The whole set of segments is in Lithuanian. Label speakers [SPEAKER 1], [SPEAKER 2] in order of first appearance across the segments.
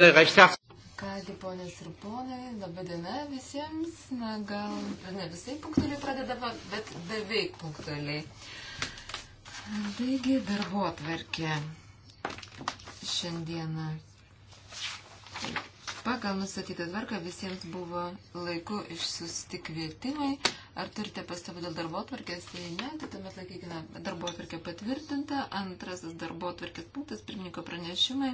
[SPEAKER 1] Tai Kągi, ponės ir ponai, laba diena visiems. Na, gal ne visai punktualiai pradedama, bet beveik punktualiai. Taigi, darbo atverkė šiandieną. Pagal nustatytą tvarką visiems buvo laiku išsiusti kvietimai. Ar turite pastabų dėl darbo atvarkės? Jei ne, tai tuomet laikykime darbo atvarkę patvirtintą. Antrasis darbo atvarkės punktas - pirmininko pranešimai.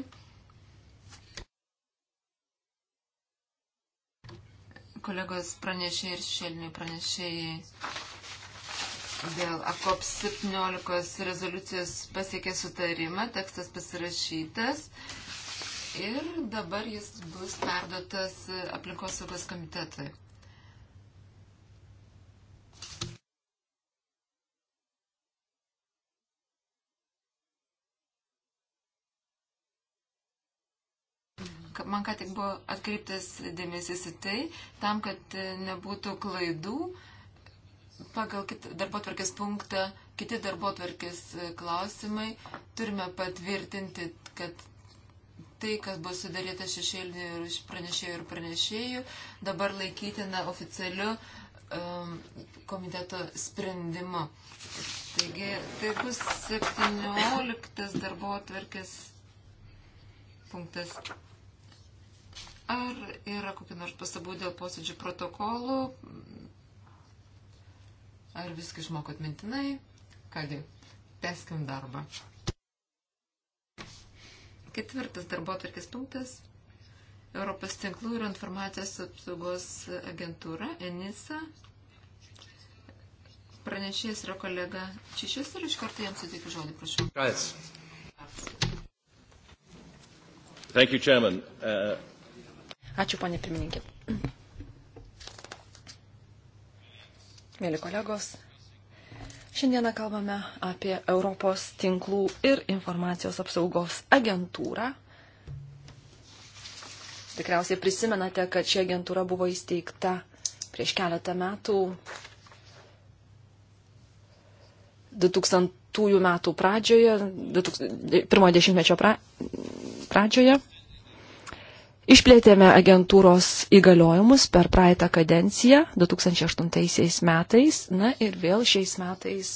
[SPEAKER 1] kolegos pranešė ir šelniai pranešėjai dėl AKOP 17 rezoliucijos pasiekė sutarimą, tekstas pasirašytas ir dabar jis bus perduotas aplinkosaugos komitetui. man ką tik buvo atkreiptas dėmesys į tai, tam, kad e, nebūtų klaidų, pagal darbo tvarkės punktą, kiti darbo tvarkės e, klausimai, turime patvirtinti, kad tai, kas buvo sudaryta šešėlinių pranešėjų ir pranešėjų, dabar laikytina oficialiu um, komiteto sprendimu. Taigi, tai bus 17 darbo tvarkės punktas. Ar yra kokių nors pastabų dėl posėdžių protokolų? Ar viską išmokot mintinai? Kągi, teskim darbą. Ketvirtas darbo atvarkės punktas. Europos tinklų ir informacijos apsaugos agentūra ENISA. Pranešėjas yra kolega Čišis ir iš karto jam suteikiu žodį,
[SPEAKER 2] prašau. Guys. Thank you, Chairman. Uh...
[SPEAKER 3] Ačiū, ponė pirmininkė. Mėly kolegos, šiandieną kalbame apie Europos tinklų ir informacijos apsaugos agentūrą. Tikriausiai prisimenate, kad ši agentūra buvo įsteigta prieš keletą metų 2000 metų pradžioje, 2000, pirmojo dešimtmečio pra, pradžioje. Išplėtėme agentūros įgaliojimus per praeitą kadenciją 2008 metais, na ir vėl šiais metais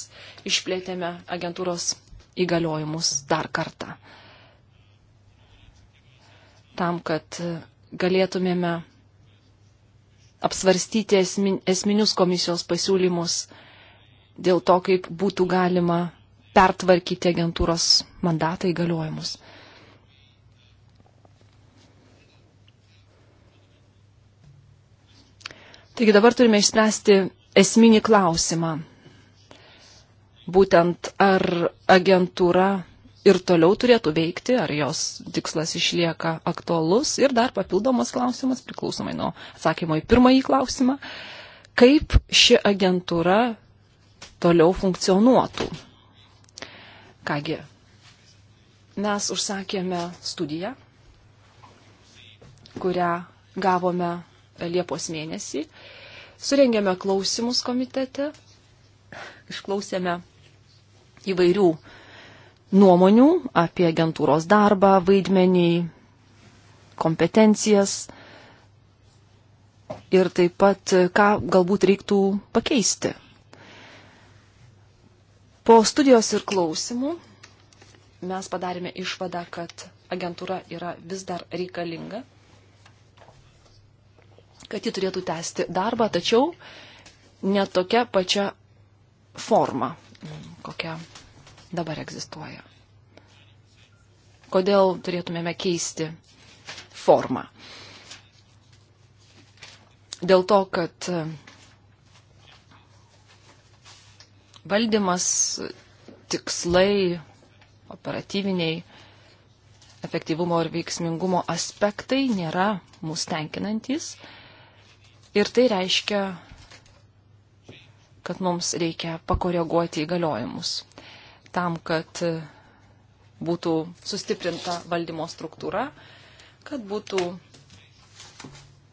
[SPEAKER 3] išplėtėme agentūros įgaliojimus dar kartą. Tam, kad galėtumėme apsvarstyti esmin, esminius komisijos pasiūlymus dėl to, kaip būtų galima pertvarkyti agentūros mandatą įgaliojimus. Taigi dabar turime išspręsti esminį klausimą. Būtent ar agentūra ir toliau turėtų veikti, ar jos tikslas išlieka aktualus ir dar papildomas klausimas, priklausomai nuo atsakymo į pirmąjį klausimą, kaip ši agentūra toliau funkcionuotų. Kągi, mes užsakėme studiją, kurią gavome Liepos mėnesį. Surengėme klausimus komitete, išklausėme įvairių nuomonių apie agentūros darbą, vaidmenį, kompetencijas ir taip pat, ką galbūt reiktų pakeisti. Po studijos ir klausimų mes padarėme išvadą, kad agentūra yra vis dar reikalinga kad ji turėtų tęsti darbą, tačiau ne tokia pačia forma, kokia dabar egzistuoja. Kodėl turėtumėme keisti formą? Dėl to, kad valdymas, tikslai, operatyviniai, efektyvumo ir veiksmingumo aspektai nėra mūsų tenkinantis. Ir tai reiškia, kad mums reikia pakoreguoti įgaliojimus tam, kad būtų sustiprinta valdymo struktūra, kad būtų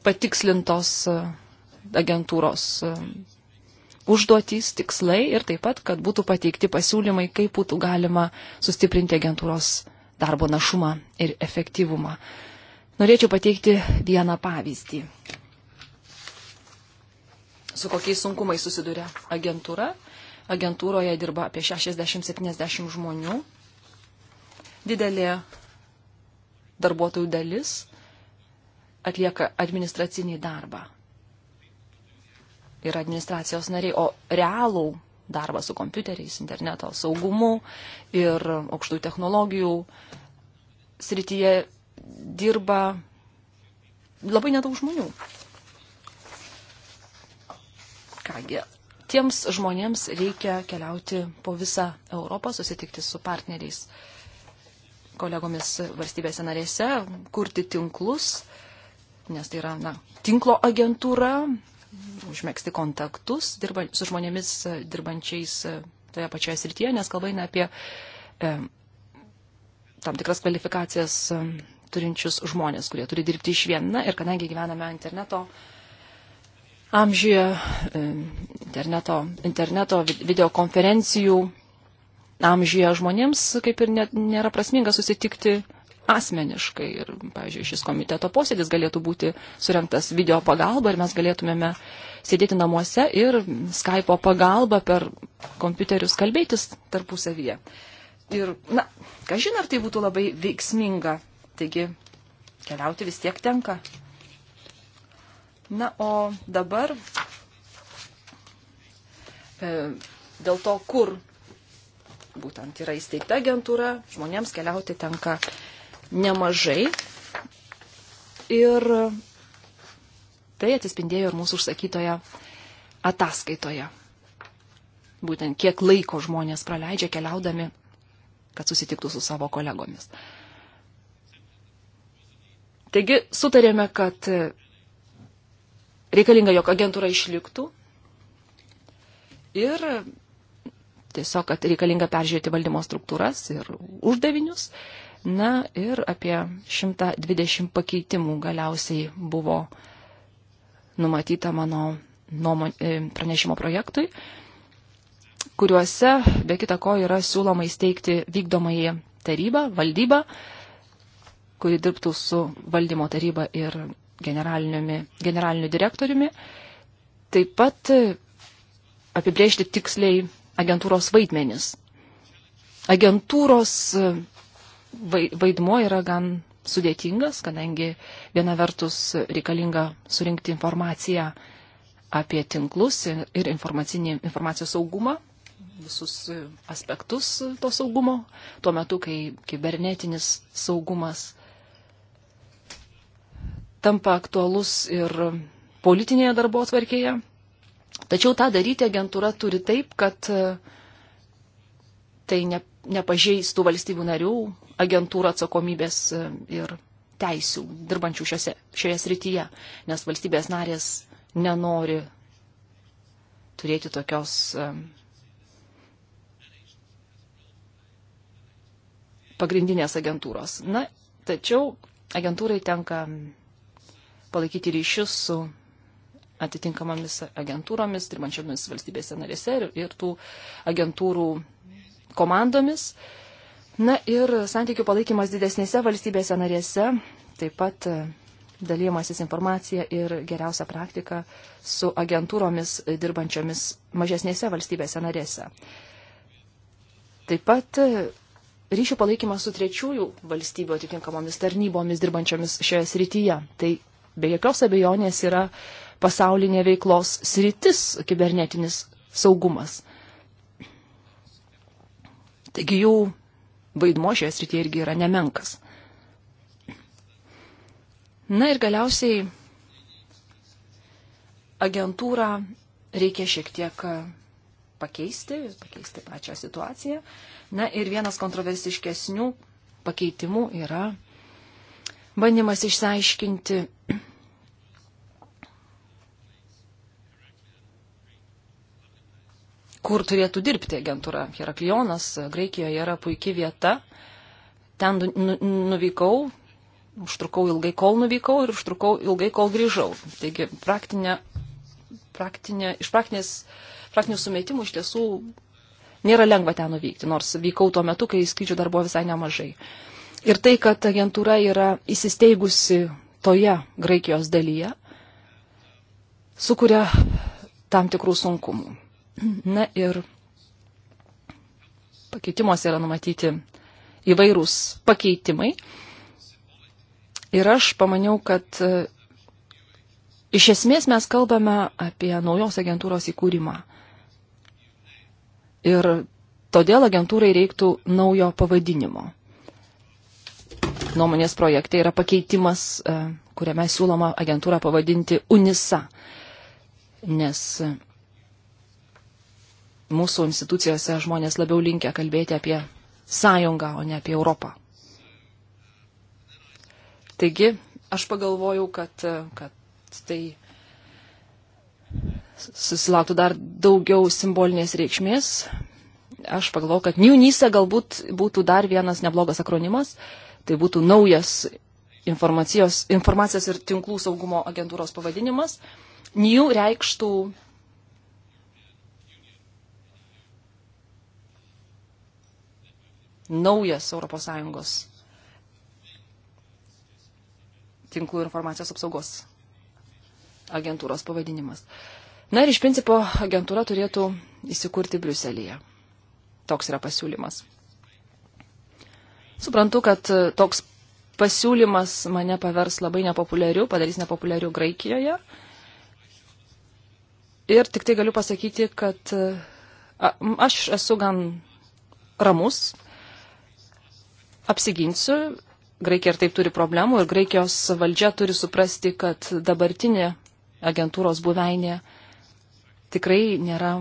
[SPEAKER 3] patikslintos agentūros užduotys, tikslai ir taip pat, kad būtų pateikti pasiūlymai, kaip būtų galima sustiprinti agentūros darbo našumą ir efektyvumą. Norėčiau pateikti vieną pavyzdį su kokiais sunkumais susiduria agentūra. Agentūroje dirba apie 60-70 žmonių. Didelė darbuotojų dalis atlieka administracinį darbą. Yra administracijos nariai, o realų darbą su kompiuteriais, interneto saugumu ir aukštų technologijų srityje dirba labai nedaug žmonių. Kągi, tiems žmonėms reikia keliauti po visą Europą, susitikti su partneriais, kolegomis valstybėse narėse, kurti tinklus, nes tai yra na, tinklo agentūra, užmėgsti kontaktus dirba, su žmonėmis dirbančiais toje pačioje srityje, nes kalba eina apie e, tam tikras kvalifikacijas e, turinčius žmonės, kurie turi dirbti iš viena ir kadangi gyvename interneto amžiuje, e, interneto, interneto videokonferencijų amžiuje žmonėms kaip ir net, nėra prasminga susitikti asmeniškai. Ir, pavyzdžiui, šis komiteto posėdis galėtų būti surinktas video pagalba ir mes galėtumėme sėdėti namuose ir Skype'o pagalba per kompiuterius kalbėtis tarpusavyje. Ir, na, kažin ar tai būtų labai veiksminga. Taigi, keliauti vis tiek tenka. Na, o dabar e, dėl to, kur būtent yra įsteigta agentūra, žmonėms keliauti tenka nemažai. Ir tai atsispindėjo ir mūsų užsakytoje ataskaitoje. Būtent kiek laiko žmonės praleidžia keliaudami, kad susitiktų su savo kolegomis. Taigi sutarėme, kad reikalinga, jog agentūra išliktų ir tiesiog, kad reikalinga peržiūrėti valdymo struktūras ir uždavinius. Na ir apie 120 pakeitimų galiausiai buvo numatyta mano nuomon, e, pranešimo projektui, kuriuose, be kita ko, yra siūloma įsteigti vykdomąjį tarybą, valdybą, kuri dirbtų su valdymo taryba ir generaliniu direktoriumi, taip pat apibrėžti tiksliai agentūros vaidmenis. Agentūros e, vaidmuo yra gan sudėtingas, kadangi viena vertus reikalinga surinkti informaciją apie tinklus ir informacijos saugumą, visus aspektus to saugumo, tuo metu, kai kibernetinis saugumas tampa aktualus ir politinėje darbo atvarkėje. Tačiau tą daryti agentūra turi taip, kad e, tai ne, nepažeistų valstybių narių agentūrų atsakomybės e, ir teisių dirbančių šiose, šioje srityje, nes valstybės narės nenori turėti tokios e, pagrindinės agentūros. Na, tačiau agentūrai tenka palaikyti ryšius su atitinkamomis agentūromis, dirbančiomis valstybėse narėse ir, ir tų agentūrų komandomis. Na ir santykių palaikymas didesnėse valstybėse narėse, taip pat e, dalymasis informacija ir geriausia praktika su agentūromis dirbančiomis mažesnėse valstybėse narėse. Taip pat e, ryšių palaikymas su trečiųjų valstybių atitinkamomis tarnybomis dirbančiomis šioje srityje. Tai be jokios abejonės yra pasaulinė veiklos sritis kibernetinis saugumas. Taigi jų vaidmo šioje srityje irgi yra nemenkas. Na ir galiausiai agentūrą reikia šiek tiek pakeisti, pakeisti pačią situaciją. Na ir vienas kontroversiškesnių pakeitimų yra bandymas išsiaiškinti, kur turėtų dirbti agentūra. Heraklionas Graikijoje yra puikia vieta. Ten nu, nu, nuvykau, užtrukau ilgai, kol nuvykau ir užtrukau ilgai, kol grįžau. Taigi praktinė, praktinė, iš praktinės, praktinių sumetimų iš tiesų nėra lengva ten nuvykti, nors vykau tuo metu, kai skrydžių dar buvo visai nemažai. Uh, Ir tai, kad agentūra yra įsisteigusi toje Graikijos dalyje, sukuria tam tikrų sunkumų. Na ir pakeitimuose yra numatyti įvairūs pakeitimai. Ir aš pamaniau, kad e, iš esmės mes kalbame apie naujos agentūros įkūrimą. Ir todėl agentūrai reiktų naujo pavadinimo nuomonės projekte yra pakeitimas, e, kuriame siūloma agentūrą pavadinti UNISA, nes e, mūsų institucijose žmonės labiau linkia kalbėti apie sąjungą, o ne apie Europą. Taigi, aš pagalvojau, kad, e, kad tai susilauktų dar daugiau simbolinės reikšmės. Aš pagalvojau, kad New NISA galbūt būtų dar vienas neblogas akronimas. Uh, Tai būtų naujas informacijos, informacijos ir tinklų saugumo agentūros pavadinimas. NIU reikštų naujas ES tinklų informacijos apsaugos agentūros pavadinimas. Na ir iš principo agentūra turėtų įsikurti Briuselėje. Toks yra pasiūlymas. Suprantu, kad e, toks pasiūlymas mane pavers labai nepopuliariu, padarys nepopuliariu Graikijoje. Ir tik tai galiu pasakyti, kad e, a, aš esu gan ramus, apsiginsiu. Graikija ir taip turi problemų ir Graikijos valdžia turi suprasti, kad dabartinė agentūros buveinė tikrai nėra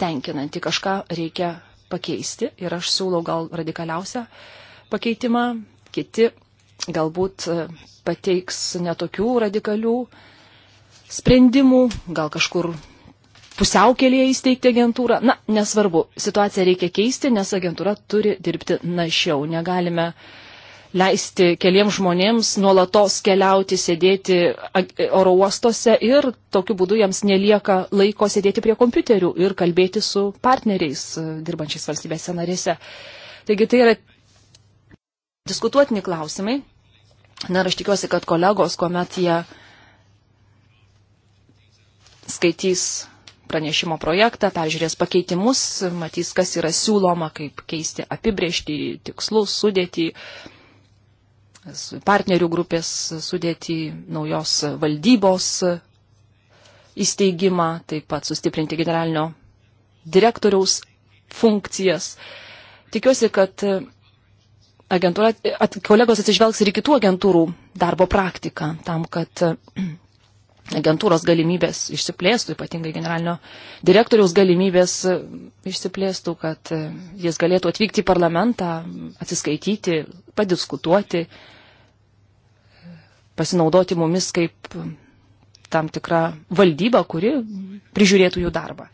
[SPEAKER 3] tenkinanti. Kažką reikia pakeisti ir aš siūlau gal radikaliausią pakeitimą, kiti galbūt e, pateiks netokių radikalių sprendimų, gal kažkur pusiaukelėje įsteigti agentūrą. Na, nesvarbu, situaciją reikia keisti, nes agentūra turi dirbti našiau. Negalime leisti keliems žmonėms nuolatos keliauti, sėdėti oro uostuose ir tokiu būdu jiems nelieka laiko sėdėti prie kompiuterių ir kalbėti su partneriais e, dirbančiais valstybėse narėse. Taigi tai yra diskutuotini klausimai. Na ir aš tikiuosi, kad kolegos, kuomet jie skaitys pranešimo projektą, peržiūrės pakeitimus, matys, kas yra siūloma, kaip keisti apibriežti tikslus, sudėti partnerių grupės sudėti naujos valdybos įsteigimą, taip pat sustiprinti generalinio direktoriaus funkcijas. Tikiuosi, kad agentūra, at, kolegos atsižvelgs ir į kitų agentūrų darbo praktiką, tam, kad e, agentūros galimybės išsiplėstų, ypatingai generalinio direktoriaus galimybės e, išsiplėstų, kad e, jis galėtų atvykti į parlamentą, atsiskaityti, padiskutuoti, pasinaudoti mumis kaip tam tikrą valdybą, kuri prižiūrėtų jų darbą.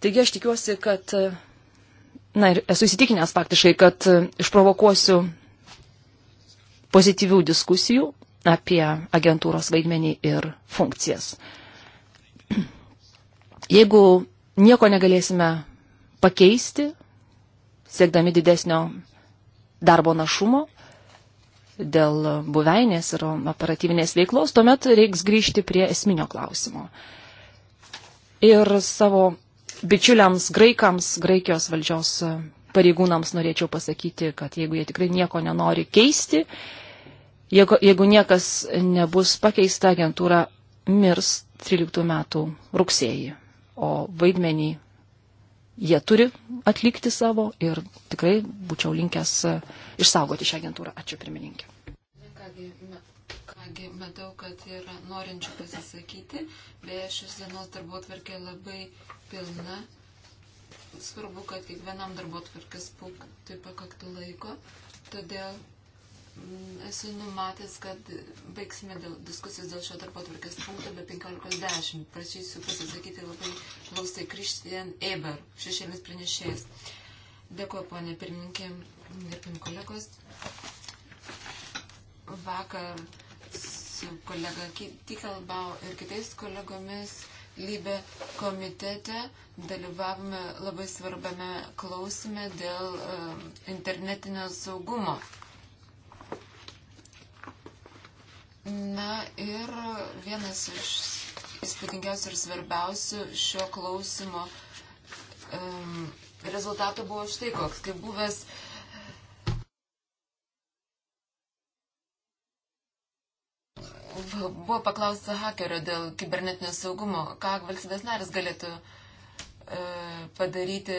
[SPEAKER 3] Taigi aš tikiuosi, kad Na ir esu įsitikinęs faktiškai, kad e, išprovokuosiu pozityvių diskusijų apie agentūros vaidmenį ir funkcijas. Jeigu nieko negalėsime pakeisti, siekdami didesnio darbo našumo dėl buveinės ir operatyvinės veiklos, tuomet reiks grįžti prie esminio klausimo. Ir savo bičiuliams graikams, Graikijos valdžios e, pareigūnams norėčiau pasakyti, kad jeigu jie tikrai nieko nenori keisti, jeigu, jeigu niekas nebus pakeista, agentūra mirs 13 metų rugsėjį, o vaidmenį jie turi atlikti savo ir tikrai būčiau linkęs e, išsaugoti šią agentūrą. Ačiū pirmininkė.
[SPEAKER 1] Kągi, matau, kad yra norinčių pasisakyti, beje, šios dienos darbo tvarkė labai pilna. Svarbu, kad kiekvienam darbo tvarkės punktui pakaktų laiko, todėl mm, esu numatęs, kad baigsime dėl, diskusijas dėl šio darbo tvarkės punkto be 15.10. Prašysiu pasisakyti labai glaustai Kristijan Eber, šešėlis pranešėjas. Dėkuoju, ponė pirmininkė ir kolegos. Vakar su kolega Tikalbau ir kitais kolegomis Lybė komitete dalyvavome labai svarbiame klausime dėl um, internetinio saugumo. Na ir vienas iš įspūdingiausių ir svarbiausių šio klausimo um, rezultatų buvo štai koks, kaip buvęs uh, Buvo paklausta hakerio dėl kibernetinio saugumo, ką valstybės narės galėtų e, padaryti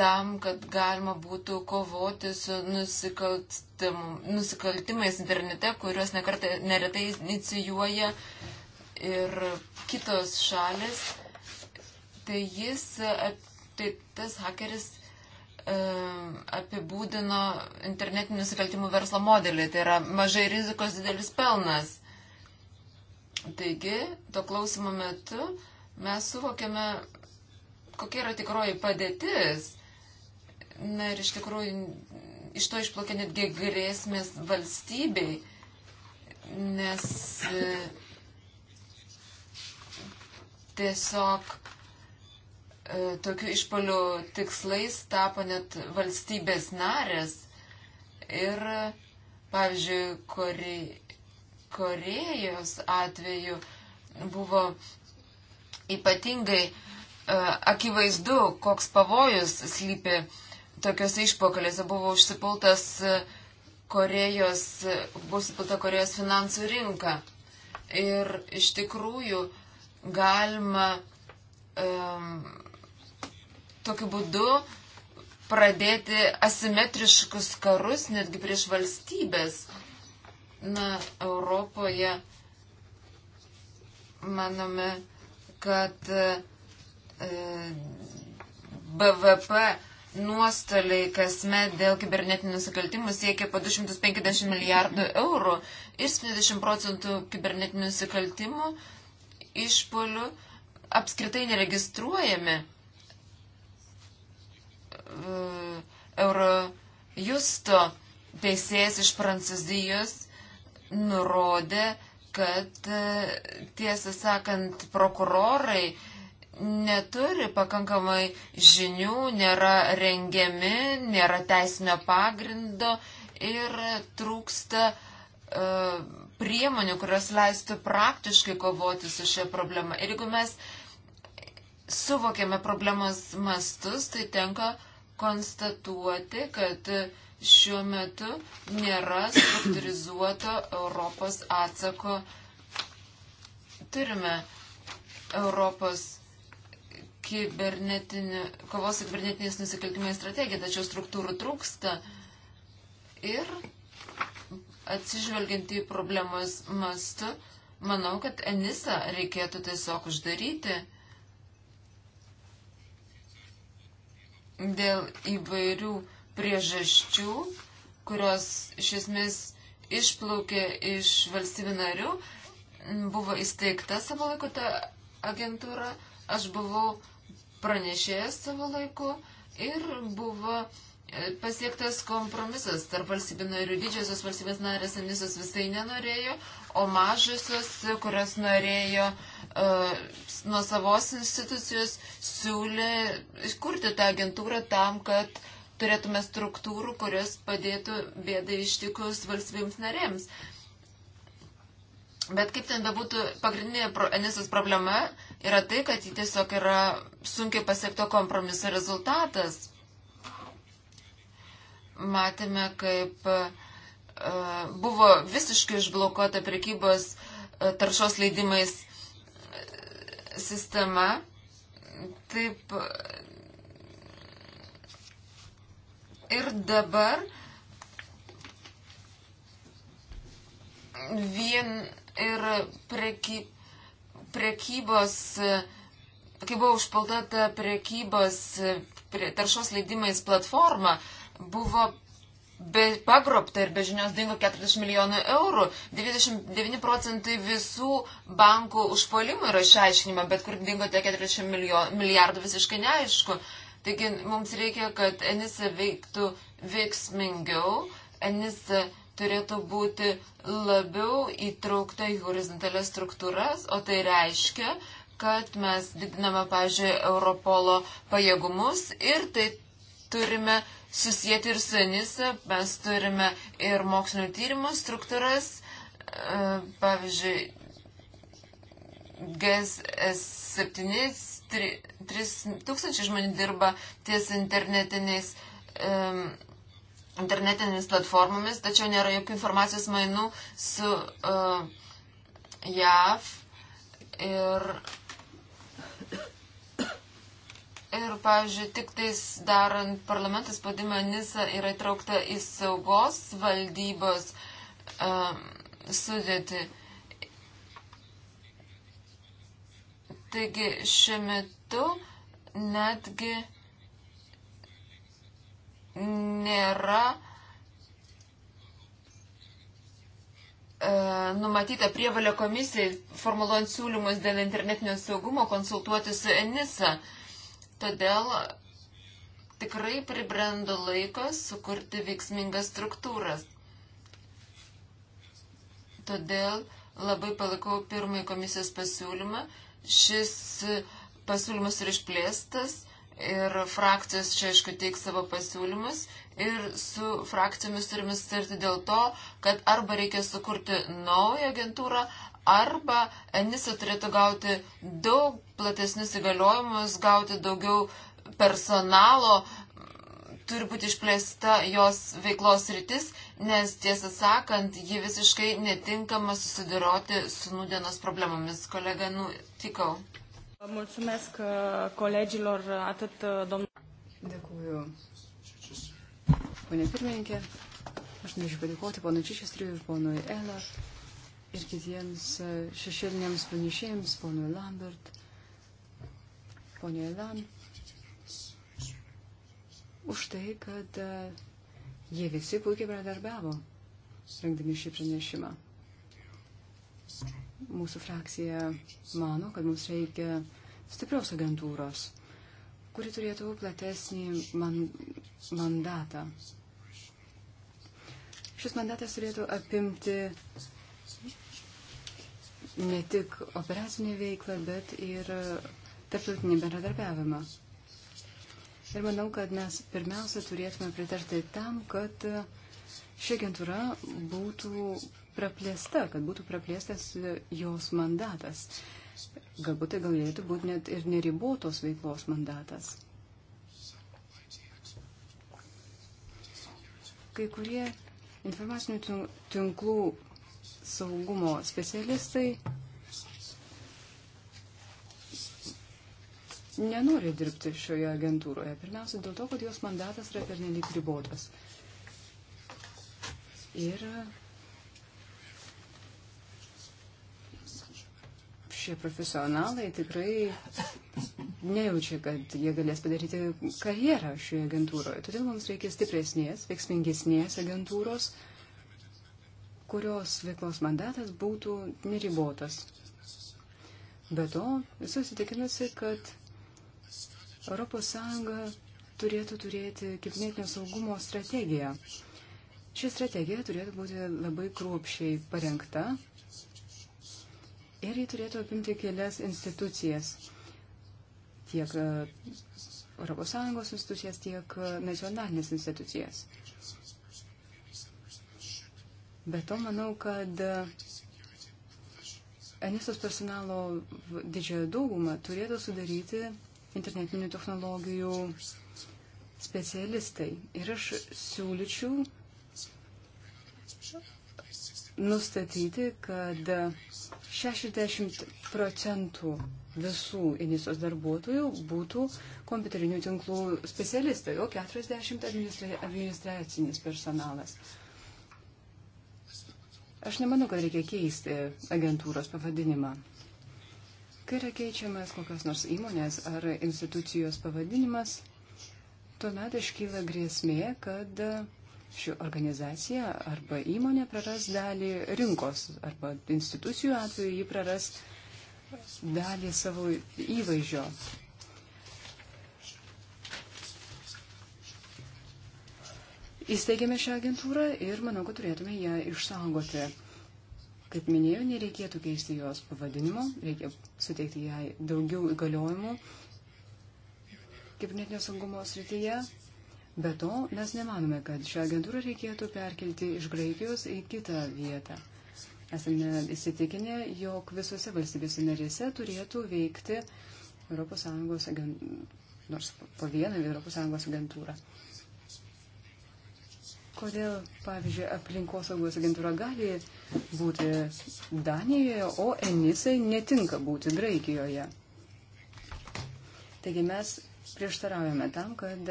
[SPEAKER 1] tam, kad galima būtų kovoti su nusikaltimais internete, kuriuos nekartai, neretai inicijuoja ir kitos šalis. Tai jis, tai tas hakeris e, apibūdino internetinių nusikaltimų verslo modelį. Tai yra mažai rizikos didelis pelnas. Taigi, to klausimo metu mes suvokiame, kokia yra tikroji padėtis. Na ir iš tikrųjų, iš to išplaukia netgi grėsmės valstybei, nes e, tiesiog e, tokių išpolių tikslais tapo net valstybės narės. Ir, pavyzdžiui, Korei, Korejos atveju buvo ypatingai e, akivaizdu, koks pavojus slypi tokiuose išpokalėse. Buvo užsipultas e, Korejos, buvo užsipulta Korejos finansų rinka. Ir iš tikrųjų galima um, tokiu būdu pradėti asimetriškus karus netgi prieš valstybės. Uh, Na, Europoje manome, kad e, BVP nuostoliai kasmet dėl kibernetinių nusikaltimų siekia po 250 milijardų eurų ir 70 procentų kibernetinių nusikaltimų išpolių apskritai neregistruojami. E, Eurojusto teisėjas iš Prancūzijos nurodė, kad e, tiesą sakant, prokurorai neturi pakankamai žinių, nėra rengiami, nėra teisinio pagrindo ir trūksta uh, priemonių, kurios leistų praktiškai kovoti su šia problema. Ir jeigu mes suvokėme problemos mastus, tai tenka konstatuoti, kad uh, šiuo metu nėra struktūrizuoto Europos atsako. Turime Europos kovos su kibernetiniais nusikaltimais strategiją, tačiau struktūrų trūksta ir atsižvelgiant į problemos mastu, manau, kad Enisa reikėtų tiesiog uždaryti dėl įvairių priežasčių, kurios iš esmės išplaukė iš valstybių narių, buvo įsteigta savo laiku ta agentūra, aš buvau pranešėjęs savo laiku ir buvo e, pasiektas kompromisas tarp valstybių narių. Didžiosios valstybės narės anisos visai nenorėjo, o mažosios, kurios norėjo uh, nuo savos institucijos, siūlė kurti tą agentūrą tam, kad uh, turėtume struktūrų, kurios padėtų bėdai ištikus valstybėms narėms. Bet kaip ten bebūtų, pagrindinė Enisos problema yra tai, kad ji tiesiog yra sunkiai pasiekto kompromiso rezultatas. Matėme, kaip uh, buvo visiškai užblokuota prekybos uh, taršos leidimais e, sistema. Taip, Ir dabar vien ir preky, prekybos, kai buvo užpalta ta prekybos pre, taršos leidimais platforma, buvo be, pagrobta ir be žinios dingo 40 milijonų eurų. 99 procentai visų bankų užpolimų yra išaiškinima, bet kur dingo tie 40 milijonų, milijardų visiškai neaišku. Taigi mums reikia, kad Enisa veiktų veiksmingiau, Enisa turėtų būti labiau įtraukta į horizontalias struktūras, o tai reiškia, kad mes didiname, pažiūrėjau, Europolo pajėgumus ir tai turime susijęti ir su Enisa, mes turime ir mokslinio tyrimo struktūras, e, pavyzdžiui, GS7 3000 žmonių dirba ties internetiniais, um, internetinėmis platformomis, tačiau nėra jokių informacijos mainų su uh, JAV. Ir, ir, pavyzdžiui, tik tais darant parlamentą spaudimą Nisa yra įtraukta į saugos valdybos um, sudėti. Uh, Taigi šiuo metu netgi nėra e, numatyta prievalė komisijai, formuluojant siūlymus dėl internetinio saugumo, konsultuoti su ENISA. Todėl tikrai pribrendo laikas sukurti veiksmingas struktūras. Todėl labai palikau pirmąjį komisijos pasiūlymą Šis pasiūlymas yra išplėstas ir frakcijos čia, aišku, teiks savo pasiūlymus ir su frakcijomis turime starti dėl to, kad arba reikia sukurti naują agentūrą, arba Enisa turėtų gauti daug platesnius įgaliojimus, gauti daugiau personalo, turi būti išplėsta jos veiklos rytis nes tiesą sakant, ji visiškai netinkama susidoroti
[SPEAKER 4] su nudienos problemomis.
[SPEAKER 1] Kolega, nu,
[SPEAKER 4] tikau. Mulțumesc uh, colegilor, atât uh, domnul. Dėkuoju. Pane pirmininkė, aš norėčiau padėkoti ponui Čičistriui, ponui Ela ir kitiems uh, šešėliniams pranešėjams, ponui Lambert, ponui Elan, už tai, kad uh, Jie visi puikiai bendradarbiavo, rengdami šį pranešimą. Mūsų frakcija mano, kad mums reikia stiprios agentūros, kuri turėtų platesnį man, mandatą. Šis mandatas turėtų apimti ne tik operacinį veiklą, bet ir tarptautinį bendradarbiavimą. Ir manau, kad mes pirmiausia turėtume pritarti tam, kad ši agentūra būtų praplėsta, kad būtų praplėstas jos mandatas. Galbūt tai galėtų būti net ir neribotos veiklos mandatas. Kai kurie informacinių tinklų saugumo specialistai nenori dirbti šioje agentūroje. Pirmiausia, dėl to, kad jos mandatas yra pernelyg ribotas. Ir šie profesionalai tikrai nejaučia, kad jie galės padaryti karjerą šioje agentūroje. Todėl mums reikia stipresnės, veiksmingesnės agentūros, kurios veiklos mandatas būtų neribotas. Be to, esu įsitikinusi, kad ES turėtų turėti kibernetinio saugumo strategiją. Ši strategija turėtų būti labai kruopšiai parengta ir ji turėtų apimti kelias institucijas. Tiek ES institucijas, tiek e, nacionalinės institucijas. Be to, manau, kad e, Enisos personalo didžiąją daugumą turėtų sudaryti internetinių technologijų specialistai. Ir aš siūlyčiau nustatyti, kad 60 procentų visų inisos darbuotojų būtų kompiuterinių tinklų specialistai, o 40 administracinis personalas. Aš nemanau, kad reikia keisti agentūros pavadinimą. Kai yra keičiamas kokios nors įmonės ar institucijos pavadinimas, tuomet iškyla grėsmė, kad ši organizacija arba įmonė praras dalį rinkos arba institucijų atveju ji praras dalį savo įvaizdžio. Įsteigėme šią agentūrą ir manau, kad turėtume ją išsaugoti. Kaip minėjau, nereikėtų keisti jos pavadinimo, reikia suteikti jai daugiau įgaliojimų kibernetinio saugumo srityje. Be to, mes nemanome, kad šią agentūrą reikėtų perkelti iš Graikijos į kitą vietą. Esame įsitikinę, jog visose valstybėse narėse turėtų veikti ES agentūra, nors po vieną ES agentūrą. Kodėl, pavyzdžiui, aplinkosaugos agentūra gali būti Danijoje, o Enisai netinka būti Graikijoje? Taigi mes prieštaraujame tam, kad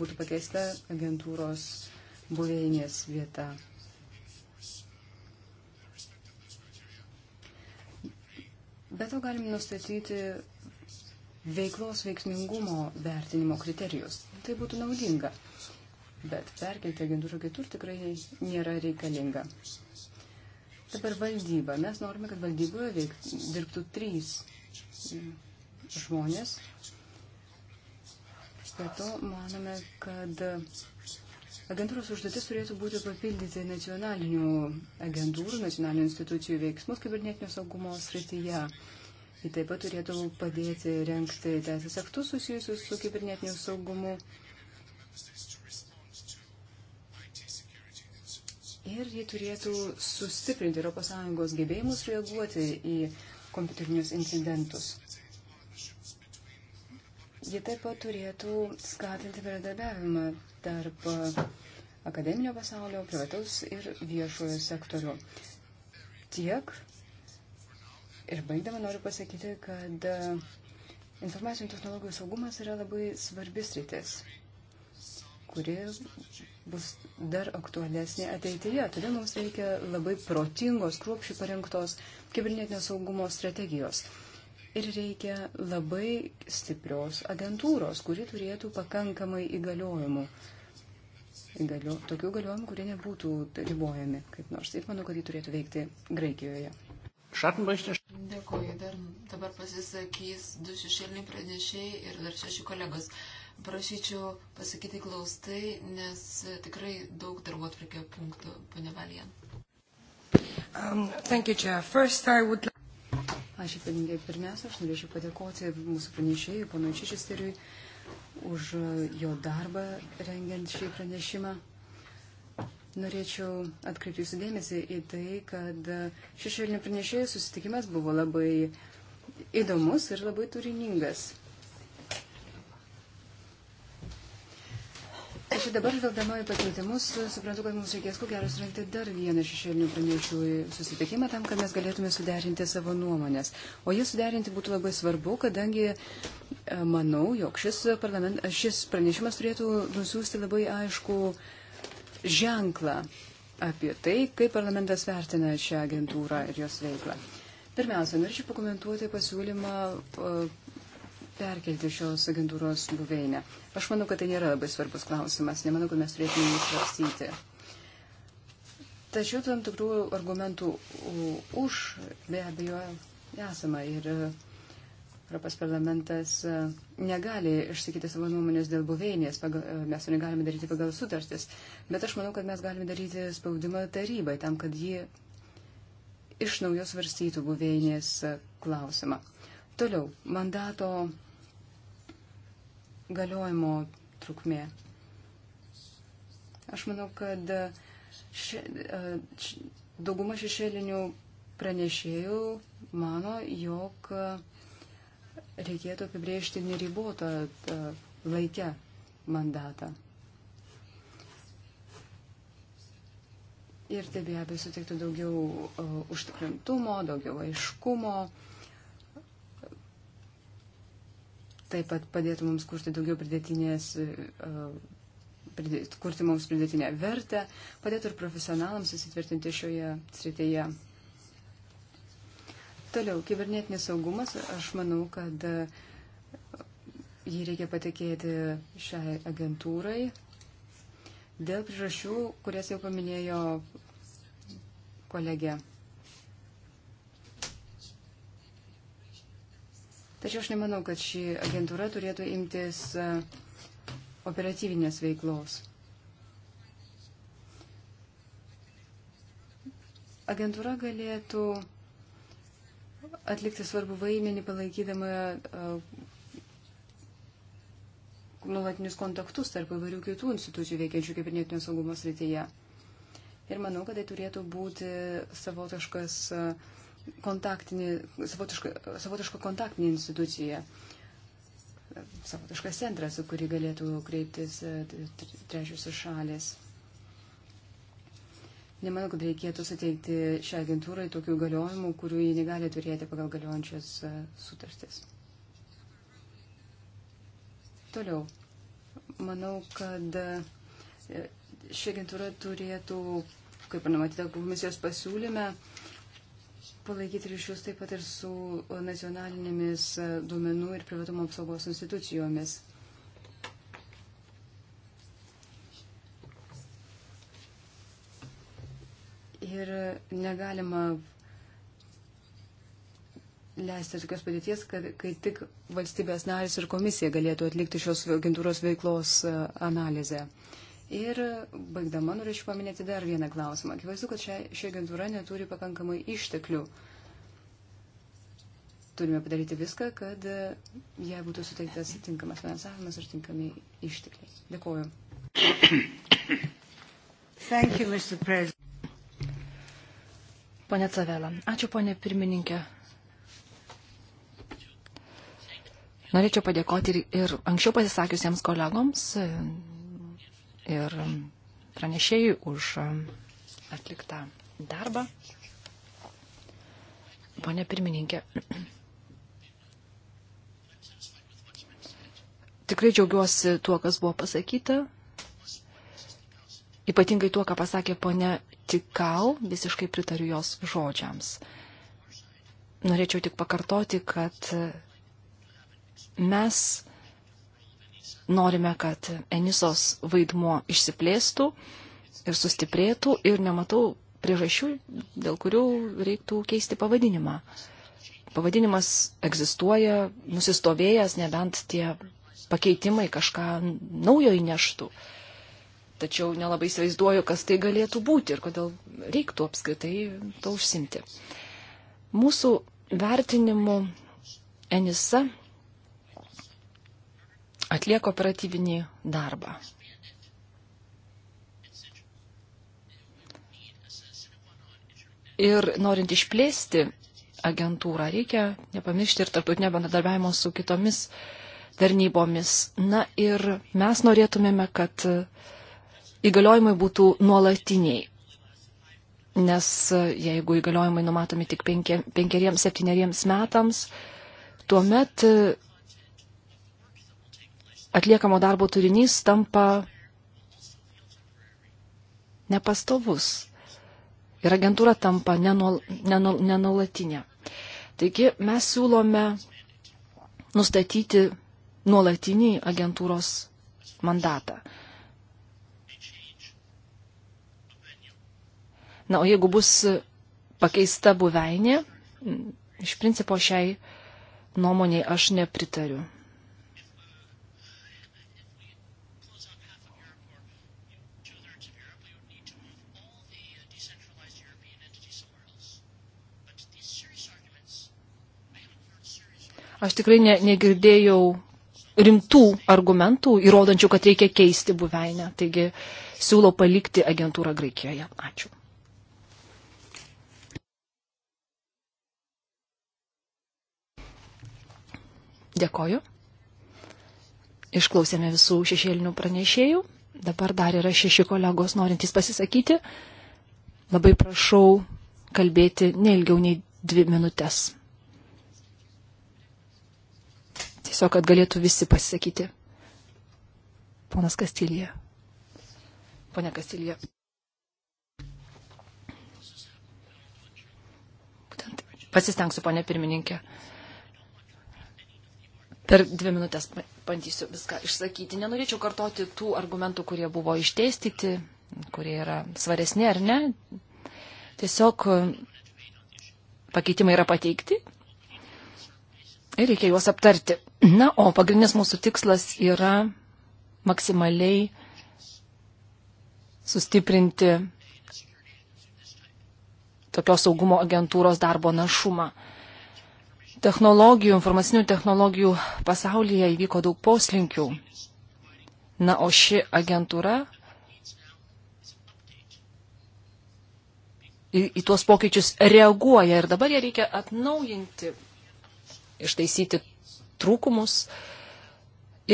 [SPEAKER 4] būtų pakeista agentūros buveinės vieta. Be to galim nustatyti veiklos veiksmingumo vertinimo kriterijus. Tai būtų naudinga bet perkelti agentūrą kitur tikrai nėra reikalinga. Dabar valdyba. Mes norime, kad valdyboje veik, dirbtų trys žmonės. Be to, manome, kad Agentūros užduotis turėtų būti papildyti nacionalinių agentūrų, nacionalinių institucijų veiksmus kibernetinio saugumo srityje. Ji taip pat turėtų padėti renkti teisės aktus susijusius su kibernetiniu saugumu, ir ji turėtų sustiprinti ES gebėjimus reaguoti į kompiuterinius incidentus. Ji taip pat turėtų skatinti bendradarbiavimą tarp akademinio pasaulio, privataus ir viešojo sektorių. Tiek. Ir baigdama noriu pasakyti, kad e, informacinių technologijų saugumas yra labai svarbis rytis, kuri bus dar aktualesnė ateityje. Todėl mums reikia labai protingos, kruopšiai parengtos kibernetinio saugumo strategijos. Ir reikia labai stiprios agentūros, kuri turėtų pakankamai įgaliojimų. Įgalio, tokių galiojimų, kurie nebūtų ribojami kaip nors. Ir manau, kad jį turėtų veikti Graikijoje. Šatinbaištas.
[SPEAKER 1] Dėkuoju. Dar, dabar pasisakys du šešėliniai pranešėjai ir dar šeši kolegos. Uh, Prašyčiau pasakyti glaustai, nes tikrai daug
[SPEAKER 4] darbo atvirkio punktų, ponia Valijan. Um, thank you, Chair. First, I would... Ačiū, pirmininkai. Pirmiausia, aš norėčiau padėkoti mūsų pranešėjai, pono Čičisteriui, už uh, jo darbą rengiant šį pranešimą. Norėčiau atkreipti jūsų dėmesį į tai, kad uh, šešėlinių pranešėjų susitikimas buvo labai įdomus ir labai turiningas. Aš dabar žvelgdama į pakeitimus, suprantu, kad mums reikės ko gero surinkti dar vieną šešėlinių pranešų susitikimą tam, kad mes galėtume suderinti savo nuomonės. O jį suderinti būtų labai svarbu, kadangi e, manau, jog šis, šis pranešimas turėtų nusiųsti labai aišku ženklą apie tai, kaip parlamentas vertina šią agentūrą ir jos veiklą. Pirmiausia, norėčiau pakomentuoti pasiūlymą e, perkelti šios agentūros buveinę. Aš manau, kad tai nėra labai svarbus klausimas, nemanau, kad mes turėtume jį svarstyti. Tačiau tam tikrų argumentų už be abejo esama ir e, Europos parlamentas e, negali išsakyti savo nuomonės dėl buveinės, e, mes to negalime daryti pagal sutartis, bet aš manau, kad mes galime daryti spaudimą tarybai tam, kad ji iš naujo svarstytų buveinės klausimą. Toliau, mandato galiojimo trukmė. Aš manau, kad še, š, dauguma šešėlinių pranešėjų mano, jog reikėtų apibriežti neribotą laikę mandatą. Ir tai be abejo suteiktų daugiau užtikrintumo, daugiau aiškumo. Uh, taip pat padėtų mums kurti daugiau pridėtinės, e, e, pridėt, kurti mums pridėtinę vertę, padėtų ir profesionalams įsitvirtinti šioje srityje. Toliau, kibernetinis saugumas, aš manau, kad e, jį reikia patikėti šiai agentūrai dėl priežasčių, kurias jau paminėjo kolegė. Tačiau aš nemanau, kad ši agentūra turėtų imtis e, operatyvinės veiklos. Agentūra galėtų atlikti svarbu vaidmenį palaikydama e, nuolatinius kontaktus tarp įvairių kitų institucijų veikiančių kibernetinio saugumo srityje. Ir manau, kad tai turėtų būti savotiškas uh, kontaktinį, savotišką, savotišką kontaktinį instituciją, savotišką centrą, su kuri galėtų kreiptis e, trečiosios šalės. Nemanau, kad reikėtų suteikti šią agentūrai tokių galiojimų, kurių jie negali turėti pagal galiojančias e, sutartis. Toliau. Manau, kad e, ši agentūra turėtų, kaip ir numatyta komisijos pasiūlyme, uh, palaikyti ryšius taip pat ir su nacionalinėmis e, duomenų ir privatumo apsaugos institucijomis. Ir negalima leisti tokios padėties, kad kai tik valstybės narės ir komisija galėtų atlikti šios agentūros veiklos e, analizę. Uh, Ir baigdama norėčiau paminėti dar vieną klausimą. Akivaizdu, kad ši agentūra neturi pakankamai išteklių. Turime padaryti viską, kad e, jai būtų suteiktas tinkamas finansavimas ir tinkami ištekliai. Dėkuoju.
[SPEAKER 3] Thank you, Mr. President. Pone Cavela, ačiū ponė pirmininkė. Norėčiau padėkoti ir, ir anksčiau pasisakiusiems kolegoms, ir pranešėjui už atliktą darbą. Pone pirmininkė, tikrai džiaugiuosi tuo, kas buvo pasakyta. Ypatingai tuo, ką pasakė ponia Tikau, visiškai pritariu jos žodžiams. Norėčiau tik pakartoti, kad mes Norime, kad Enisos vaidmuo išsiplėstų ir sustiprėtų ir nematau priežasčių, dėl kurių reiktų keisti pavadinimą. Pavadinimas egzistuoja, nusistovėjęs, nebent tie pakeitimai kažką naujo įneštų. Tačiau nelabai įsivaizduoju, kas tai galėtų būti ir kodėl reiktų apskritai to užsimti. Mūsų vertinimu Enisa atlieka operatyvinį darbą. Ir norint išplėsti agentūrą, reikia nepamiršti ir tarptautinio bendradarbiavimo su kitomis tarnybomis. Na ir mes norėtumėme, kad įgaliojimai būtų nuolatiniai. Nes jeigu įgaliojimai numatomi tik penkeriems, septyneriems metams, tuomet atliekamo darbo turinys tampa nepastovus ir agentūra tampa nenulatinė. Taigi mes siūlome nustatyti nuolatinį agentūros mandatą. Na, o jeigu bus pakeista buveinė, iš principo šiai nuomonėje aš nepritariu. Aš tikrai ne, negirdėjau rimtų argumentų įrodančių, kad reikia keisti buveinę. Taigi siūlau palikti agentūrą Graikijoje. Ačiū. Dėkoju. Išklausėme visų šešėlinių pranešėjų. Dabar dar yra šeši kolegos norintys pasisakyti. Labai prašau kalbėti neilgiau nei dvi minutės. Tiesiog, kad galėtų visi pasisakyti. Ponas Kastilija. Pone Kastilija. Būtent pasistengsiu, ponė pirmininkė. Per dvi minutės bandysiu viską išsakyti. Nenorėčiau kartoti tų argumentų, kurie buvo išdėstyti, kurie yra svaresni ar ne. Tiesiog pakeitimai yra pateikti ir reikia juos aptarti. Na, o pagrindinis mūsų tikslas yra maksimaliai sustiprinti tokios saugumo agentūros darbo našumą. Technologijų, informacinių technologijų pasaulyje įvyko daug poslinkių. Na, o ši agentūra į, į tuos pokyčius reaguoja ir dabar ją reikia atnaujinti, ištaisyti trūkumus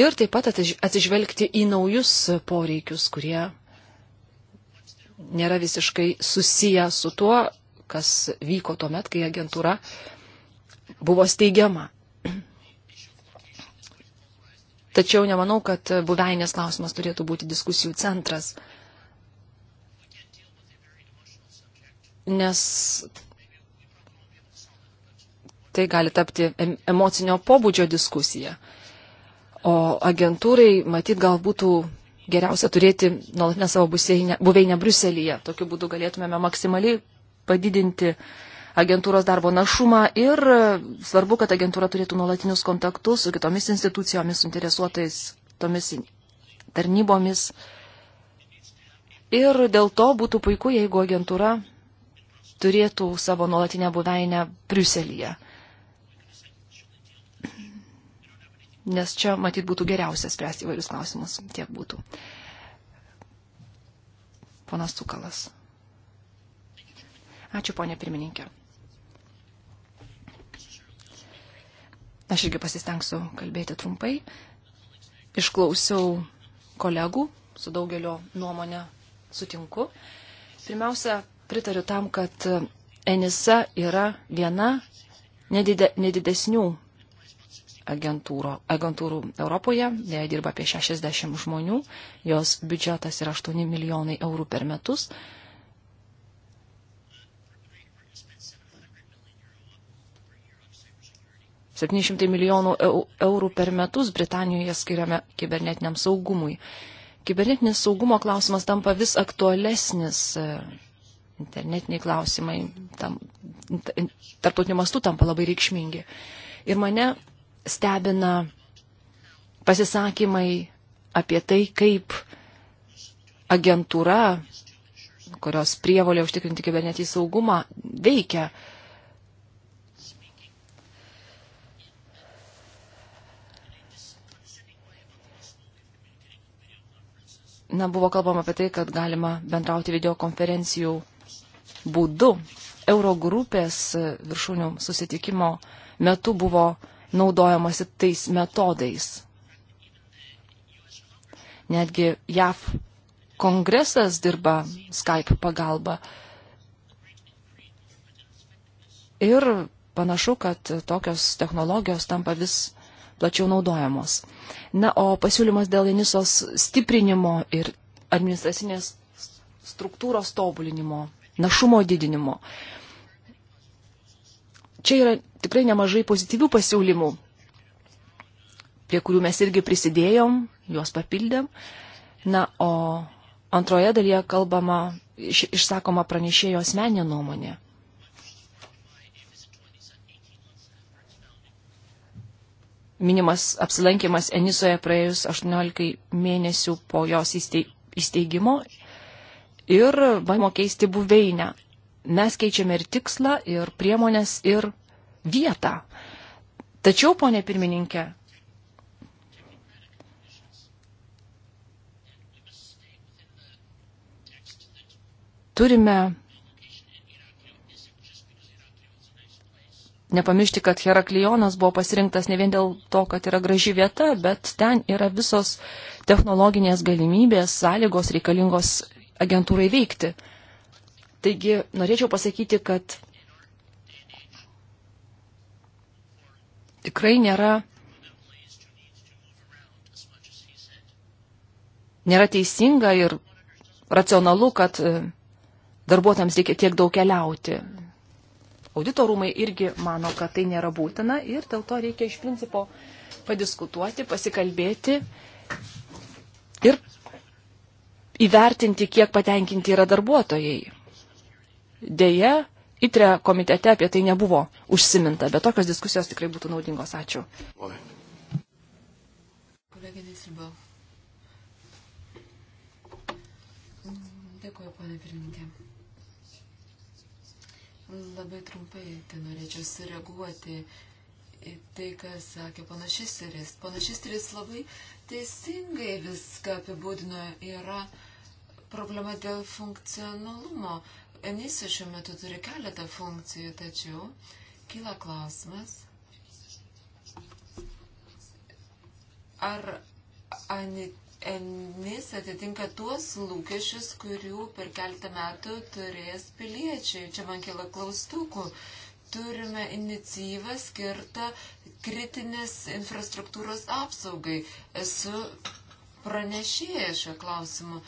[SPEAKER 3] ir taip pat atsižvelgti į naujus poreikius, kurie nėra visiškai susiję su tuo, kas vyko tuo met, kai agentūra buvo steigiama. Tačiau nemanau, kad buveinės klausimas turėtų būti diskusijų centras, nes tai gali tapti emocinio pobūdžio diskusija. O agentūrai, matyt, gal būtų geriausia turėti nuolatinę savo buveinę Bruselėje. Tokiu būdu galėtumėme maksimaliai padidinti agentūros darbo našumą ir e, svarbu, kad agentūra turėtų nuolatinius kontaktus su kitomis institucijomis, suinteresuotais tomis tarnybomis. Ir dėl to būtų puiku, jeigu agentūra turėtų savo nuolatinę buveinę Briuselyje. nes čia matyt būtų geriausia spręsti įvairius klausimus. Tiek būtų. Ponas Cukalas. Ačiū, ponė pirmininkė. Aš irgi pasistengsiu kalbėti trumpai. Išklausiau kolegų, su daugelio nuomonė sutinku. Pirmiausia, pritariu tam, kad Enisa yra viena nedidesnių agentūro, agentūrų Europoje, jie dirba apie 60 žmonių, jos biudžetas yra 8 milijonai eurų per metus. Septynišimtai milijonų eurų per metus Britanijoje skiriame kibernetiniam saugumui. Kibernetinis saugumo klausimas tampa vis aktualesnis e, internetiniai klausimai tam, tarptautiniu mastu tampa labai reikšmingi. Ir mane stebina pasisakymai apie tai, kaip agentūra, kurios prievolė užtikrinti kibernetį saugumą, veikia. Na, buvo kalbama apie tai, kad galima bendrauti videokonferencijų būdu. Eurogrupės viršūnių susitikimo metu buvo uh, naudojamasi tais metodais. Netgi JAV kongresas dirba Skype pagalba. Ir panašu, kad tokios technologijos tampa vis plačiau naudojamos. Na, o pasiūlymas dėl Janisos stiprinimo ir administracinės struktūros tobulinimo, našumo didinimo čia yra tikrai nemažai pozityvių pasiūlymų, prie kurių mes irgi prisidėjom, juos papildėm. Na, o antroje dalyje kalbama, iš, išsakoma pranešėjo asmeninė nuomonė. Minimas apsilankimas Enisoje praėjus 18 mėnesių po jos įsteigimo ir bandoma keisti buveinę mes keičiame ir tikslą, ir priemonės, ir vietą. Tačiau, ponė pirmininkė, turime nepamiršti, kad Heraklijonas buvo pasirinktas ne vien dėl to, kad yra graži vieta, bet ten yra visos technologinės galimybės, sąlygos reikalingos agentūrai veikti. Taigi norėčiau pasakyti, kad tikrai nėra, nėra teisinga ir racionalu, kad e, darbuotojams reikia tiek daug keliauti. Auditorumai irgi mano, kad tai nėra būtina ir dėl to reikia iš principo padiskutuoti, pasikalbėti ir įvertinti, kiek patenkinti yra darbuotojai. Deja, ITRE komitete apie tai nebuvo užsiminta, bet tokios diskusijos tikrai būtų naudingos. Ačiū.
[SPEAKER 1] Mm, dėkuoju, ponė pirmininkė. Labai trumpai tai norėčiau sureaguoti į tai, ką sakė panašisteris. Panašisteris labai teisingai viską apibūdino. Yra problema dėl funkcionalumo. Uh, Enisa šiuo metu turi keletą funkcijų, tačiau kyla klausimas, ar Enis atitinka tuos lūkesčius, kurių per keletą metų turės piliečiai. Čia man kila klaustukų. Turime iniciatyvą skirtą kritinės infrastruktūros apsaugai. Esu pranešėja šio klausimu.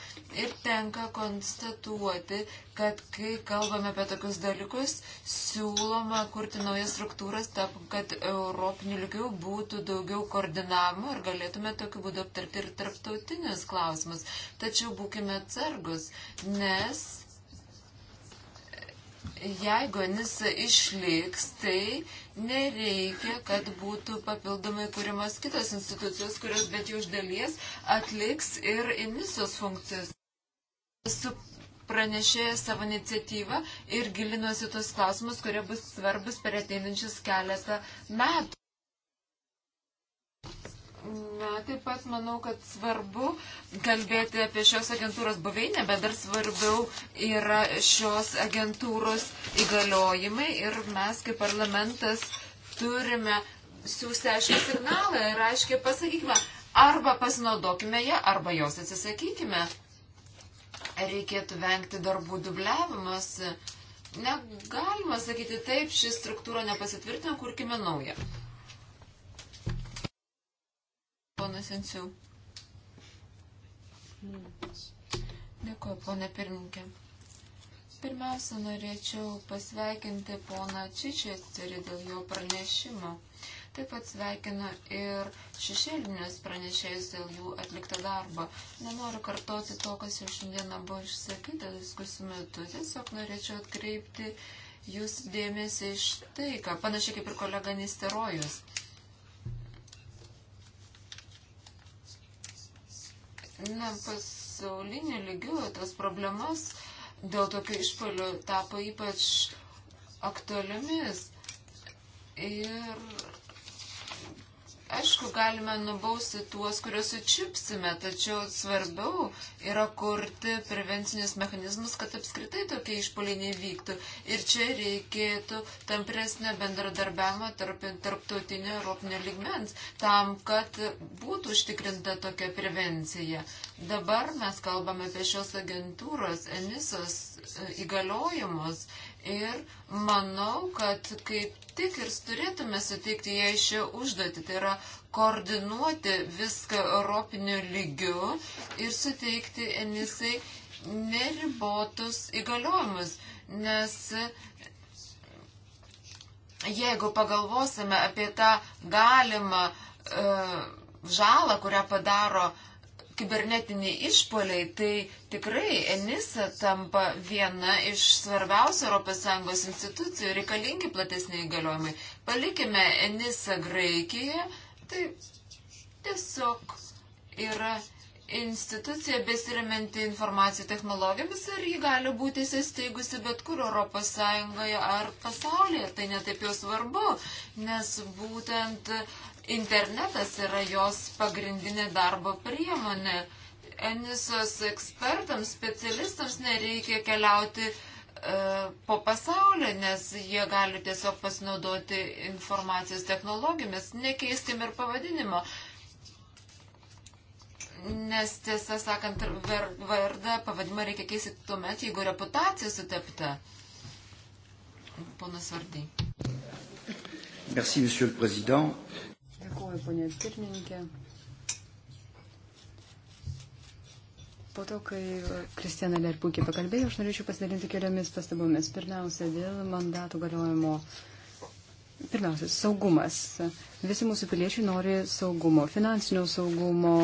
[SPEAKER 1] Ir tenka konstatuoti, kad kai kalbame apie tokius dalykus, siūloma kurti naujas struktūras, tam, kad europinių lygių būtų daugiau koordinavimo ir galėtume tokiu būdu aptarti ir tarptautinius klausimus. Tačiau būkime atsargus, nes jeigu NISA išliks, tai nereikia, kad būtų papildomai kūrimas kitos institucijos, kurios bet jau iš dalies atliks ir emisijos funkcijas. Su pranešėja savo iniciatyvą ir gilinuosi tuos klausimus, kurie bus svarbus per ateinančius keletą metų. Na, taip pat manau, kad svarbu kalbėti apie šios agentūros buveinę, bet dar svarbiau yra šios agentūros įgaliojimai ir mes kaip parlamentas turime siūsti aiškiai signalą ir aiškiai pasakykime, arba pasinaudokime ją, arba jos atsisakykime. Reikėtų vengti darbų dubliavimas. Negalima sakyti taip, ši struktūra nepasitvirtina, kurkime naują ponas Insiu. Dėkuoju, ponė pirmininkė. Pirmiausia, norėčiau pasveikinti poną Čičesterį dėl jo pranešimo. Taip pat sveikinu ir šešėlinius pranešėjus dėl jų atlikto darbo. Nenoriu kartoti to, kas jau šiandieną buvo išsakyta diskusijų metu. Tiesiog norėčiau atkreipti jūs dėmesį iš tai, ką panašiai kaip ir kolega Nisterojus. Na, pasauliniu lygiu tas problemas dėl tokių išpolių tapo ypač aktualiomis. Ir Aišku, galime nubausti tuos, kuriuos sučiupsime, tačiau svarbiau yra kurti prevencinius mechanizmus, kad apskritai tokie išpoliai nevyktų. Ir čia reikėtų tampresnio bendradarbiavimo tarp tarptautinio Europinio ligmens, tam, kad būtų užtikrinta tokia prevencija. Dabar mes kalbame apie šios agentūros, enisos e, įgaliojimus. E, Ir manau, kad kaip tik ir turėtume suteikti jai šią užduotį, tai yra koordinuoti viską europiniu lygiu ir suteikti enisai neribotus įgaliojimus, nes jeigu pagalvosime apie tą galimą uh, žalą, kurią padaro uh, kibernetiniai išpoliai, tai tikrai ENISA tampa viena iš svarbiausių ES institucijų reikalingi platesniai įgaliojimai. Palikime ENISA Graikijoje, tai tiesiog yra institucija besiriminti informacijų technologijomis ir ji gali būti įsisteigusi bet kur ES ar pasaulyje. Tai netaip jau svarbu, nes būtent internetas yra jos pagrindinė darbo priemonė. Enisos ekspertams, specialistams nereikia keliauti e, po pasaulį, nes jie gali tiesiog pasinaudoti informacijos technologijomis, nekeistim ir pavadinimo. Nes tiesą sakant, ver, vardą pavadimą reikia keisti tuomet, jeigu reputacija sutepta. Ponas Vardai.
[SPEAKER 2] Merci, monsieur le président.
[SPEAKER 4] Dėkuoju, ponė pirmininkė. Po to, kai Kristina Ler puikiai pakalbėjo, aš norėčiau pasidalinti keliomis pastabomis. Pirmiausia, dėl mandatų galiojimo. Pirmiausia, saugumas. Visi mūsų piliečiai nori saugumo, finansinio saugumo,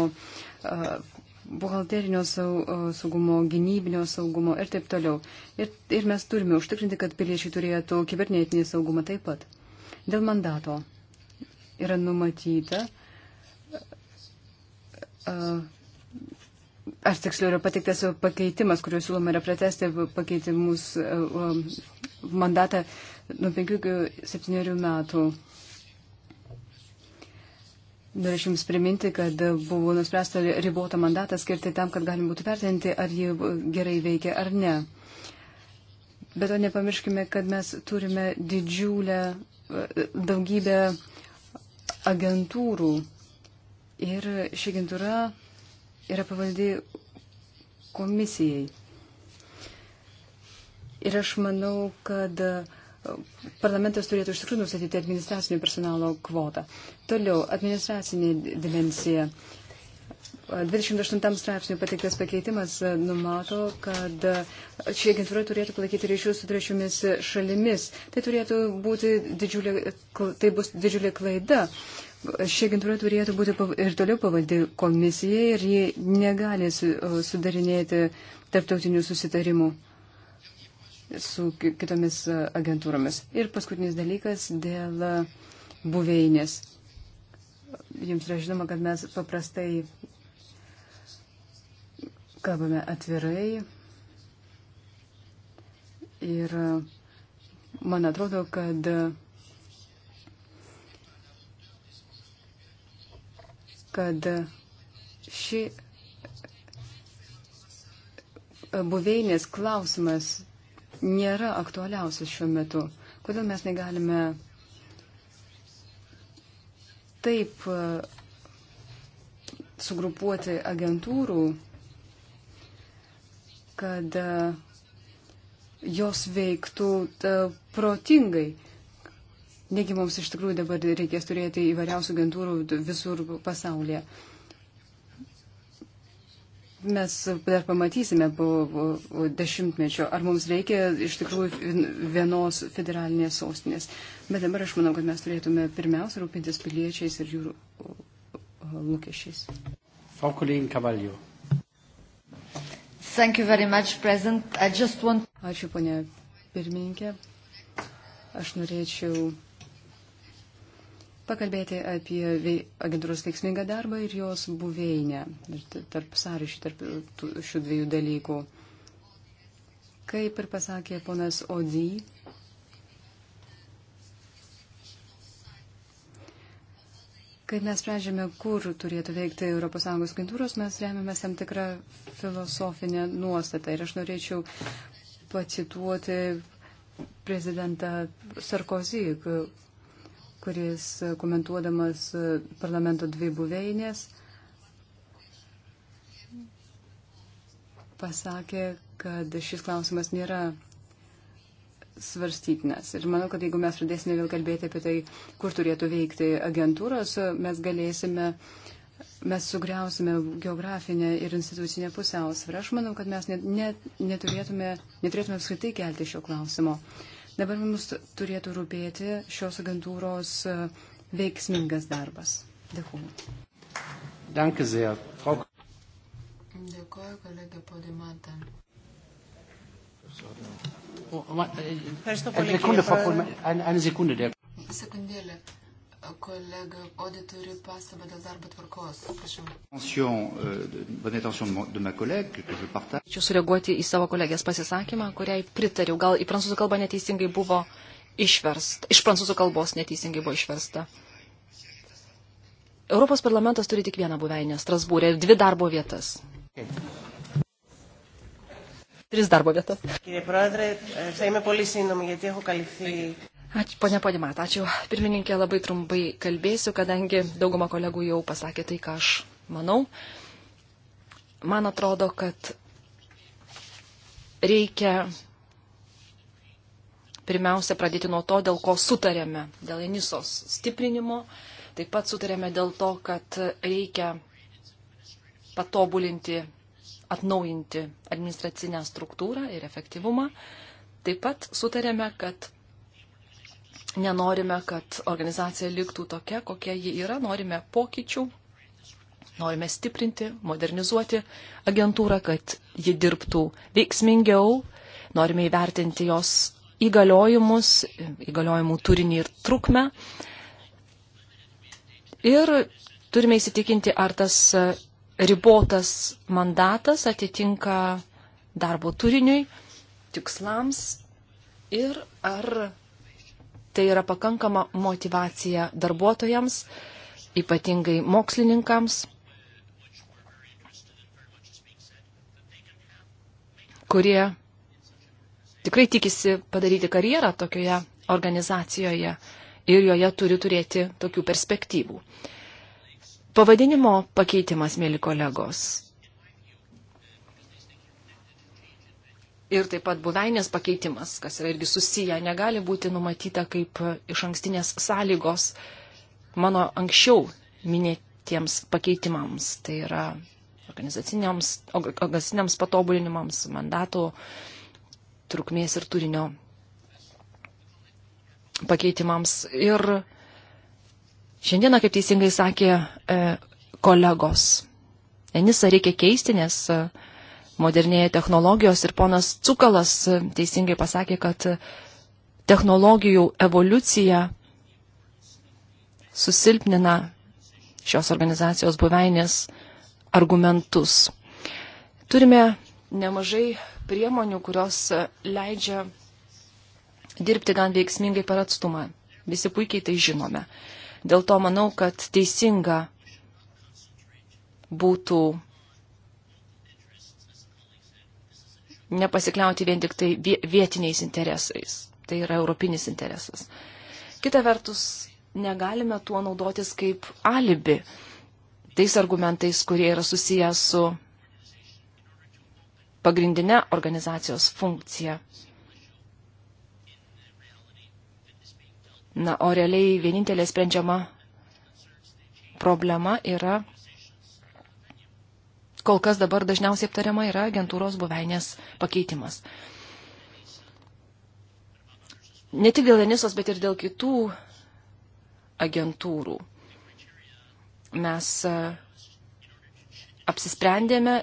[SPEAKER 4] buhalterinio saugumo, gynybinio saugumo ir taip toliau. Ir, ir mes turime užtikrinti, kad piliečiai turėtų kibernetinį saugumą taip pat. Dėl mandato yra numatyta, ar tiksliau yra pateiktas pakeitimas, kuriuo siūloma yra pratesti pakeitimus mandatą nuo 5 iki 7 metų. Norėčiau Jums priminti, kad buvo nuspręsta ribotą mandatą skirti tam, kad galim būtų vertinti, ar ji gerai veikia ar ne. Bet to nepamirškime, kad mes turime didžiulę daugybę agentūrų. Ir ši agentūra yra pavaldi komisijai. Ir aš manau, kad parlamentas turėtų iš tikrųjų nustatyti administracinio personalo kvotą. Toliau, administracinė dimensija. Uh, 28 straipsnių pateiktas pakeitimas e, numato, kad e, ši agentūra turėtų palaikyti ryšius su trečiomis šalimis. Tai turėtų būti didžiulė, tai bus didžiulė klaida. Ši agentūra turėtų būti ir toliau pavaldi komisijai ir ji negali e, sudarinėti tarptautinių susitarimų su kitomis agentūromis. Ir paskutinis dalykas dėl buveinės. Jums yra žinoma, kad mes paprastai kalbame atvirai ir man atrodo, kad kad ši buveinės klausimas nėra aktualiausias šiuo metu. Kodėl mes negalime taip e, sugrupuoti agentūrų, kad e, jos veiktų e, protingai. Negi mums iš tikrųjų dabar reikės turėti įvairiausių agentūrų visur pasaulyje. Uh, mes dar pamatysime po dešimtmečio, ar mums reikia iš tikrųjų vienos federalinės sostinės. Bet dabar aš manau, kad mes turėtume pirmiausia rūpintis piliečiais ir jų lūkesčiais.
[SPEAKER 2] Frau Kollegin Cavallo.
[SPEAKER 4] Thank you very much, President. I just want... Ačiū, ponia pirmininkė. Aš norėčiau pakalbėti apie agentūros veiksmingą darbą ir jos buveinę, tarp sąryšį tarp šių dviejų dalykų. Kaip ir pasakė ponas Odį, kai mes sprendžiame, kur turėtų veikti ES agentūros, mes remiamės tam tikrą filosofinę nuostatą. Ir aš norėčiau pacituoti prezidentą Sarkozy, kuris komentuodamas e, parlamento dvi buveinės pasakė, kad šis klausimas nėra svarstytinas. Ir manau, kad jeigu mes pradėsime vėl kalbėti apie tai, kur turėtų veikti agentūros, mes galėsime, mes sugriausime geografinę ir institucinę pusiausvyrą. Aš manau, kad mes net, net, neturėtume, neturėtume apskritai kelti šio klausimo. Uh, Dabar mums turėtų rūpėti šios agentūros e, veiksmingas darbas. Dėkuoju.
[SPEAKER 2] Danke sehr. Frau...
[SPEAKER 1] Dėkuoju, kolegė Podimata.
[SPEAKER 3] Oh, oh, äh, eine Sekunde, Frau Kohlmann. Äh,
[SPEAKER 2] eine, eine Sekunde, der.
[SPEAKER 1] Sekundėlė. Kolega Odi turi pastabą dėl darbo tvarkos. Prašau.
[SPEAKER 3] Ačiū euh, sureaguoti į savo kolegės pasisakymą, kuriai pritariau. Gal į prancūzų kalbą neteisingai buvo išversta. Iš prancūzų kalbos neteisingai buvo išversta. Europos parlamentas turi tik vieną buveinę - Strasbūrė ir dvi darbo vietas. Tris darbo vietas. Ačiū, ponia Podimata, ačiū. Pirmininkė, labai trumpai kalbėsiu, kadangi dauguma kolegų jau pasakė tai, ką aš manau. Man atrodo, kad reikia pirmiausia pradėti nuo to, dėl ko sutarėme, dėl Enisos stiprinimo. Taip pat sutarėme dėl to, kad reikia patobulinti, atnaujinti administracinę struktūrą ir efektyvumą. Taip pat sutarėme, kad Nenorime, kad organizacija liktų tokia, kokia ji yra, norime pokyčių, norime stiprinti, modernizuoti agentūrą, kad ji dirbtų veiksmingiau, norime įvertinti jos įgaliojimus, įgaliojimų turinį ir trukmę. Ir turime įsitikinti, ar tas ribotas mandatas atitinka darbo turiniui, tikslams ir ar tai yra pakankama motivacija darbuotojams, ypatingai mokslininkams, kurie tikrai tikisi padaryti karjerą tokioje organizacijoje ir joje turi turėti tokių perspektyvų. Pavadinimo pakeitimas, mėly kolegos, ir taip pat buveinės pakeitimas, kas yra irgi susiję, negali būti numatyta kaip iš ankstinės sąlygos mano anksčiau minėtiems pakeitimams. Tai yra organizaciniams, organizaciniams patobulinimams, mandato trukmės ir turinio pakeitimams. Ir šiandieną, kaip teisingai sakė e, kolegos, Enisa reikia keisti, nes uh, modernėja technologijos ir ponas Cukalas e, teisingai pasakė, kad e, technologijų evoliucija susilpnina šios organizacijos buveinės argumentus. Turime nemažai priemonių, kurios e, leidžia dirbti gan veiksmingai per atstumą. Visi puikiai tai žinome. Dėl to manau, kad teisinga būtų nepasikliauti vien tik tai vietiniais interesais. Tai yra europinis interesas. Kita vertus, negalime tuo naudotis kaip alibi, tais argumentais, kurie yra susiję su pagrindinė organizacijos funkcija. Na, o realiai vienintelė sprendžiama problema yra kol kas dabar dažniausiai aptariama yra agentūros buveinės pakeitimas. Ne tik dėl Enisos, bet ir dėl kitų agentūrų. Mes e, apsisprendėme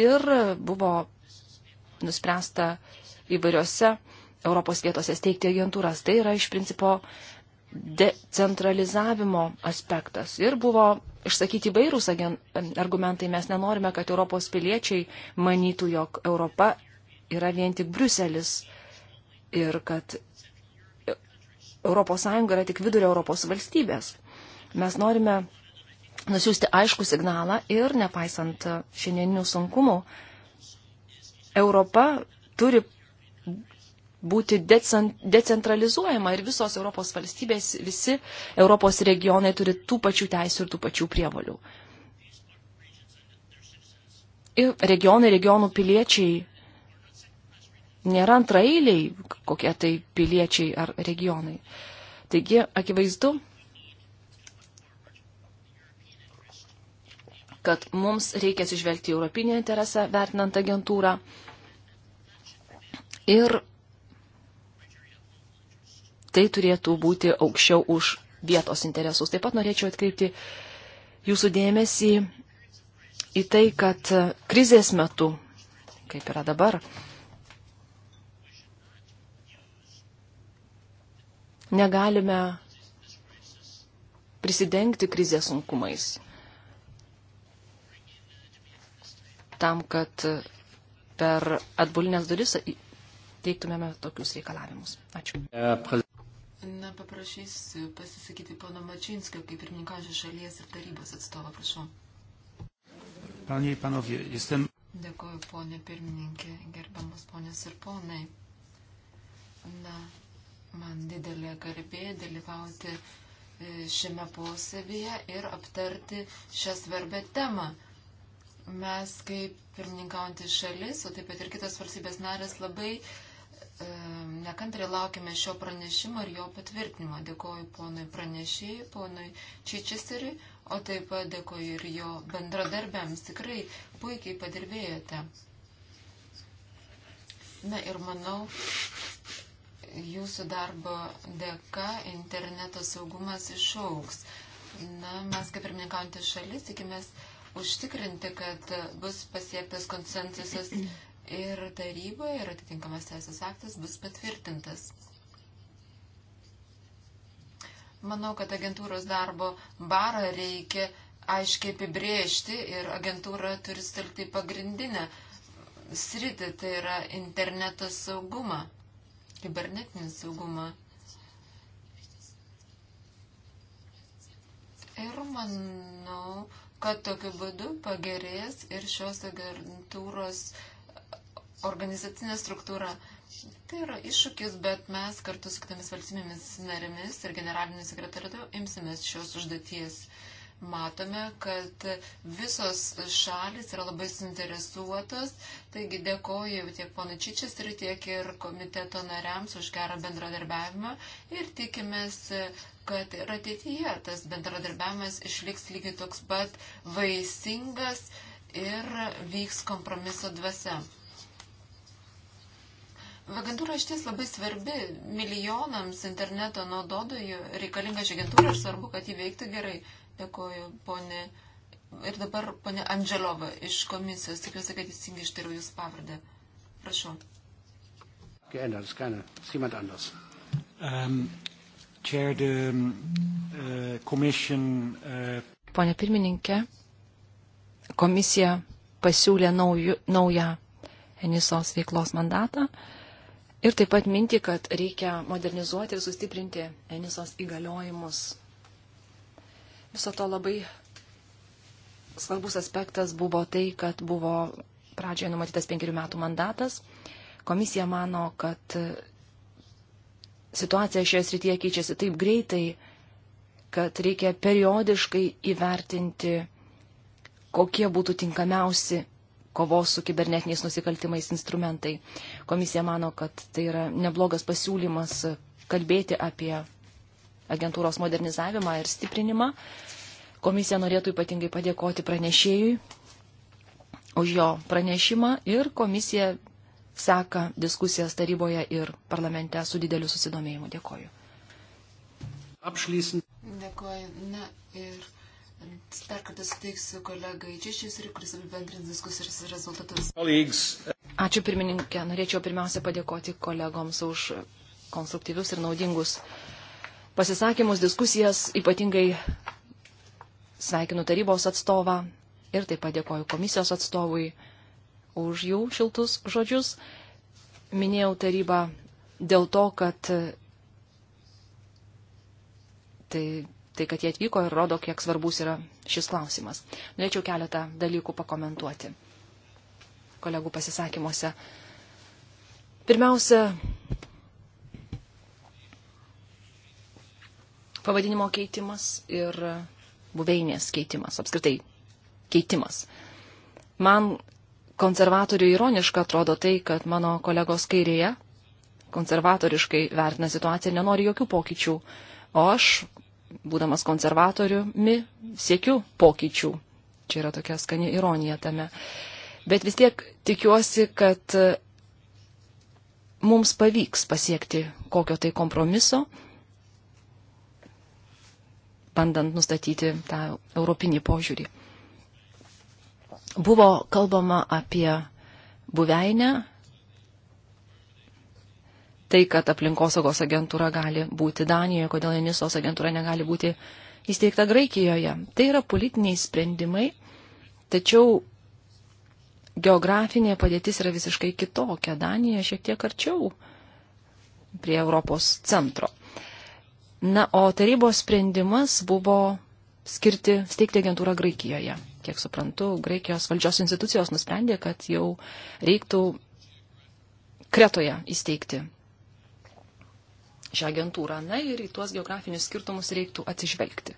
[SPEAKER 3] ir buvo nuspręsta įvairiose Europos vietose steigti agentūras. Tai yra iš principo decentralizavimo aspektas. Ir buvo išsakyti vairūs argumentai, mes nenorime, kad Europos piliečiai manytų, jog Europa yra vien tik Bruselis ir kad ES yra tik vidurio Europos valstybės. Mes norime nusiųsti aišku signalą ir nepaisant šiandieninių sunkumų, Europa turi būti decentralizuojama ir visos Europos valstybės, visi Europos regionai turi tų pačių teisų ir tų pačių prievalių. Ir regionai, regionų piliečiai nėra antraeiliai, kokie tai piliečiai ar regionai. Taigi, akivaizdu, kad mums reikia atsižvelgti europinį interesą, vertinant agentūrą. Ir tai turėtų būti aukščiau už vietos interesus. Taip pat norėčiau atkreipti jūsų dėmesį į tai, kad krizės metu, kaip yra dabar, negalime prisidengti krizės sunkumais tam, kad per atbulinės duris teiktumėme tokius reikalavimus. Ačiū.
[SPEAKER 1] Na, paprašysiu pasisakyti pono Mačinskio, kaip ir minkažio šalies ir tarybos atstovą, prašau.
[SPEAKER 2] Panie ir panovie, jestem.
[SPEAKER 1] Dėkuoju, ponė pirmininkė, gerbamos ponės ir ponai. Na, man didelė garbė dalyvauti e, šiame posėdėje ir aptarti šią svarbę temą. Mes kaip pirmininkaujantys šalis, o taip pat ir kitos valstybės narės labai uh, nekantri laukime šio pranešimo ir jo patvirtinimo. Dėkoju ponui pranešėjai, ponui Čičisteriui, o taip pat dėkoju ir jo bendradarbiams. Tikrai puikiai padirbėjote. Na ir manau, jūsų darbo dėka interneto saugumas išauks. Na, mes kaip ir minkaujantys šalis tikimės užtikrinti, kad bus pasiektas konsensusas ir taryboje ir atitinkamas teisės aktas bus patvirtintas. Manau, kad agentūros darbo barą reikia aiškiai apibrėžti ir agentūra turi stalti pagrindinę sritį, tai yra interneto saugumą, kibernetinį saugumą. Ir manau, kad tokiu būdu pagerės ir šios agentūros uh, organizacinė struktūra. Tai yra iššūkis, bet mes kartu su kitomis valstybėmis narėmis ir generaliniu sekretariu imsimės šios užduoties. Matome, kad visos šalis yra labai suinteresuotos, taigi dėkoju tiek ponu Čičias ir tiek ir komiteto nariams už gerą bendradarbiavimą ir tikimės, kad ir ateityje tas bendradarbiavimas išliks lygiai toks pat vaisingas ir vyks kompromiso dvasia. Agentūra iš ties labai svarbi milijonams interneto naudotojų reikalinga ši agentūra ir svarbu, kad jį veiktų gerai. Dėkoju, ponė. Ir dabar ponė Andželova iš komisijos. Tikiuosi, kad teisingai ištariu jūsų pavardę. Prašau.
[SPEAKER 2] Geändert, ist keiner, ist jemand anders.
[SPEAKER 3] Um, chair, the, um, uh, commission, uh... Pone pirmininkė, komisija pasiūlė naujų, naują Enisos veiklos mandatą. Uh, Ir taip pat minti, kad reikia modernizuoti ir sustiprinti Enisos įgaliojimus. Viso to labai svarbus aspektas buvo tai, kad buvo pradžioje numatytas penkerių metų mandatas. Komisija mano, kad situacija šioje srityje keičiasi taip greitai, kad reikia periodiškai įvertinti, kokie būtų tinkamiausi kovos su kibernetiniais nusikaltimais instrumentai. Komisija mano, kad tai yra neblogas pasiūlymas kalbėti apie agentūros modernizavimą ir stiprinimą. Komisija norėtų ypatingai padėkoti pranešėjui už jo pranešimą ir komisija seka diskusijas taryboje ir parlamente su dideliu susidomėjimu. Dėkoju. Apšlysim.
[SPEAKER 1] Dėkoju. Na ir Dar kartą suteiksiu kolegai Češiusriui, kuris apibendrins diskusijos rezultatus.
[SPEAKER 3] Ačiū pirmininkė. Norėčiau pirmiausia padėkoti kolegoms už konstruktyvius ir naudingus pasisakymus, diskusijas, ypatingai sveikinu tarybos atstovą ir taip pat dėkoju komisijos atstovui už jų šiltus žodžius. Minėjau tarybą dėl to, kad tai tai, kad jie atvyko ir rodo, kiek svarbus yra šis klausimas. Norėčiau keletą dalykų pakomentuoti kolegų pasisakymuose. Pirmiausia, pavadinimo keitimas ir buveinės keitimas, apskritai keitimas. Man konservatorių ironiška atrodo tai, kad mano kolegos kairėje konservatoriškai vertina situaciją, nenori jokių pokyčių, o aš būdamas konservatoriumi, siekiu pokyčių. Čia yra tokia skani ironija tame. Bet vis tiek tikiuosi, kad e, mums pavyks pasiekti kokio tai kompromiso, bandant nustatyti tą europinį požiūrį. Buvo kalbama apie buveinę, tai, kad aplinkosaugos agentūra gali būti Danijoje, kodėl Enisos agentūra negali būti įsteigta Graikijoje. Tai yra politiniai sprendimai, tačiau geografinė padėtis yra visiškai kitokia. Danija šiek tiek arčiau prie Europos centro. Na, o tarybos sprendimas buvo skirti, steigti agentūrą Graikijoje. Kiek suprantu, Graikijos valdžios institucijos nusprendė, kad jau reiktų Kretoje įsteigti šią agentūrą. Na ir į tuos geografinius skirtumus reiktų atsižvelgti.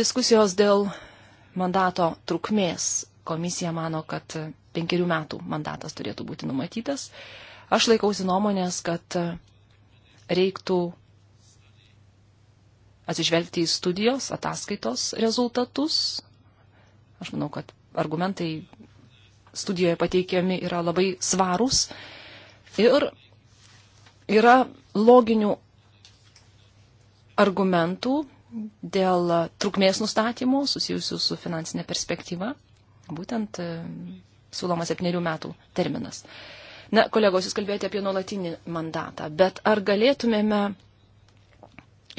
[SPEAKER 3] Diskusijos dėl mandato trukmės. Komisija mano, kad penkerių metų mandatas turėtų būti numatytas. Aš laikausi nuomonės, kad reiktų atsižvelgti į studijos ataskaitos rezultatus. Aš manau, kad argumentai studijoje pateikiami yra labai svarūs. Ir yra loginių argumentų dėl trukmės nustatymo susijusių su finansinė perspektyva, būtent e, siūlomas septyniarių metų terminas. Na, kolegos, jūs kalbėjote apie nuolatinį mandatą, bet ar galėtumėme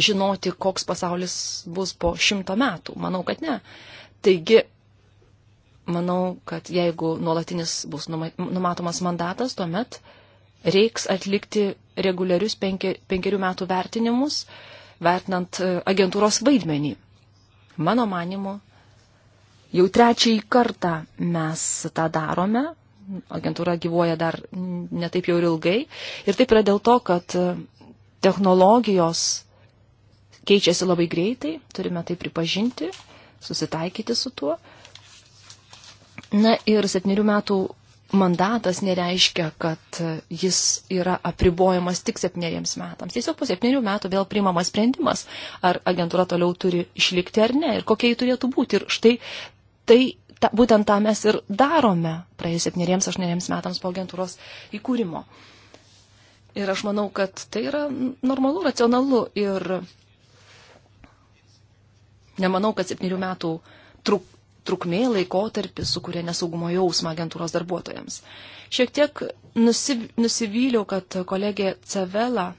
[SPEAKER 3] žinoti, koks pasaulis bus po šimto metų? Manau, kad ne. Taigi, manau, kad jeigu nuolatinis bus numatomas mandatas, tuomet uh, reiks atlikti reguliarius penki, penkerių metų vertinimus, vertinant e, agentūros vaidmenį. Mano manimu, jau trečiai kartą mes tą darome, agentūra gyvuoja dar netaip jau ir ilgai, ir taip yra dėl to, kad e, technologijos keičiasi labai greitai, turime tai pripažinti, susitaikyti su tuo. Na ir septynių metų mandatas nereiškia, kad jis yra apribojamas tik septyneriems metams. Tiesiog po septynerių metų vėl priimamas sprendimas, ar agentūra toliau turi išlikti ar ne ir kokia jį turėtų būti. Ir štai tai, ta, būtent tą mes ir darome praėjus septyneriems, aštuoneriems metams po agentūros įkūrimo. Ir aš manau, kad tai yra normalu, racionalu ir nemanau, kad septynių metų truk, trukmė, laikotarpis sukuria nesaugumo jausmą agentūros darbuotojams. Šiek tiek nusivyliau, kad kolegė Cevela,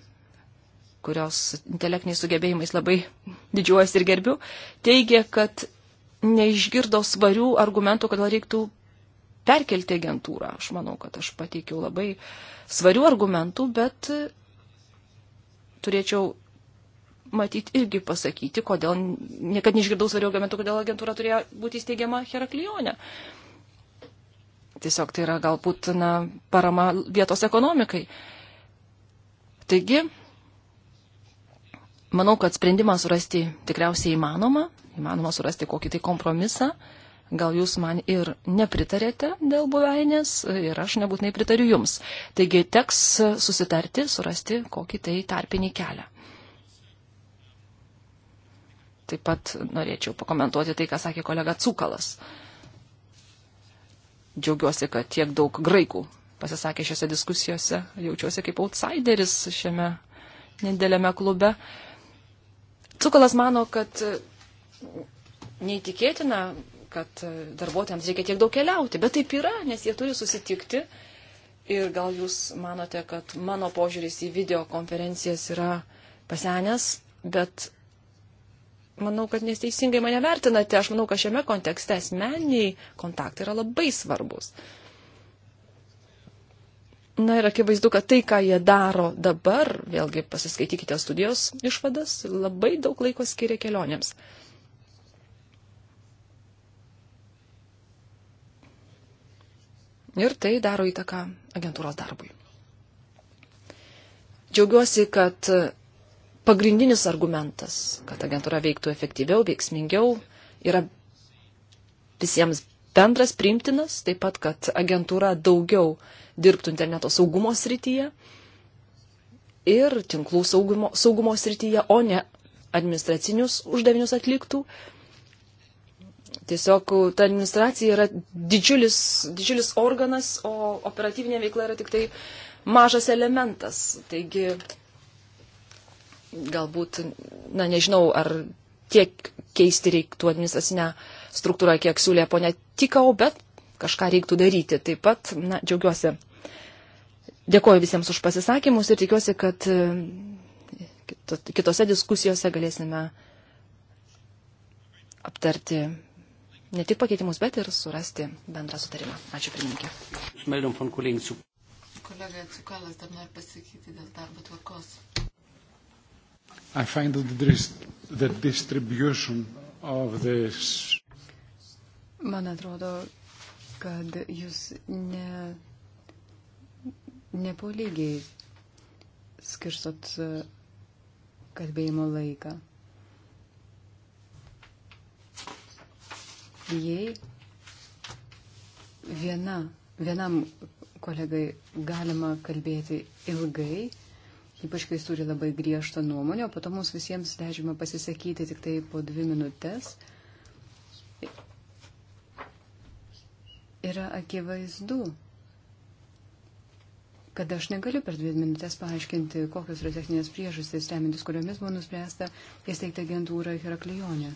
[SPEAKER 3] kurios intelektiniais sugebėjimais labai didžiuojas ir gerbiu, teigia, kad neišgirdo svarių argumentų, kodėl reiktų perkelti agentūrą. Aš manau, kad aš pateikiau labai svarių argumentų, bet turėčiau matyt irgi pasakyti, kodėl, niekad neišgirdau svarių argumentų, kodėl agentūra turėjo būti įsteigiama Heraklione. Tiesiog tai yra galbūt na, parama vietos ekonomikai. Taigi, manau, kad sprendimą surasti tikriausiai įmanoma, įmanoma surasti kokį tai kompromisą. Gal jūs man ir nepritarėte dėl buveinės ir aš nebūtinai pritariu jums. Taigi teks susitarti, surasti kokį tai tarpinį kelią. Taip pat norėčiau pakomentuoti tai, ką sakė kolega Cukalas. Džiaugiuosi, kad tiek daug graikų pasisakė šiose diskusijose. Jaučiuosi kaip outsideris šiame nedėlėme klube. Cukalas mano, kad neįtikėtina, kad darbuotojams reikia tiek daug keliauti, bet taip yra, nes jie turi susitikti. Ir gal jūs manote, kad mano požiūris į videokonferencijas yra pasenęs, bet manau, kad nesteisingai mane vertinate. Aš manau, kad šiame kontekste asmeniniai kontaktai yra labai svarbus. Na ir akivaizdu, kad tai, ką jie daro dabar, vėlgi pasiskaitykite studijos išvadas, labai daug laiko skiria kelionėms. Ir tai daro įtaką agentūros darbui. Džiaugiuosi, kad pagrindinis argumentas, kad agentūra veiktų efektyviau, veiksmingiau, yra visiems bendras priimtinas, taip pat, kad agentūra daugiau dirbtų interneto saugumo srityje ir tinklų saugumo, saugumo srityje, o ne administracinius uždavinius atliktų. Tiesiog ta administracija yra didžiulis, didžiulis organas, o operatyvinė veikla yra tik tai mažas elementas. Taigi galbūt, na nežinau, ar tiek keisti reiktų administracinę struktūrą, kiek siūlė ponė Tikau, bet kažką reiktų daryti. Taip pat, na, džiaugiuosi. Dėkoju visiems už pasisakymus ir tikiuosi, kad e, kitose diskusijose galėsime aptarti ne tik pakeitimus, bet ir surasti bendrą sutarimą. Ačiū pirmininkė.
[SPEAKER 1] Kolega Cukalas dar nori pasakyti dėl darbo tvarkos.
[SPEAKER 2] I find that the distribution of this.
[SPEAKER 4] Man atrodo, kad jūs ne, nepolygiai skirstot e, kalbėjimo laiką. Jei viena, vienam kolegai galima kalbėti ilgai, ypač kai jis turi labai griežtą nuomonę, o po to mums visiems leidžiama pasisakyti tik tai po dvi minutės. Yra akivaizdu, kad aš negaliu per dvi minutės paaiškinti, kokios yra techninės priežastys, remintis kuriomis buvo nuspręsta įsteigti agentūrą Heraklijonė.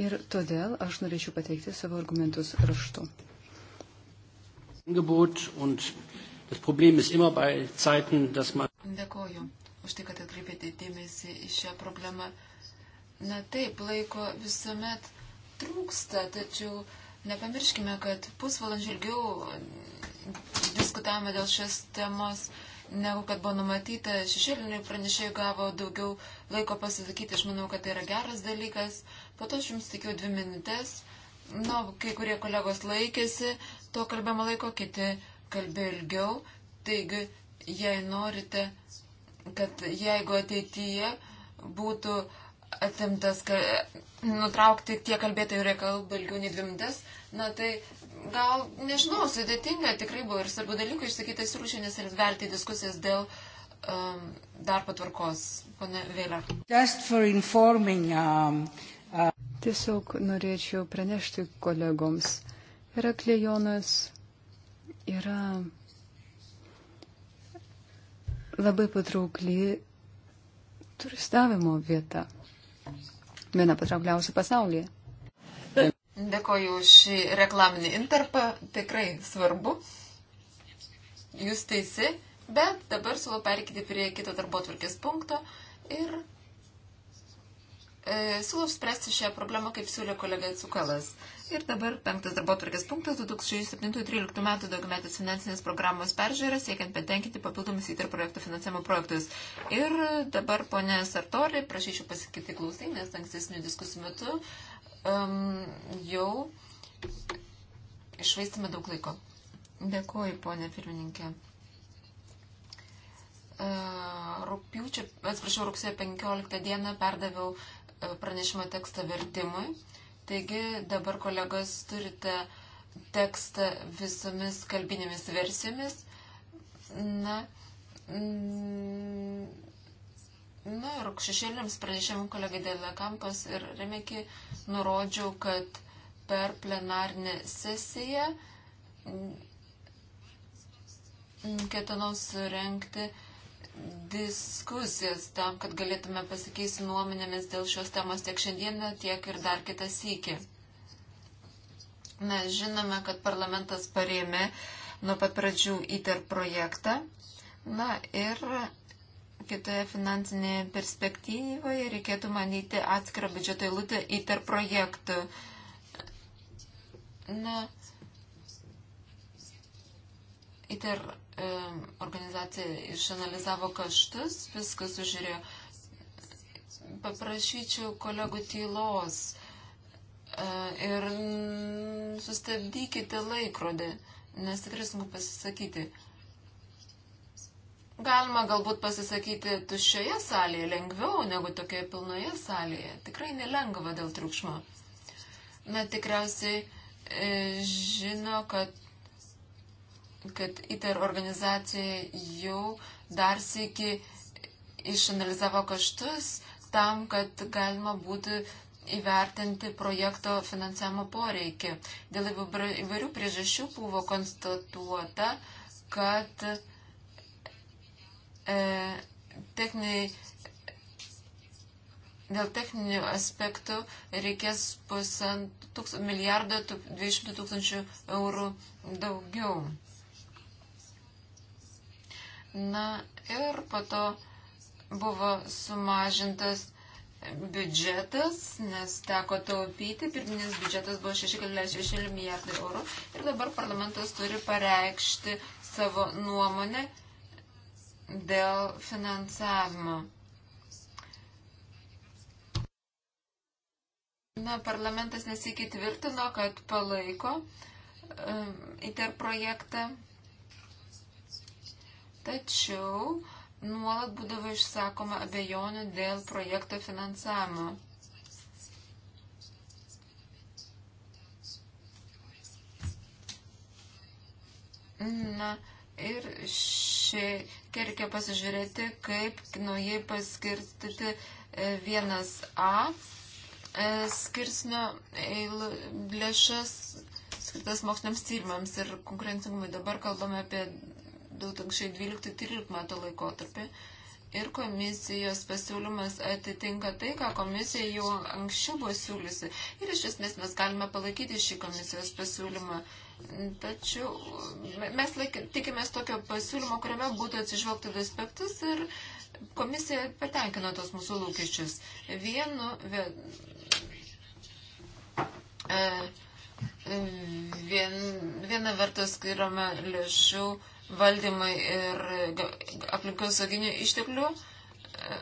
[SPEAKER 4] Ir todėl aš norėčiau pateikti savo argumentus raštu.
[SPEAKER 1] Dėkoju už tai, kad atkreipėte dėmesį į šią problemą. Na taip, laiko visuomet trūksta, tačiau nepamirškime, kad pusvalandžių ilgiau diskutavome dėl šios temos, negu kad buvo numatyta. Šešėliniai pranešėjai gavo daugiau laiko pasisakyti, aš manau, kad tai yra geras dalykas. Po to aš jums tikiu dvi minutės. Na, nu, kai kurie kolegos laikėsi to kalbama laiko, kiti kalbėjo ilgiau. Taigi, jei norite, kad jeigu ateityje būtų atimtas, kad nutraukti tie kalbėtojų reikalų ilgiau nei dvi minutės, na tai gal, nežinau, sudėtinga tikrai buvo ir svarbių dalykų išsakyti sirūšinės ir verti diskusijas dėl um, darbo tvarkos, pone Vėlė.
[SPEAKER 4] Um, Tiesiog norėčiau pranešti kolegoms. Heraklejonas yra labai patraukli turistavimo vieta. Viena patraukliausių pasaulyje.
[SPEAKER 1] Dėkoju už šį reklaminį interpą, tikrai svarbu. Jūs teisi, bet dabar siūlau perkyti prie kito darbo tvarkės punkto ir E, siūlau spręsti šią problemą, kaip siūlė kolega Cukalas. Ir dabar penktas darbo tvarkės punktas 2007-2013 metų daugiametės finansinės programos peržiūra, siekiant patenkinti papildomus įtar projektų finansavimo projektus. Ir dabar, ponė Sartori, prašyčiau pasakyti klausai, nes ankstesnių diskusijų metu um, jau išvaistame daug laiko. Dėkuoju, ponė pirmininkė e, rūpiučio, atsiprašau, rugsėjo 15 dieną perdaviau pranešimo tekstą vertimui. Taigi dabar kolegos turite tekstą visomis kalbinėmis versijomis. Na, mm, na ir šešėliams pranešėmų kolegai Dėlė Kampas ir Remeki nurodžiau, kad per plenarnę sesiją mm, ketinau surenkti uh, diskusijas tam, kad galėtume pasikeisti nuomonėmis dėl šios temos tiek šiandieną, tiek ir dar kitą sykį. Mes žinome, kad parlamentas parėmė nuo pat pradžių ITER projektą. Na ir kitoje finansinėje perspektyvoje reikėtų manyti atskirą biudžeto eilutę ITER projektų. Na, ITER projektų E, organizacija išanalizavo kaštus, viską sužiūrėjo. Paprašyčiau kolegų tylos e, ir sustabdykite laikrodį, nes tikrai sunku pasisakyti. Galima galbūt pasisakyti tuščioje salėje lengviau negu tokioje pilnoje salėje. Tikrai nelengva dėl triukšmo. Na tikriausiai e, žino, kad kad ITER organizacija jau dar sėki išanalizavo kaštus tam, kad galima būtų įvertinti projekto finansavimo poreikį. Dėl įvairių priežasčių buvo konstatuota, kad e, techniniai dėl techninių aspektų reikės pusant milijardo 200 tūkstančių eurų daugiau. Na ir po to buvo sumažintas biudžetas, nes teko taupyti, pirminis biudžetas buvo 6,6 milijardai eurų ir dabar parlamentas turi pareikšti savo nuomonę dėl finansavimo. Na, parlamentas nesikitvirtino, kad palaiko um, ITER projektą tačiau nuolat būdavo išsakoma abejonių dėl projekto finansavimo. Na ir šiai reikia pasižiūrėti, kaip naujai paskirstyti e, vienas A e, skirsnio lėšas skirtas moksliniams tyrimams ir konkurencingumui. Dabar kalbame apie 2012-2013 metų laikotarpį. Ir komisijos pasiūlymas atitinka tai, ką komisija jau anksčiau buvo siūlysi. Ir iš esmės mes galime palaikyti šį komisijos pasiūlymą. Tačiau mes laik, tikimės tokio pasiūlymo, kuriame būtų atsižvelgti aspektus ir komisija patenkino tos mūsų lūkesčius. Vienu, vė, e, vien, viena vertus skiriama lėšų valdymai ir aplinkos sauginių išteklių, e,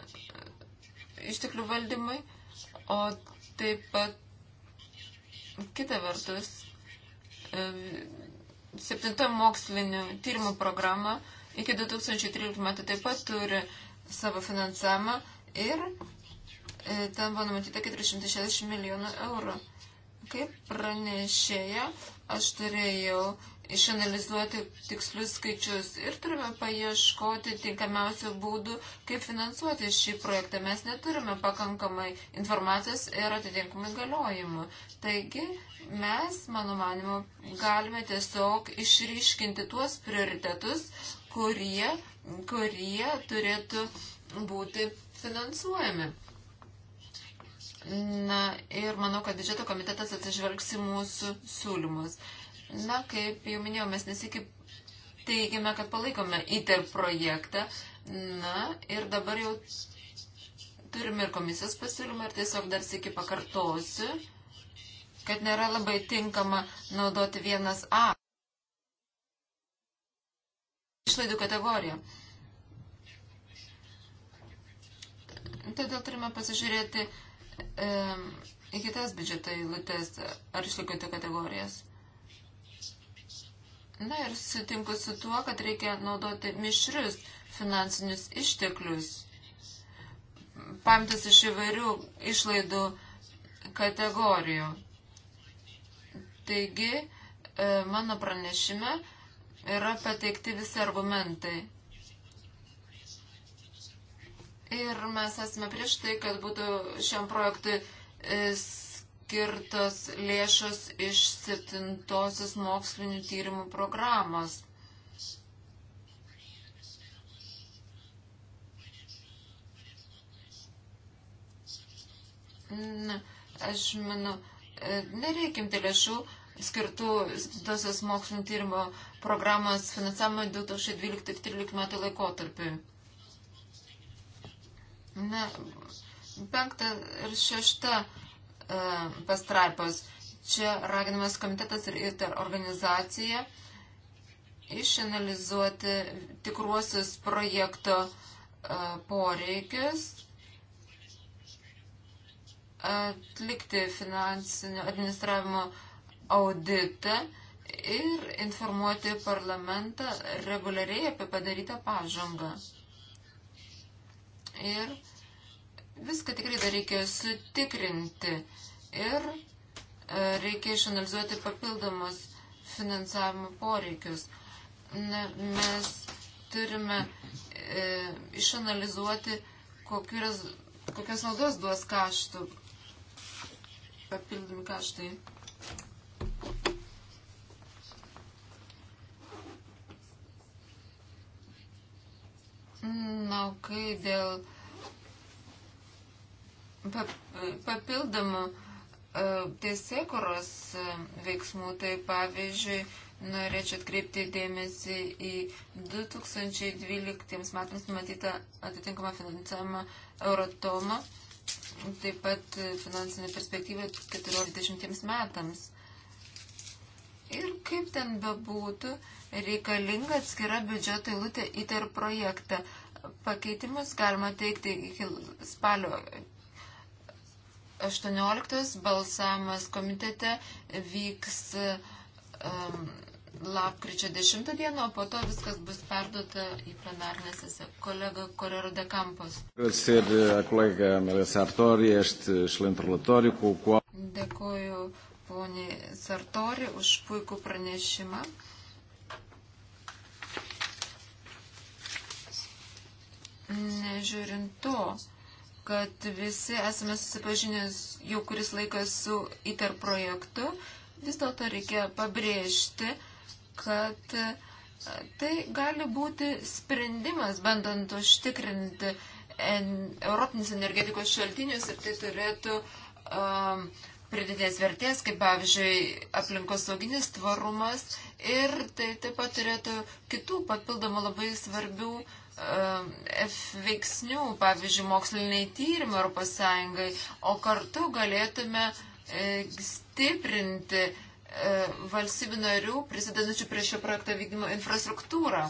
[SPEAKER 1] išteklių valdymai, o taip pat kita vertus e, septinta mokslinio tyrimų programa iki 2013 metų taip pat turi savo finansavimą ir e, ten buvo numatyta 460 milijonų eurų. Kaip pranešėja, aš turėjau išanalizuoti tikslius skaičius ir turime paieškoti tinkamiausių būdų, kaip finansuoti šį projektą. Mes neturime pakankamai informacijos ir atitinkamai galiojimų. Taigi mes, mano manimu, galime tiesiog išryškinti tuos prioritetus, kurie, kurie turėtų būti finansuojami. Na ir manau, kad biudžeto komitetas atsižvelgs į mūsų siūlymus. Su Na, kaip jau minėjau, mes nesikip teigiame, kad palaikome ITER projektą. Na, ir dabar jau turime ir komisijos pasiūlymą ir tiesiog dar sėki pakartosiu, kad nėra labai tinkama naudoti vienas A išlaidų kategoriją. Todėl turime pasižiūrėti e, į kitas biudžeto eilutes ar išlaidų kategorijas. Na ir sutinku su tuo, kad reikia naudoti mišrius finansinius išteklius, pamtis iš įvairių išlaidų kategorijų. Taigi, e, mano pranešime yra pateikti visi argumentai. Ir mes esame prieš tai, kad būtų šiam projektui e, skirtos lėšos iš septintosios mokslinių tyrimų programos. Na, aš manau, e, nereikim tai lėšų skirtų septintosios mokslinio tyrimo programos finansavimo 2012-2013 metų laikotarpiu. Na, penkta ir šešta E, pastraipos. Čia raginamas komitetas ir organizacija išanalizuoti tikruosius projekto e, poreikius, atlikti finansinio administravimo auditą ir informuoti parlamentą reguliariai apie padarytą pažangą. Ir Viską tikrai dar reikia sutikrinti ir e, reikia išanalizuoti papildomus finansavimo poreikius. Na, mes turime e, išanalizuoti, kokios, kokios naudos duos kaštų, papildomi kaštai. Na, kai dėl papildomų e, teisėkuros e, veiksmų. Tai pavyzdžiui, norėčiau atkreipti dėmesį į 2012 metams numatytą atitinkamą finansavimą Eurotomą, taip pat e, finansinę perspektyvą 14 metams. Ir kaip ten bebūtų, reikalinga atskira biudžeto eilutė įter projektą. Pakeitimus galima teikti iki spalio 18 balsavimas komitete vyks um, lapkričio 10 dieną, o po to viskas bus perduota į plenarnę sesiją. Kolega Correro de Campos. Eh, Dėkuoju poniai Sartori už puikų pranešimą. Nežiūrint to, kad visi esame susipažinę jau kuris laikas su ITER projektu. Vis dėlto reikia pabrėžti, kad e, tai gali būti sprendimas, bandant užtikrinti en, Europinis energetikos šaltinius ir tai turėtų um, e, pridėties vertės, kaip pavyzdžiui aplinkosauginis tvarumas ir tai taip pat turėtų kitų papildomų labai svarbių uh, veiksnių, pavyzdžiui, moksliniai tyrimai Europos Sąjungai, o kartu galėtume e, stiprinti e, valstybių narių prisidedančių prie šio projekto vykdymo infrastruktūrą.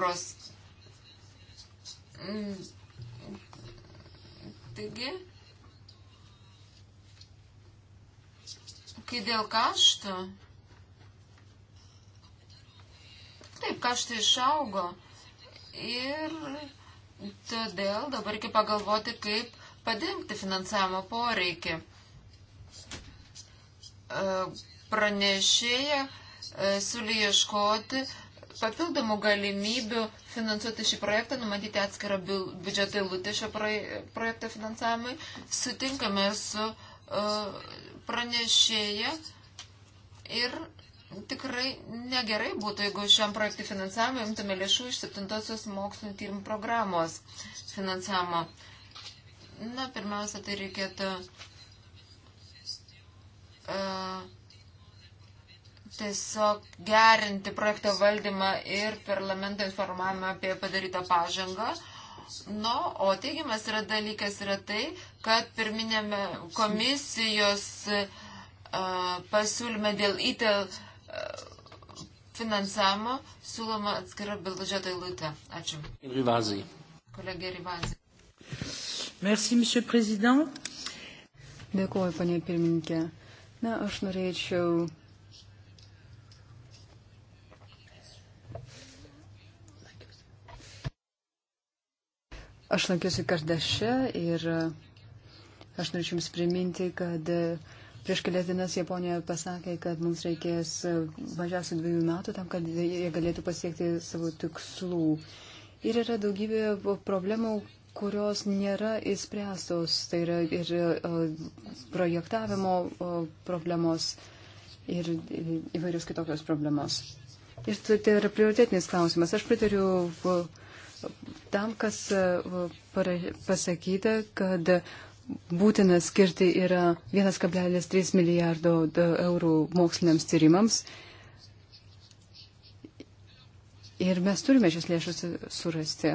[SPEAKER 1] Ros. Mm. Taigi, kai dėl kaštų, taip, kaštai išaugo. Ir todėl dabar reikia pagalvoti, kaip padengti finansavimo poreikį. E, pranešėja e, siūlė ieškoti papildomų galimybių finansuoti šį projektą, numatyti atskirą biudžetą įlūtę šio projekto finansavimui. Sutinkame su e, pranešėja ir tikrai negerai būtų, jeigu šiam projektui finansavimą imtume lėšų iš septintosios mokslinio tyrimų programos finansavimo. Na, pirmiausia, tai reikėtų uh, tiesiog gerinti projekto valdymą ir parlamento informavimą apie padarytą pažangą. Nu, no, o teigiamas yra dalykas yra tai, kad pirminėme komisijos uh, pasiūlyme dėl ITEL uh, finansavimo siūloma atskira biudžeto eilutė. Ačiū. Rivazai. Kolegė Rivazai.
[SPEAKER 4] Merci, monsieur président. Dėkuoju, panė pirmininkė. Na, aš norėčiau Aš lankiausi Kardaše ir e, aš norėčiau Jums priminti, kad e, Prieš kelias dienas Japonija pasakė, kad mums reikės e, mažiausiai dviejų metų tam, kad jie galėtų pasiekti savo tikslų. Ir yra daugybė problemų, kurios nėra įspręstos. Tai yra ir e, projektavimo e, problemos ir įvairios kitokios problemos. Ir tai, tai yra prioritetinis klausimas. Aš pritariu tam, kas pasakyta, kad būtina skirti yra 1,3 milijardo eurų moksliniams tyrimams. Ir mes turime šias lėšas surasti.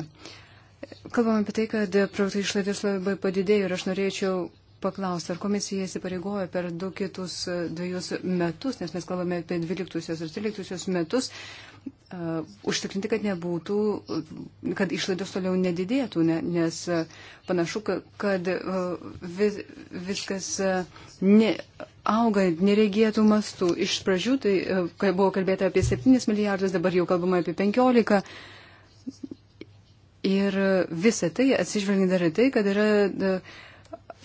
[SPEAKER 4] Kalbame apie tai, kad projektų išlaidos labai padidėjo ir aš norėčiau paklausti, ar komisija įsipareigoja per du kitus dviejus metus, nes mes kalbame apie 12 ir 13 metus, E, užtikrinti, kad nebūtų, e, kad išlaidos toliau nedidėtų, ne, nes e, panašu, kad vis, viskas ne, auga neregėtų mastų. Iš pradžių tai buvo kalbėta apie 7 milijardus, dabar jau kalbama apie 15. Ir visą tai atsižvelgiant dar į tai, kad yra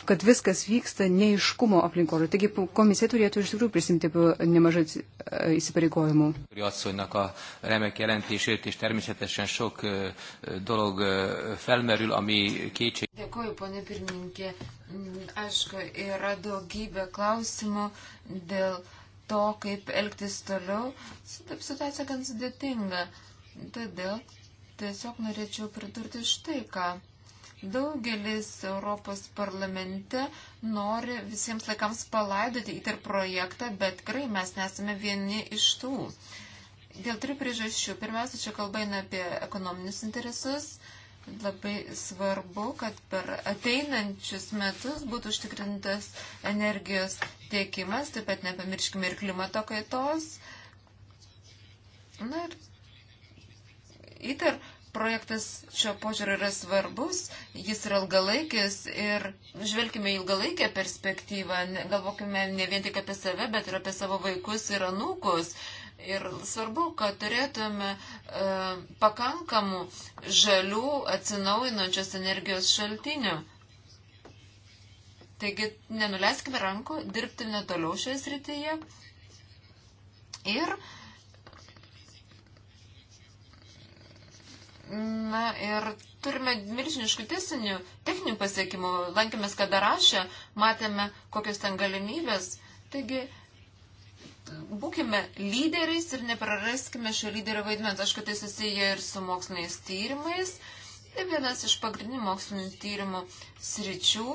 [SPEAKER 4] kad viskas vyksta neiškumo aplinkorių. Taigi komisija turėtų iš tikrųjų prisimti nemažai e, įsipareigojimų.
[SPEAKER 2] remek jelentésért, és természetesen sok dolog felmerül, ami kétség.
[SPEAKER 1] Dėkuoju, ponė pirmininkė. Aišku, yra daugybė klausimų dėl to, kaip elgtis toliau. Situacija gan sudėtinga. Todėl tiesiog norėčiau pridurti štai ką. Daugelis Europos parlamente nori visiems laikams palaidoti ITER projektą, bet tikrai mes nesame vieni iš tų. Dėl trijų priežasčių. Pirmiausia, čia kalba eina apie ekonominius interesus. Labai svarbu, kad per ateinančius metus būtų užtikrintas energijos tiekimas, taip pat nepamirškime ir klimato kaitos. Na ir ITER projektas šio požiūrio yra svarbus, jis yra ilgalaikis ir žvelgime ilgalaikę perspektyvą, galvokime ne vien tik apie save, bet ir apie savo vaikus ir anūkus. Ir svarbu, kad turėtume e, pakankamų žalių atsinaujinančios energijos šaltinių. Taigi nenuleiskime rankų, dirbtume toliau šioje srityje. Ir e, Na ir turime milžiniškų tiesinių, techninių pasiekimų. Lankėmės Kadarašę, matėme, kokios ten galimybės. Taigi, būkime lyderiais ir nepraraskime šio lyderio vaidmens. Aišku, tai susiję ir su moksliniais tyrimais. Tai vienas iš pagrindinių mokslinių tyrimų sričių.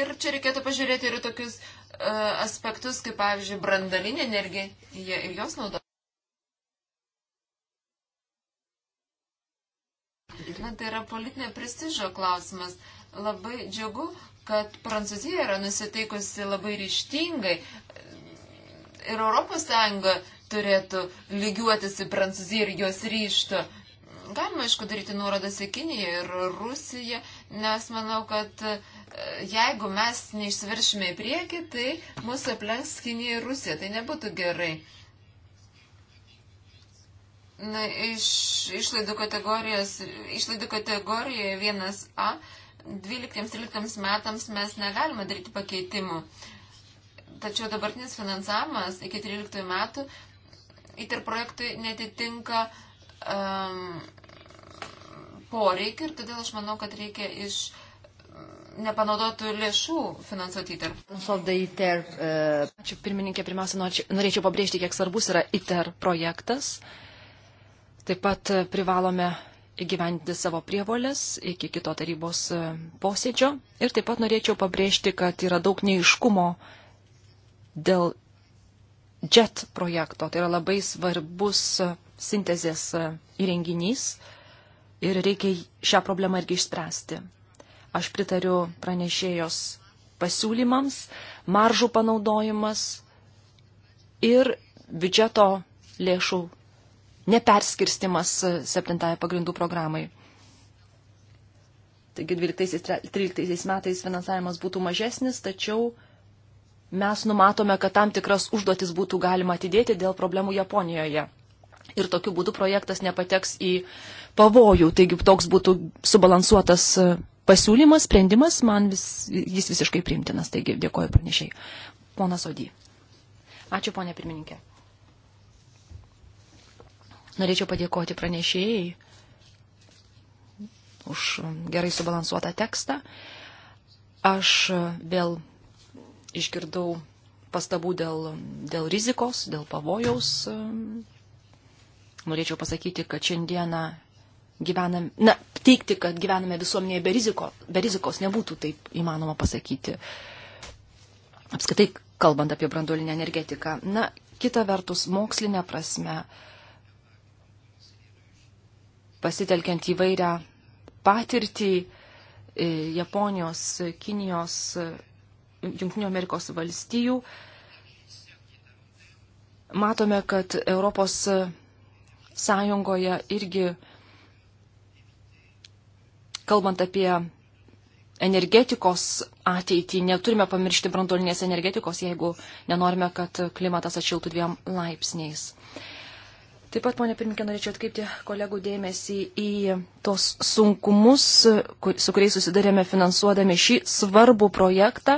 [SPEAKER 1] Ir čia reikėtų pažiūrėti ir tokius uh, aspektus, kaip pavyzdžiui, brandalinė energija ir jos nauda. Na, tai yra politinio prestižo klausimas. Labai džiugu, kad Prancūzija yra nusiteikusi labai ryštingai ir Europos Sąjunga turėtų lygiuotis į Prancūziją ir jos ryštą. Galima, aišku, daryti nuorodas į Kiniją ir Rusiją, nes manau, kad e, jeigu mes neišsiveršime į priekį, tai mūsų aplenks Kinija ir Rusija. Tai nebūtų gerai. Na, iš išlaidų kategorijos, išlaidų kategorijoje 1A 12-13 metams mes negalime daryti pakeitimų. Tačiau dabartinis finansavimas iki 13 metų ITER projektui netitinka um, poreikių ir todėl aš manau, kad reikia iš nepanaudotų lėšų finansuoti ITER.
[SPEAKER 3] Uh, Ačiū pirmininkė, pirmiausia, norėčiau pabrėžti, kiek svarbus yra ITER projektas. Uh, Taip pat privalome įgyventi savo prievolės iki kito tarybos e, posėdžio. Ir taip pat norėčiau pabrėžti, kad yra daug neiškumo dėl JET projekto. Tai yra labai svarbus e, sintezės e, įrenginys ir reikia šią problemą irgi išspręsti. Aš pritariu pranešėjos pasiūlymams, maržų panaudojimas ir biudžeto lėšų neperskirstimas septintąją pagrindų programai. Taigi 12-13 metais finansavimas būtų mažesnis, tačiau mes numatome, kad tam tikras užduotis būtų galima atidėti dėl problemų Japonijoje. Ir tokiu būdu projektas nepateks į pavojų. Taigi toks būtų subalansuotas pasiūlymas, sprendimas, man vis, jis visiškai primtinas. Taigi dėkoju pranešiai. Ponas Odį. Ačiū, ponė pirmininkė. Norėčiau padėkoti pranešėjai už gerai subalansuotą tekstą. Aš vėl išgirdau pastabų dėl, dėl rizikos, dėl pavojaus. Norėčiau pasakyti, kad šiandieną gyvename, na, teikti, kad gyvename visuomenėje be, riziko, be rizikos nebūtų taip įmanoma pasakyti. Apskaitai, kalbant apie branduolinę energetiką. Na, kita vertus, mokslinė prasme, uh, pasitelkiant įvairią patirtį e, Japonijos, Kinijos, Junktinių Amerikos valstijų, matome, kad Europos Sąjungoje irgi, kalbant apie energetikos ateitį, neturime pamiršti brandolinės energetikos, jeigu nenorime, kad klimatas atšiltų dviem laipsniais. Taip pat, ponė pirmininkė, norėčiau atkreipti kolegų dėmesį į tos sunkumus, su kuriais susidarėme finansuodami šį svarbų projektą.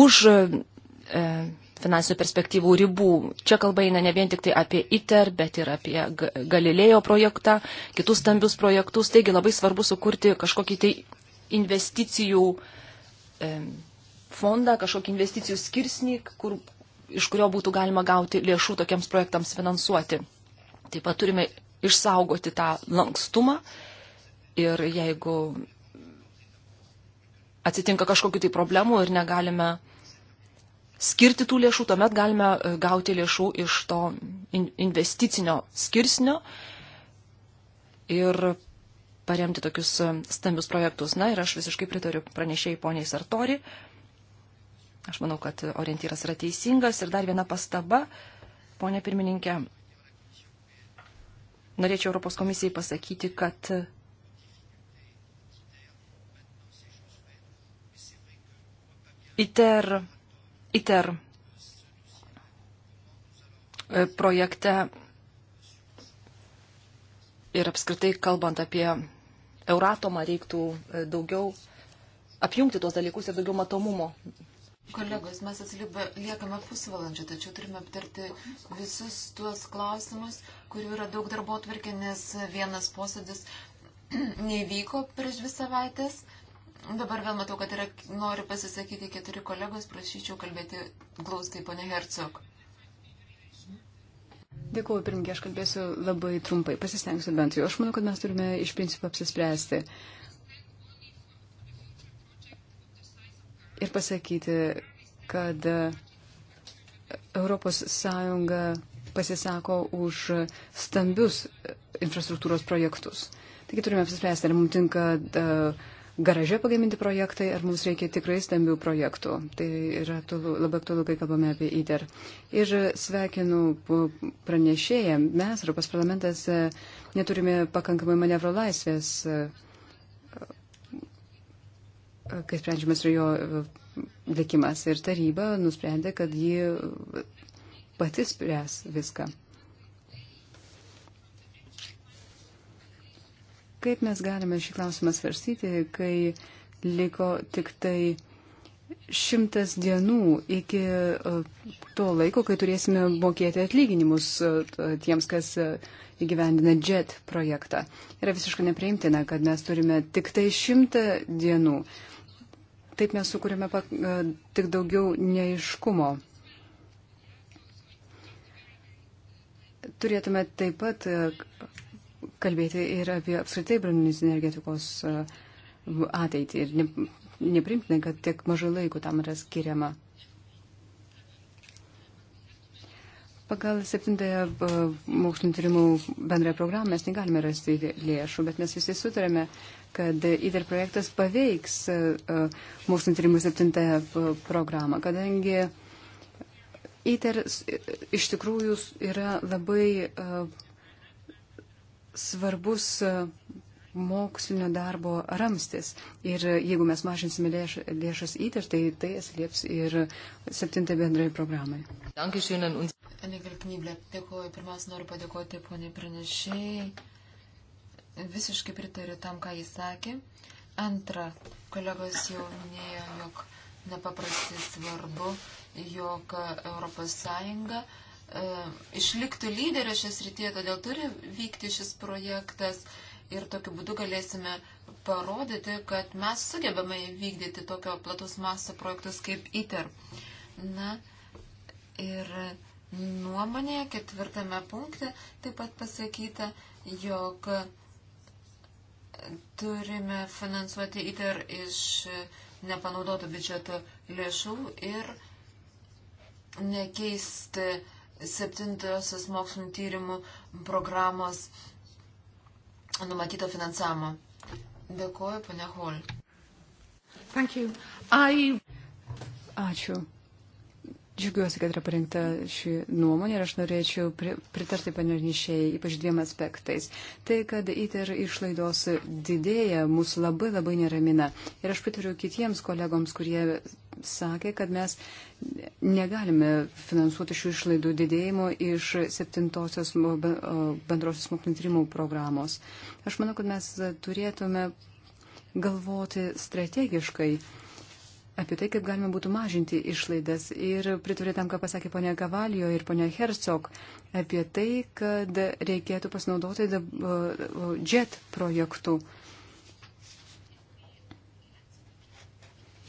[SPEAKER 3] Už e, finansinių perspektyvų ribų. Čia kalba eina ne vien tik tai apie ITER, bet ir apie Galilėjo projektą, kitus stambius projektus. Taigi labai svarbu sukurti kažkokį tai investicijų e, fondą, kažkokį investicijų skirsnį, kur, iš kurio būtų galima gauti lėšų tokiems projektams finansuoti. Taip pat turime išsaugoti tą lankstumą ir jeigu atsitinka kažkokiu tai problemu ir negalime skirti tų lėšų, tuomet galime e, gauti lėšų iš to investicinio skirsnio ir paremti tokius e, stambius projektus. Na ir aš visiškai pritariu pranešėjai poniai Sartori. Uh, Aš manau, kad orientyras yra teisingas. Ir dar viena pastaba, ponė pirmininkė. Norėčiau Europos komisijai pasakyti, kad ITER, ITER e, projekte ir apskritai kalbant apie Euratomą reiktų e, daugiau apjungti tuos dalykus ir daugiau matomumo
[SPEAKER 1] Kolegos, mes atsiliekame pusvalandžio, tačiau turime aptarti visus tuos klausimus, kurių yra daug darbo atvarkė, nes vienas posėdis nevyko prieš dvi savaitės. Dabar vėl matau, kad yra, noriu pasisakyti keturi kolegos, prašyčiau kalbėti glaustai, ponė Hercog.
[SPEAKER 4] Dėkuoju, pirmininkė, aš kalbėsiu labai trumpai, pasistengsiu bent jau. Aš manau, kad mes turime iš principo apsispręsti. Uh, ir pasakyti, kad ES pasisako už stambius infrastruktūros projektus. Taigi turime apsispręsti, ar mums tinka e, garaže pagaminti projektai, ar mums reikia tikrai stambių projektų. Tai yra tolu, labai aktualu, kai kalbame apie ITER. Ir sveikinu pranešėją. Mes, Europos parlamentas, e, neturime pakankamai manevro laisvės e, kai sprendžiamas yra jo likimas. E, Ir taryba nusprendė, kad ji pati spręs viską. Kaip mes galime šį klausimą svarstyti, kai liko tik tai šimtas dienų iki e, to laiko, kai turėsime mokėti atlyginimus e, tiems, kas įgyvendina JET projektą. Yra visiškai nepriimtina, kad mes turime tik tai šimtą dienų. Uh, taip mes sukūrėme e, tik daugiau neiškumo. Turėtume taip pat e, kalbėti ir apie apskritai branduolinės energetikos e, ateitį. Ir neprimtinai, kad tiek mažai laiko tam yra skiriama. Pagal septintąją mokslinio tyrimų bendrąją programą mes negalime rasti lėšų, bet mes visi sutarėme, kad ITER projektas paveiks e, e, mokslinio tyrimų septintąją programą, kadangi ITER e, iš tikrųjų yra labai svarbus mokslinio darbo ramstis. Ir jeigu mes mažinsime lėš, lėšas įter, tai tai atsilieps ir septintai bendrai programai.
[SPEAKER 1] Dėkuoju, pirmiausia noriu padėkoti poniai pranešėjai visiškai pritariu tam, ką jis sakė. Antra, kolegos jau minėjo, jog nepaprastai svarbu, jog ES e, išliktų lyderė šią srityje, todėl turi vykti šis projektas ir tokiu būdu galėsime parodyti, kad mes sugebame įvykdyti tokio platus masto projektus kaip ITER. Na ir nuomonėje ketvirtame punkte taip pat pasakyta, jog e, turime finansuoti ITER iš nepanaudotų biudžeto lėšų ir nekeisti septintosios mokslinio tyrimų programos numatyto finansavimo. Dėkuoju, ponia Hol.
[SPEAKER 4] I... Ačiū. Džiugiuosi, kad yra parengta ši nuomonė ir aš norėčiau pritarti panernešėjai, ypač dviem aspektais. Tai, kad ITER išlaidos didėja, mus labai labai neramina. Ir aš pritariu kitiems kolegoms, kurie sakė, kad mes negalime finansuoti šių išlaidų didėjimo iš septintosios bendrosios mokslinio tyrimų programos. Aš manau, kad mes turėtume galvoti strategiškai apie tai, kaip galima būtų mažinti išlaidas. Ir priturė tam, ką pasakė ponia Gavalio ir ponia Hercog, apie tai, kad reikėtų pasinaudoti JET projektų.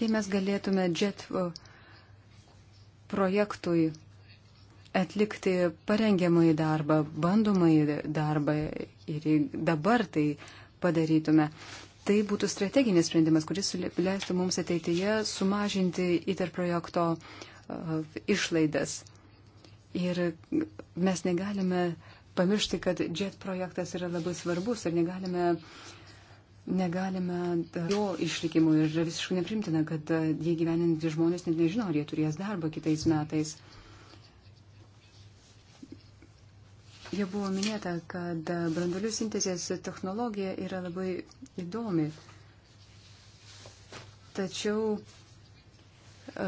[SPEAKER 4] Jei mes galėtume JET projektui atlikti parengiamąjį darbą, bandomąjį darbą ir dabar tai padarytume, tai būtų strateginis sprendimas, kuris leistų mums ateityje sumažinti ITER projekto uh, išlaidas. Ir mes negalime pamiršti, kad JET projektas yra labai svarbus ir negalime, negalime jo išlikimų ir visiškai neprimtina, kad uh, jį gyveninti žmonės net nežino, ar jie turės darbą kitais metais. Uh, Jau buvo minėta, kad brandolių sintezės technologija yra labai įdomi. Tačiau e,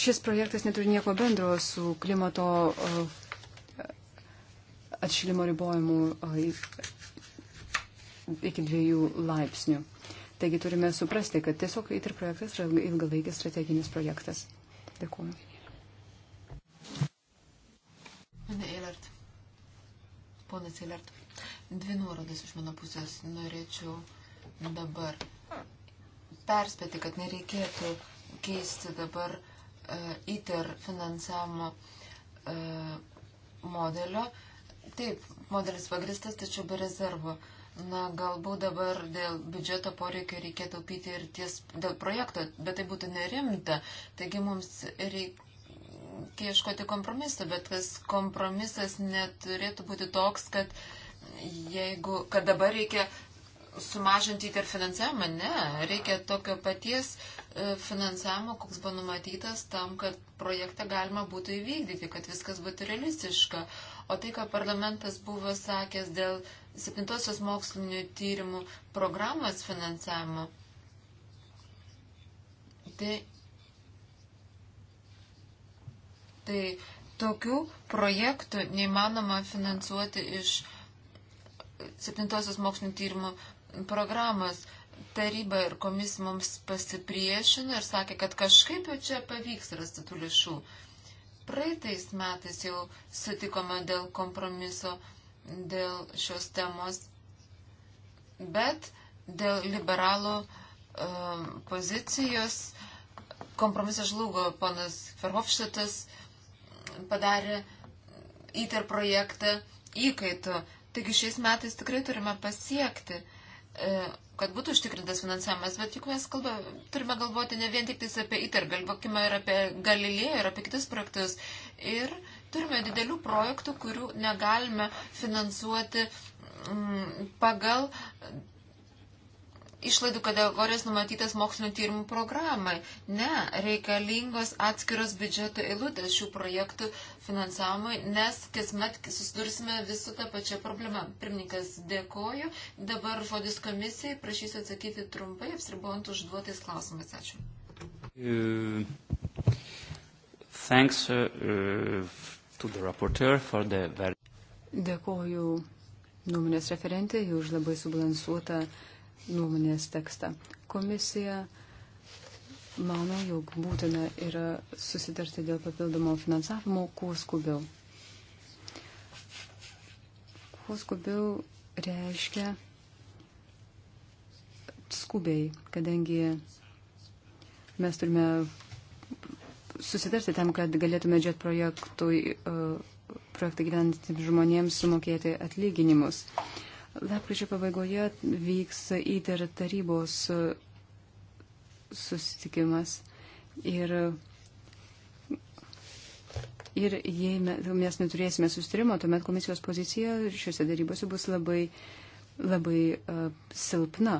[SPEAKER 4] šis projektas neturi nieko bendro su klimato e, atšilimo ribojimu e, iki dviejų laipsnių. Taigi turime suprasti, kad tiesiog ITER projektas yra ilgalaikis strateginis projektas. Dėkuoju.
[SPEAKER 1] Pane Eilert. Ponas Eilert. Dvi nuorodas iš mano pusės norėčiau dabar perspėti, kad nereikėtų keisti dabar uh, ITER finansavimo uh, modelio. Taip, modelis pagristas, tačiau be rezervo. Na, galbūt dabar dėl biudžeto poreikio reikėtų taupyti ir ties dėl projekto, bet tai būtų nerimta. Taigi mums reik, reikia iškoti kompromisu, bet tas kompromisas neturėtų būti toks, kad, jeigu, kad dabar reikia sumažinti interfinansavimą. Ne, reikia tokio paties e, finansavimo, koks buvo numatytas tam, kad projektą galima būtų įvykdyti, kad viskas būtų realistiška. O tai, ką parlamentas buvo sakęs dėl septintosios mokslinio tyrimų programos finansavimo, tai Tai tokių projektų neįmanoma finansuoti iš septintosios mokslinio tyrimų programos. Taryba ir komisija mums pasipriešino ir sakė, kad kažkaip jau čia pavyks rasti tų lėšų. Praeitais metais jau sutikome dėl kompromiso dėl šios temos, bet dėl liberalų um, pozicijos kompromisas žlugo, panas Ferhofštatas padarė ITER projektą įkaitų. Taigi šiais metais tikrai turime pasiekti, e, kad būtų užtikrintas finansavimas, bet juk mes kalba, turime galvoti ne vien tik apie ITER, galvokime ir apie Galilėją, ir apie kitus projektus. Ir turime didelių projektų, kurių negalime finansuoti mm, pagal išlaidų kategorijos numatytas mokslinio tyrimų programai. Ne, reikalingos atskiros biudžeto eilutės šių projektų finansavimui, nes kasmet susidursime visų tą pačią problemą. Pirmininkas, dėkoju. Dabar žodis komisijai, prašysiu atsakyti trumpai, apsiribuojant užduotais klausimais. Ačiū.
[SPEAKER 2] Uh, thanks, uh, uh, the...
[SPEAKER 4] Dėkoju nuomonės referentai už labai subalansuotą uh, nuomonės tekstą. Komisija mano, jog būtina yra susitarti dėl papildomo finansavimo kuo skubiau. Kuo skubiau reiškia skubiai, kadangi mes turime susitarti tam, kad galėtume džet projektui, e, projektą gyventi žmonėms sumokėti atlyginimus. Lapkričio pabaigoje vyks įter tarybos susitikimas ir, ir jei mes neturėsime sustarimo, tuomet komisijos pozicija šiuose darybose bus labai, labai uh, silpna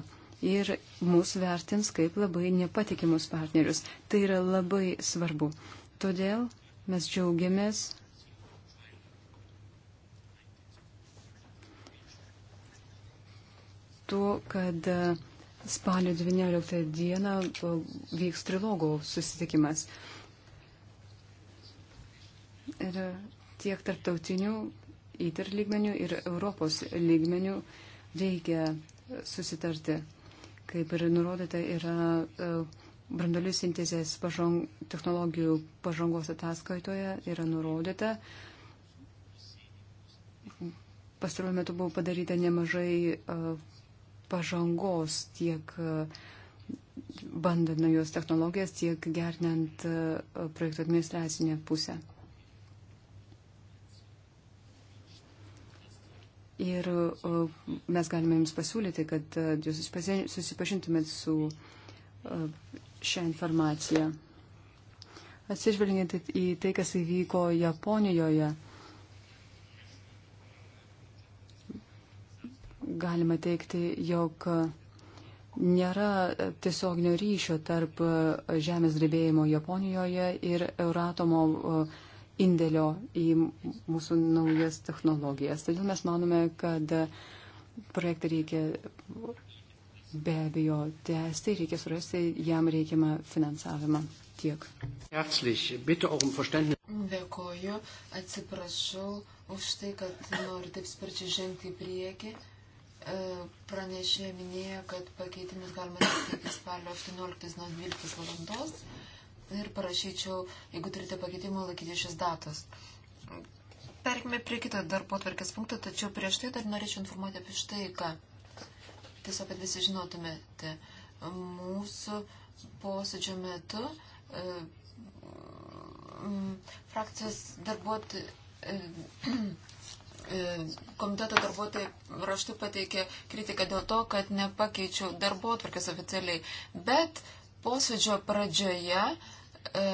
[SPEAKER 4] ir mus vertins kaip labai nepatikimus partnerius. Tai yra labai svarbu. Todėl mes džiaugiamės tuo, kad e, spalio 19 dieną e, vyks trilogų susitikimas. Ir tiek tarptautinių įter lygmenių ir Europos lygmenių reikia susitarti. Kaip ir nurodyta, yra e, brandolių sintezės pažang, technologijų pažangos ataskaitoje yra nurodyta. Pastaruoju metu buvo padaryta nemažai uh, pažangos tiek e, bandant naujos technologijas, tiek gernant e, projektų administracinę pusę. Ir e, mes galime jums pasiūlyti, kad jūs susipažintumėt su šią informaciją. Atsižvelgiant į tai, kas įvyko Japonijoje, galima teikti, jog nėra tiesioginio ryšio tarp e, žemės drebėjimo Japonijoje ir Euratomo e, indėlio į mūsų naujas technologijas. Todėl mes manome, kad projektą reikia be abejo tęsti, reikia surasti jam reikiamą finansavimą. Tiek.
[SPEAKER 2] Um
[SPEAKER 1] Dėkoju, atsiprašau už tai, kad noriu taip sparčiai žengti į priekį. E, Pranešė minėjo, kad pakeitimus galima teikti spalio 18 nuo 12 valandos ir parašyčiau, jeigu turite pakeitimų, laikyti šios datos. Perkime prie kito darbo tvarkės punkto, tačiau prieš tai dar norėčiau informuoti apie štai ką. Tiesiog, kad visi žinotumėte, mūsų posėdžio metu e, m, frakcijos darbuotojai. E, E, komiteto darbuotojai raštu pateikė kritiką dėl to, kad nepakeičiau darbo atvarkės oficialiai. Bet posėdžio pradžioje e,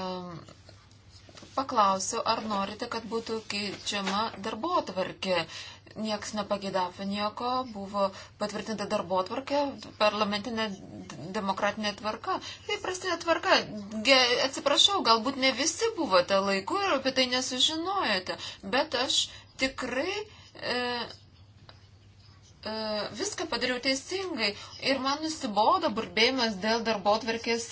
[SPEAKER 1] paklausiau, ar norite, kad būtų keičiama darbo atvarkė. Niekas nepagėdavo nieko, buvo patvirtinta darbo atvarkė, parlamentinė demokratinė tvarka. Tai prastinė tvarka. Ge, atsiprašau, galbūt ne visi buvote laiku ir apie tai nesužinojote, bet aš tikrai e, e, viską padariau teisingai ir man nusibodo burbėjimas dėl darbo atverkės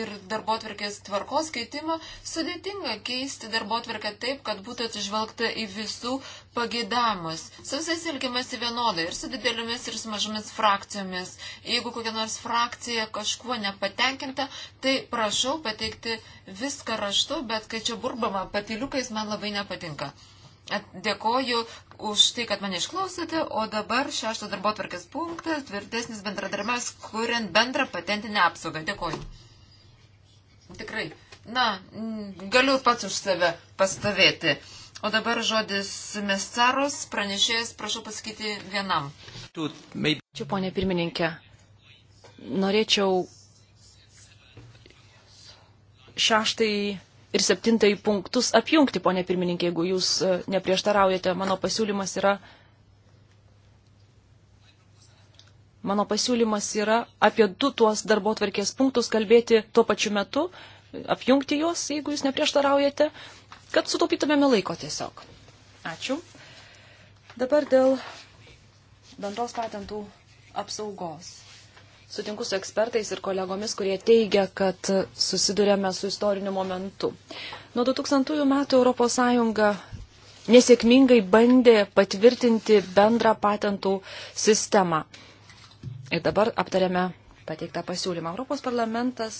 [SPEAKER 1] ir darbo atverkės tvarkos keitimo. Sudėtinga keisti darbo atverkę taip, kad būtų atsižvelgta į visų pageidamus. Su visais elgiamasi vienodai ir su didelėmis ir su mažomis frakcijomis. Jeigu kokia nors frakcija kažkuo nepatenkinta, tai prašau pateikti viską raštu, bet kai čia burbama patiliukais man labai nepatinka. Dėkoju už tai, kad mane išklausėte, o dabar šeštas darbo tvarkės punktas, tvirtesnis bendradarbiavimas, kuriant bendrą patentinę apsaugą. Dėkoju. Tikrai. Na, galiu pats už save pastovėti. O dabar žodis Mestaros,
[SPEAKER 3] pranešėjas, prašau pasakyti vienam. Čia, ponė pirmininkė, norėčiau šeštai ir septintąjį punktus apjungti, ponė pirmininkė, jeigu jūs e, neprieštaraujate. Mano pasiūlymas yra. Mano pasiūlymas yra apie du tuos darbo tvarkės punktus kalbėti tuo pačiu metu, apjungti juos, jeigu jūs neprieštaraujate, kad sutaupytumėme laiko tiesiog. Ačiū. Dabar dėl bendros patentų apsaugos sutinku su ekspertais ir kolegomis, kurie teigia, kad susidurėme su istoriniu momentu. Nuo 2000 metų ES nesėkmingai bandė patvirtinti bendrą patentų sistemą. Ir dabar aptarėme pateiktą pasiūlymą. Europos parlamentas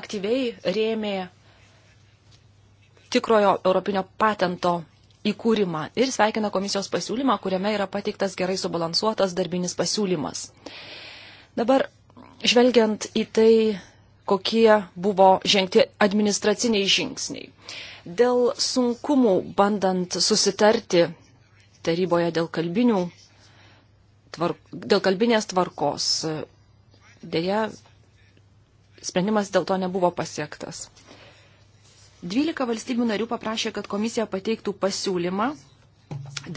[SPEAKER 3] aktyviai rėmė tikrojo europinio patento įkūrimą ir sveikina komisijos pasiūlymą, kuriame yra pateiktas gerai subalansuotas darbinis pasiūlymas. Dabar žvelgiant į tai, kokie buvo žengti administraciniai žingsniai. Dėl sunkumų bandant susitarti taryboje dėl, kalbinių, tvark, dėl kalbinės tvarkos, dėja, sprendimas dėl to nebuvo pasiektas. 12 valstybių narių paprašė, kad komisija pateiktų pasiūlymą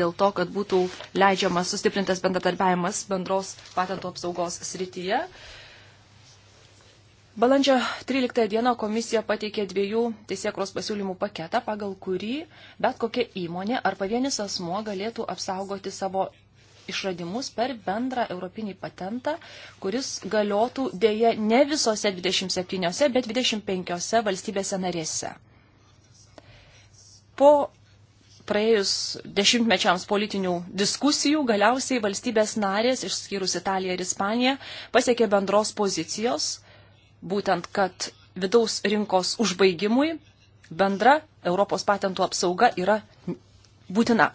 [SPEAKER 3] dėl to, kad būtų leidžiamas sustiprintas bendradarbiavimas bendros patentų apsaugos srityje. Balandžio 13 dieną komisija pateikė dviejų teisėkros pasiūlymų paketą, pagal kurį bet kokia įmonė ar pavienis asmuo galėtų apsaugoti savo išradimus per bendrą europinį patentą, kuris galiotų dėje ne visose 27, bet 25 valstybėse narėse. Po praėjus dešimtmečiams politinių diskusijų, galiausiai valstybės narės, išskyrus Italiją ir Ispaniją, pasiekė bendros pozicijos, būtent kad vidaus rinkos užbaigimui bendra Europos patentų apsauga yra būtina.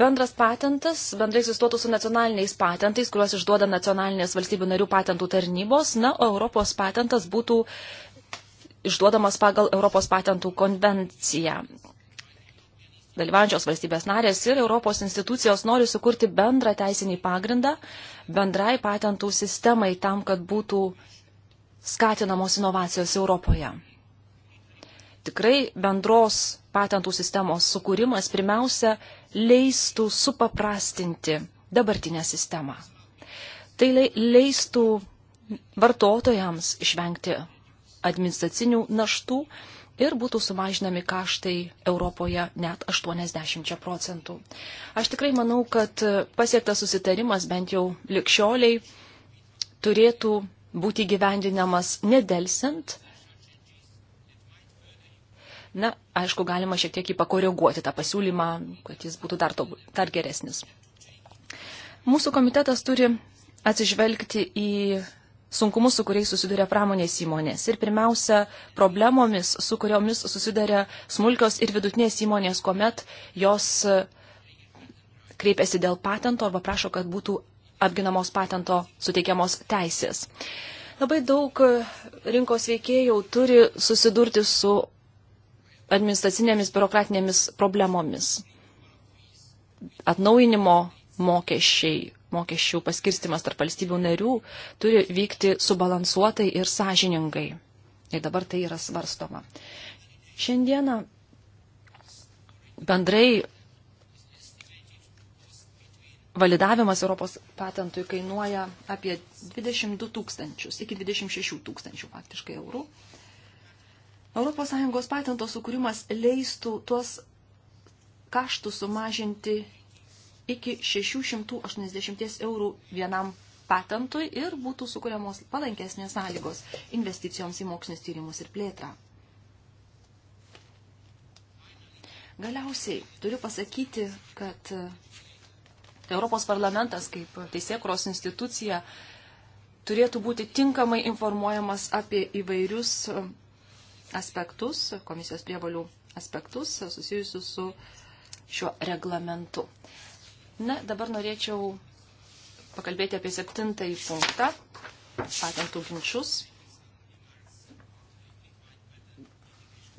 [SPEAKER 3] Bendras patentas bendrai egzistuotų su nacionaliniais patentais, kuriuos išduoda nacionalinės valstybių narių patentų tarnybos, na, o Europos patentas būtų išduodamas pagal Europos patentų konvenciją dalyvaujančios valstybės narės ir Europos institucijos nori sukurti bendrą teisinį pagrindą bendrai patentų sistemai tam, kad būtų skatinamos inovacijos Europoje. Tikrai bendros patentų sistemos sukūrimas pirmiausia leistų supaprastinti dabartinę sistemą. Tai leistų vartotojams išvengti administracinių naštų ir būtų sumažinami kaštai Europoje net 80 procentų. Aš tikrai manau, kad pasiektas susitarimas bent jau likščioliai turėtų būti gyvendinamas nedelsint. Na, aišku, galima šiek tiek įpakoreguoti tą pasiūlymą, kad jis būtų dar, tobul, dar geresnis. Mūsų komitetas turi atsižvelgti į sunkumus, su kuriais susiduria pramonės įmonės ir pirmiausia problemomis, su kuriomis susiduria smulkios ir vidutinės įmonės, kuomet jos e, kreipiasi dėl patento arba prašo, kad būtų apginamos patento suteikiamos teisės. Labai daug e, rinkos veikėjų turi susidurti su administracinėmis biurokratinėmis problemomis. Atnaujinimo mokesčiai, mokesčių paskirstimas tarp valstybių narių turi vykti subalansuotai ir sąžiningai. Ir dabar tai yra svarstoma. Šiandieną bendrai validavimas Europos patentui kainuoja apie 22 tūkstančius, iki 26 tūkstančių faktiškai eurų. ES patento sukūrimas leistų tuos kaštus sumažinti iki 680 eurų vienam patentui ir būtų sukūriamos palankesnės sąlygos investicijoms į mokslinius tyrimus ir plėtrą. Galiausiai turiu pasakyti, kad Europos parlamentas kaip teisėkros institucija turėtų būti tinkamai informuojamas apie įvairius aspektus, komisijos prievalių aspektus susijusius su šiuo reglamentu. Na, dabar norėčiau pakalbėti apie septintąjį punktą - patentų ginčius.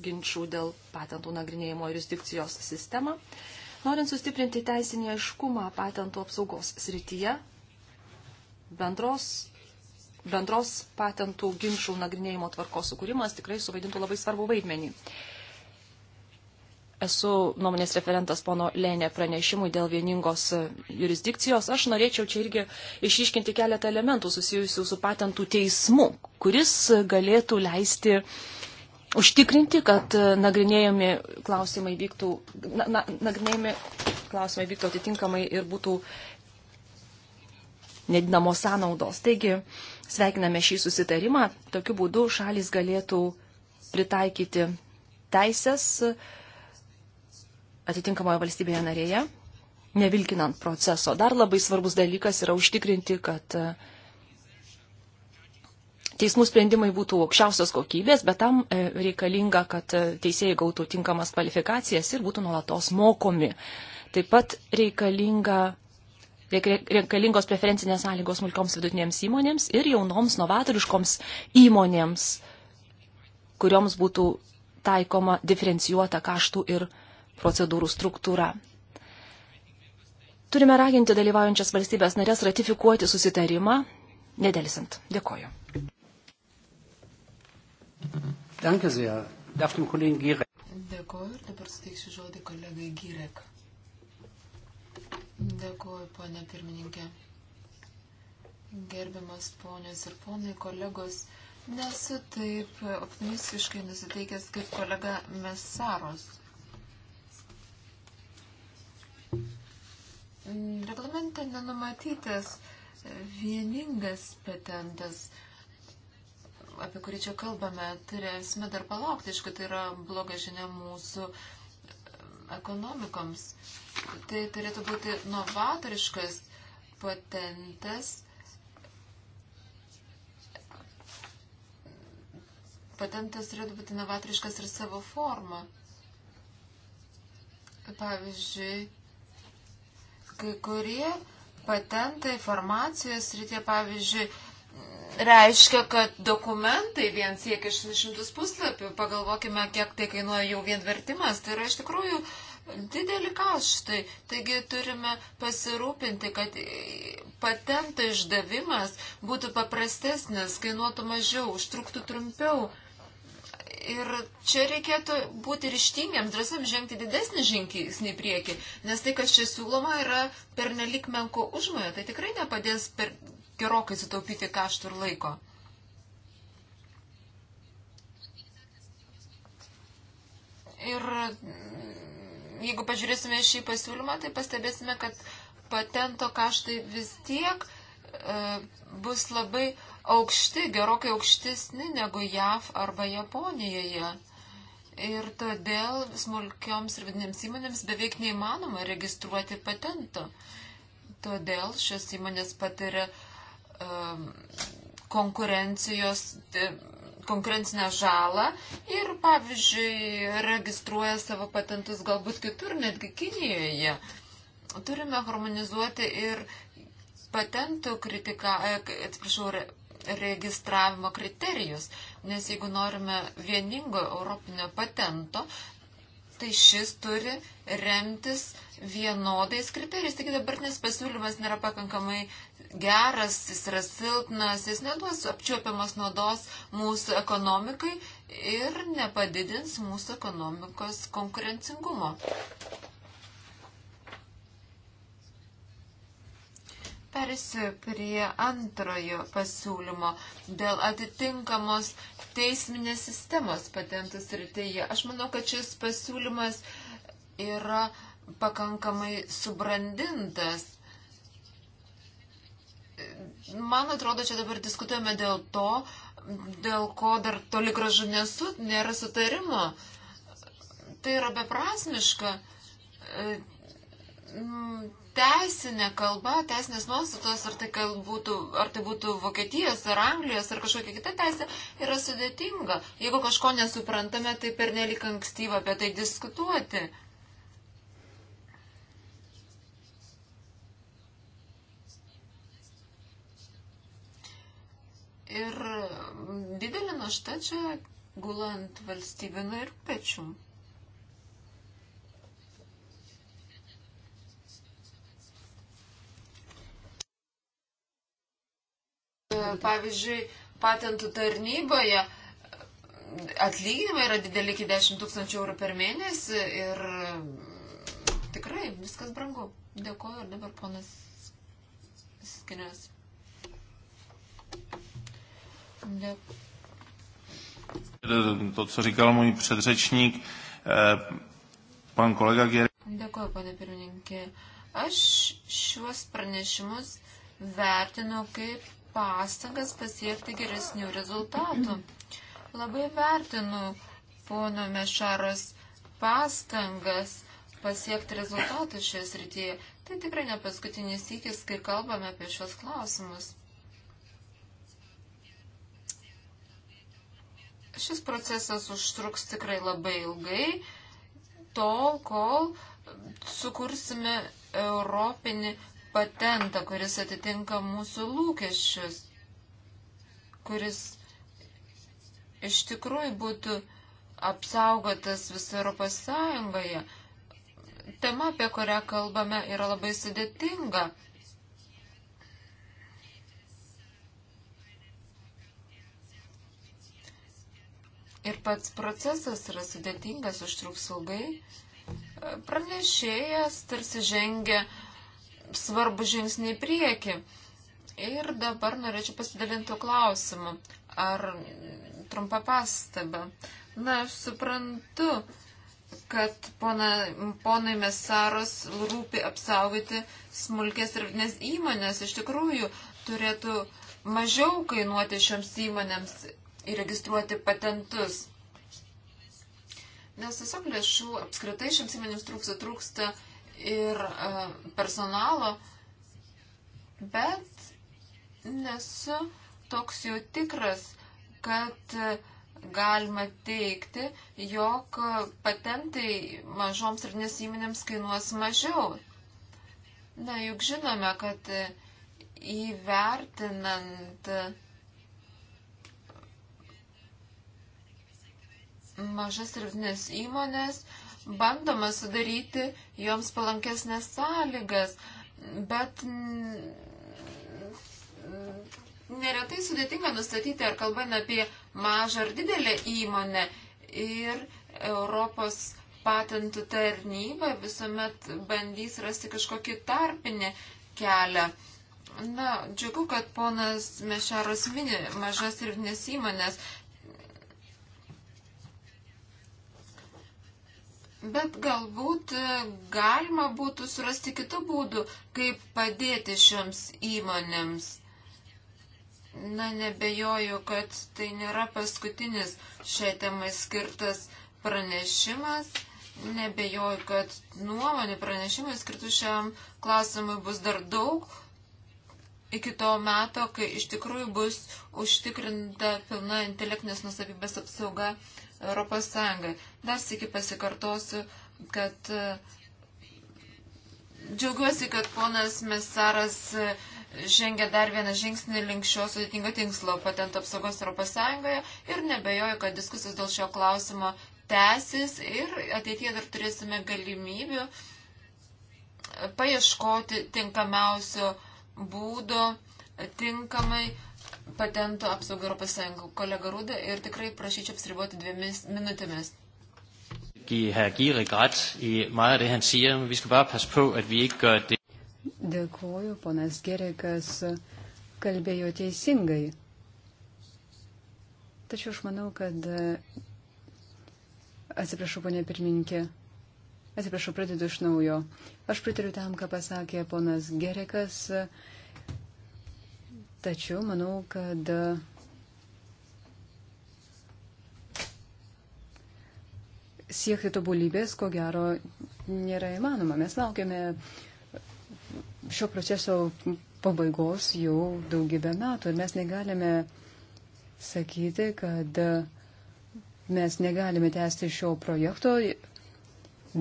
[SPEAKER 3] Ginčių dėl patentų nagrinėjimo jurisdikcijos sistemą. Norint sustiprinti teisinį aiškumą patentų apsaugos srityje, bendros bendros patentų ginčių nagrinėjimo tvarkos sukūrimas tikrai suvaidintų labai svarbu vaidmenį esu nuomonės referentas pono Lenė pranešimui dėl vieningos e, jurisdikcijos. Aš norėčiau čia irgi išiškinti keletą elementų susijusių su patentų teismu, kuris galėtų leisti užtikrinti, kad e, nagrinėjami klausimai vyktų, na, na, nagrinėjami klausimai vyktų atitinkamai ir būtų nedinamos sąnaudos. Taigi, sveikiname šį susitarimą. Tokiu būdu šalis galėtų pritaikyti teisės, uh, atitinkamoje valstybėje narėje, nevilkinant proceso. Dar labai svarbus dalykas yra užtikrinti, kad e, teismų sprendimai būtų aukščiausios kokybės, bet tam e, reikalinga, kad e, teisėjai gautų tinkamas kvalifikacijas ir būtų nuolatos mokomi. Taip pat reikalinga reikalingos preferencinės sąlygos smulkioms vidutinėms įmonėms ir jaunoms novatoriškoms įmonėms, kurioms būtų taikoma diferencijuota kaštų ir procedūrų struktūra. Turime raginti dalyvaujančias valstybės narės ratifikuoti susitarimą, nedėlisant. Dėkoju.
[SPEAKER 2] Dėkoju
[SPEAKER 1] ir dabar suteiksiu žodį kolegai Girek. Dėkoju, ponė pirmininkė. Gerbiamas ponios ir ponai, kolegos, nesu taip optimistiškai nusiteikęs kaip kolega Mesaros. Mm, reglamente nenumatytas e, vieningas patentas, apie kurį čia kalbame, turėsime dar palaukti, aišku, tai yra bloga žinia mūsų e, ekonomikoms. Tai turėtų būti novatoriškas patentas. Patentas turėtų būti novatoriškas ir savo forma. Pavyzdžiui, Kai kurie patentai informacijos rytie, pavyzdžiui, reiškia, kad dokumentai vien siekia 600 puslapių, pagalvokime, kiek tai kainuoja jau vien vertimas, tai yra iš tikrųjų didelį kaštai. Taigi turime pasirūpinti, kad patento išdavimas būtų paprastesnis, kainuotų mažiau, užtruktų trumpiau. Ir čia reikėtų būti ryštingiams, drąsiam žengti didesnį žingsnį į priekį, nes tai, kas čia siūloma, yra pernelik menko užmojo, tai tikrai nepadės per gerokai sutaupyti kaštų ir laiko. Ir jeigu pažiūrėsime šį pasiūlymą, tai pastebėsime, kad patento kaštai vis tiek e, bus labai aukšti, gerokai aukštesni negu JAV arba Japonijoje. Ir todėl smulkioms ir vidinėms įmonėms beveik neįmanoma registruoti patento. Todėl šios įmonės patiria um, konkurencijos, e, konkurencinę žalą ir, pavyzdžiui, registruoja savo patentus galbūt kitur, netgi Kinijoje. Turime harmonizuoti ir patentų kritika, e, atsiprašau, registravimo kriterijus, nes jeigu norime vieningo europinio patento, tai šis turi remtis vienodais kriterijais. Taigi dabartinis pasiūlymas nėra pakankamai geras, jis yra silpnas, jis neduos apčiuopiamas naudos mūsų ekonomikai ir nepadidins mūsų ekonomikos konkurencingumo. Persiu prie antrojo pasiūlymo dėl atitinkamos teisminės sistemos patentų srityje. Aš manau, kad šis pasiūlymas yra pakankamai subrandintas. Man atrodo, čia dabar diskutuojame dėl to, dėl ko dar toli gražu nesu, nėra sutarimo. Tai yra beprasmiška e, teisinė kalba, teisinės nuostatos, ar tai, būtų, ar tai būtų Vokietijos, ar Anglijos, ar kažkokia kita teisė, yra sudėtinga. Jeigu kažko nesuprantame, tai per nelik ankstyva apie tai diskutuoti. Ir didelė našta čia gulant valstybė narių pečių. E, pavyzdžiui, patentų tarnyboje atlyginimai yra dideli iki 10 tūkstančių eurų per mėnesį ir e, tikrai viskas brangu. Dėkuoju ir dabar ponas Skinės. Dėkuoju.
[SPEAKER 4] To,
[SPEAKER 2] co říkal můj předřečník, e, pan kolega Gerė.
[SPEAKER 1] Dėkuoju, pane pirmininkė. Aš šiuos pranešimus vertinu kaip pastangas pasiekti geresnių rezultatų. Labai vertinu pono Mešaros pastangas pasiekti rezultatų šioje srityje. Tai tikrai ne paskutinis įkis, kai kalbame apie šios klausimus. Šis procesas užtruks tikrai labai ilgai, tol, kol sukursime europinį patentą, kuris atitinka mūsų lūkesčius, kuris iš tikrųjų būtų apsaugotas viso Europos Sąjungoje. Tema, apie kurią kalbame, yra labai sudėtinga. Ir pats procesas yra sudėtingas, užtruks ilgai. Pranešėjas tarsi žengia uh, svarbu žingsnį į priekį. Ir dabar norėčiau pasidalinti klausimu ar trumpa pastaba. Na, aš suprantu, kad pona, ponai Mesaros rūpi apsaugoti smulkės ir vidinės įmonės. Iš tikrųjų, turėtų mažiau kainuoti šioms įmonėms įregistruoti patentus. Nes tiesiog lėšų apskritai šiems įmonėms trūksta, trūksta ir e, personalo, bet nesu toks jau tikras, kad e, galima teikti, jog patentai mažoms ir nes įmonėms kainuos mažiau. Na, juk žinome, kad e, įvertinant mažas ir nes įmonės, bandoma sudaryti joms palankesnės sąlygas, bet neretai sudėtinga nustatyti, ar kalba eina apie mažą ar didelę įmonę. Ir Europos patentų tarnyba visuomet bandys rasti kažkokį tarpinį kelią. Na, džiugu, kad ponas Mešaros mini mažas ir vidinės įmonės, Bet galbūt e, galima būtų surasti kitų būdų, kaip padėti šioms įmonėms. Na, nebejoju, kad tai nėra paskutinis šiai temai skirtas pranešimas. Nebejoju, kad nuomonių pranešimų skirtų šiam klausimui bus dar daug iki to meto, kai iš tikrųjų bus užtikrinta pilna intelektinės nusavybės apsauga Europos Sąjungai. Dar sėki pasikartosiu, kad e, džiaugiuosi, kad ponas Mesaras e, žengia dar vieną žingsnį link šio sudėtingo tikslo patento apsaugos Europos Sąjungoje ir nebejoju, kad diskusijos dėl šio klausimo tęsis ir ateityje dar turėsime galimybių paieškoti tinkamiausio būdo tinkamai patentų apsaugą Europos Sąjungą. Kolega Rūda ir tikrai prašyčiau apsiriboti dviemis
[SPEAKER 4] minutėmis.
[SPEAKER 2] Give herr Giri ret i meget af det, han siger, men vi skal bare passe på, at vi ikke gør det.
[SPEAKER 4] Dėkuoju, ponas Gerikas kalbėjo teisingai. Tačiau aš manau, kad. E, atsiprašau, ponė pirmininkė. Atsiprašau, pradedu iš naujo. Aš pritariu tam, ką pasakė ponas Gerikas. Uh, Tačiau manau, kad siekti tobulybės, ko gero, nėra įmanoma. Mes laukiame šio proceso pabaigos jau daugybę metų ir mes negalime sakyti, kad mes negalime tęsti šio projekto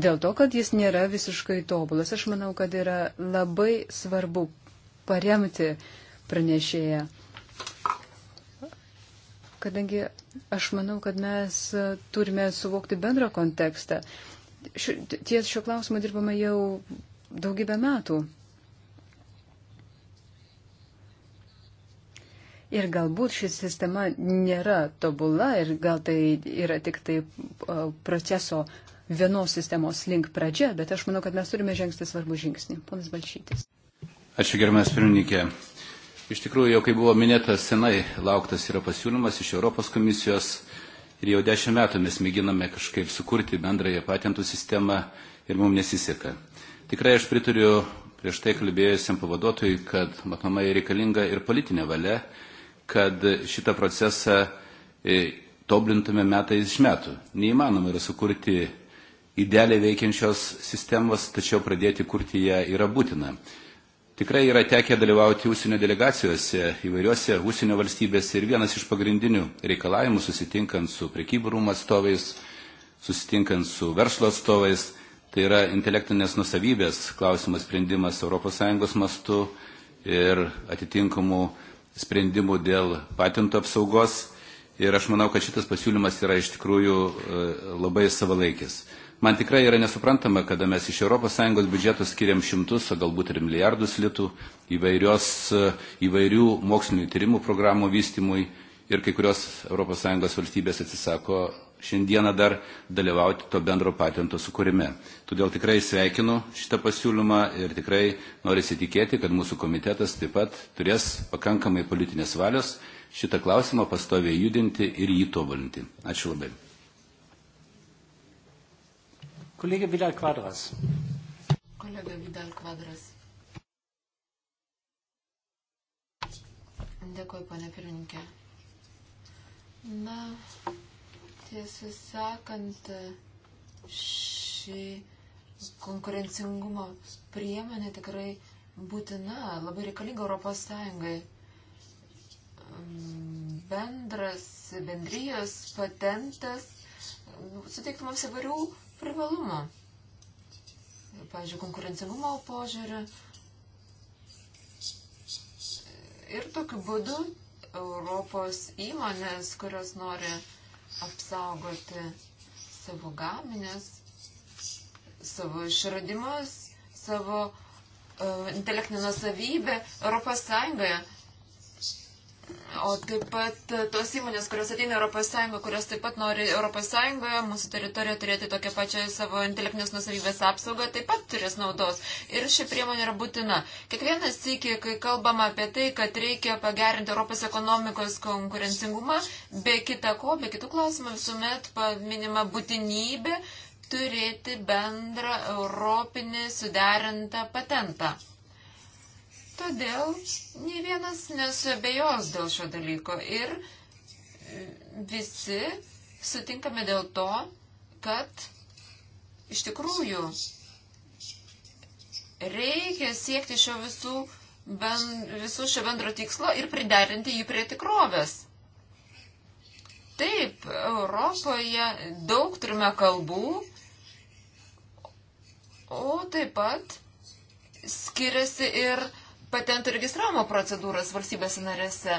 [SPEAKER 4] dėl to, kad jis nėra visiškai tobulas. Aš manau, kad yra labai svarbu paremti uh, pranešėją. Kadangi aš manau, kad mes turime suvokti bendrą kontekstą. Ties šio klausimo dirbama jau daugybę metų. Ir galbūt ši sistema nėra tobula ir gal tai yra tik tai proceso vienos sistemos link pradžia, bet aš manau, kad mes turime žengti svarbų žingsnį. Ponas Balšytis.
[SPEAKER 2] Ačiū gerbiamas pirmininkė. Iš tikrųjų, jau kaip buvo minėta, senai lauktas yra pasiūlymas iš Europos komisijos ir jau dešimt metų mes mėginame kažkaip sukurti bendrąją patentų sistemą ir mums nesiseka. Tikrai aš pritariu prieš tai kalbėjusiam pavaduotojui, kad matomai reikalinga ir politinė valia, kad šitą procesą e, toblintume metai iš metų. Neįmanoma yra sukurti idealiai veikiančios sistemos, tačiau pradėti kurti ją yra būtina. Tikrai yra tekę dalyvauti užsienio delegacijose įvairiuose užsienio valstybėse ir vienas iš pagrindinių reikalavimų susitinkant su prekyburum atstovais, susitinkant su verslo atstovais, tai yra intelektinės nusavybės klausimas sprendimas ES mastu ir atitinkamų sprendimų dėl patento apsaugos. Ir aš manau, kad šitas pasiūlymas yra iš tikrųjų e, labai savalaikis. Man tikrai yra nesuprantama, kada mes iš ES biudžeto skiriam šimtus, o galbūt ir milijardus litų įvairios, įvairių mokslinių tyrimų programų vystimui ir kai kurios ES valstybės atsisako šiandieną dar dalyvauti to bendro patento sukūrime. Todėl tikrai sveikinu šitą pasiūlymą ir tikrai noriu įsitikėti, kad mūsų komitetas taip pat turės pakankamai politinės valios šitą klausimą pastoviai judinti ir jį tobulinti. Ačiū labai. Kolega Vidal Quadras. Kolega
[SPEAKER 1] Vidal Quadras. Dėkuoju, ponė pirmininkė. Na, tiesą sakant, ši konkurencingumo priemonė tikrai būtina, labai reikalinga Europos Sąjungai. Bendras, bendrijos patentas suteiktų mums įvairių privalumų. Pavyzdžiui, konkurencingumo požiūrių. Ir tokiu būdu Europos įmonės, kurios nori apsaugoti savo gaminės, savo išradimus, savo uh, intelektinę nusavybę Europos Sąjungoje O taip pat e, tos įmonės, kurios ateina Europos Sąjungą, kurios taip pat nori Europos Sąjungoje, mūsų teritorijoje turėti tokią pačią savo intelektinės nusavybės apsaugą, taip pat turės naudos. Ir ši priemonė yra būtina. Kiekvienas sėki, kai kalbama apie tai, kad reikia pagerinti Europos ekonomikos konkurencingumą, be kita ko, be kitų klausimų visuomet paminima būtinybė turėti bendrą europinį suderintą patentą. Todėl ne vienas nesuabejos dėl šio dalyko ir e, visi sutinkame dėl to, kad iš tikrųjų reikia siekti šio visų, ben, visų šio bendro tikslo ir priderinti jį prie tikrovės. Taip, Europoje daug turime kalbų, o taip pat skiriasi ir patentų registravimo procedūras valstybėse narėse.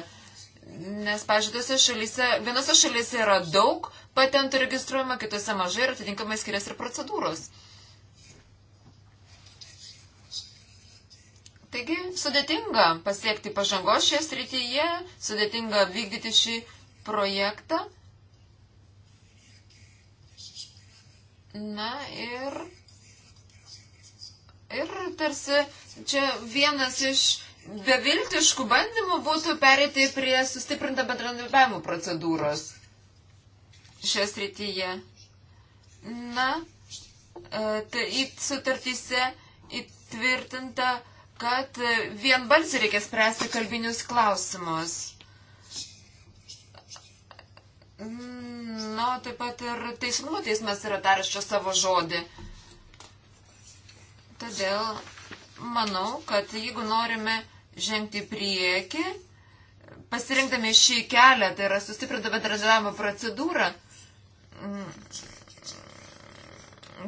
[SPEAKER 1] Nes, pažiūrėjau, šalyse, vienose šalyse yra daug patentų registruojama, kitose mažai ir atitinkamai skiriasi ir procedūros. Taigi sudėtinga pasiekti pažangos šioje srityje, sudėtinga vykdyti šį projektą. Na ir Ir tarsi čia vienas iš beviltiškų bandymų būtų perėti prie sustiprintą bendradarbiavimo procedūros šią srityje. Na, e, tai sutartyse įtvirtinta, kad vienbalsiai reikia spręsti kalbinius klausimus. Na, taip pat ir teisingumo teismas yra tarščio savo žodį. Todėl manau, kad jeigu norime žengti į priekį, pasirinkdami šį kelią, tai yra sustiprintą bendradarbiavimo procedūrą, mm,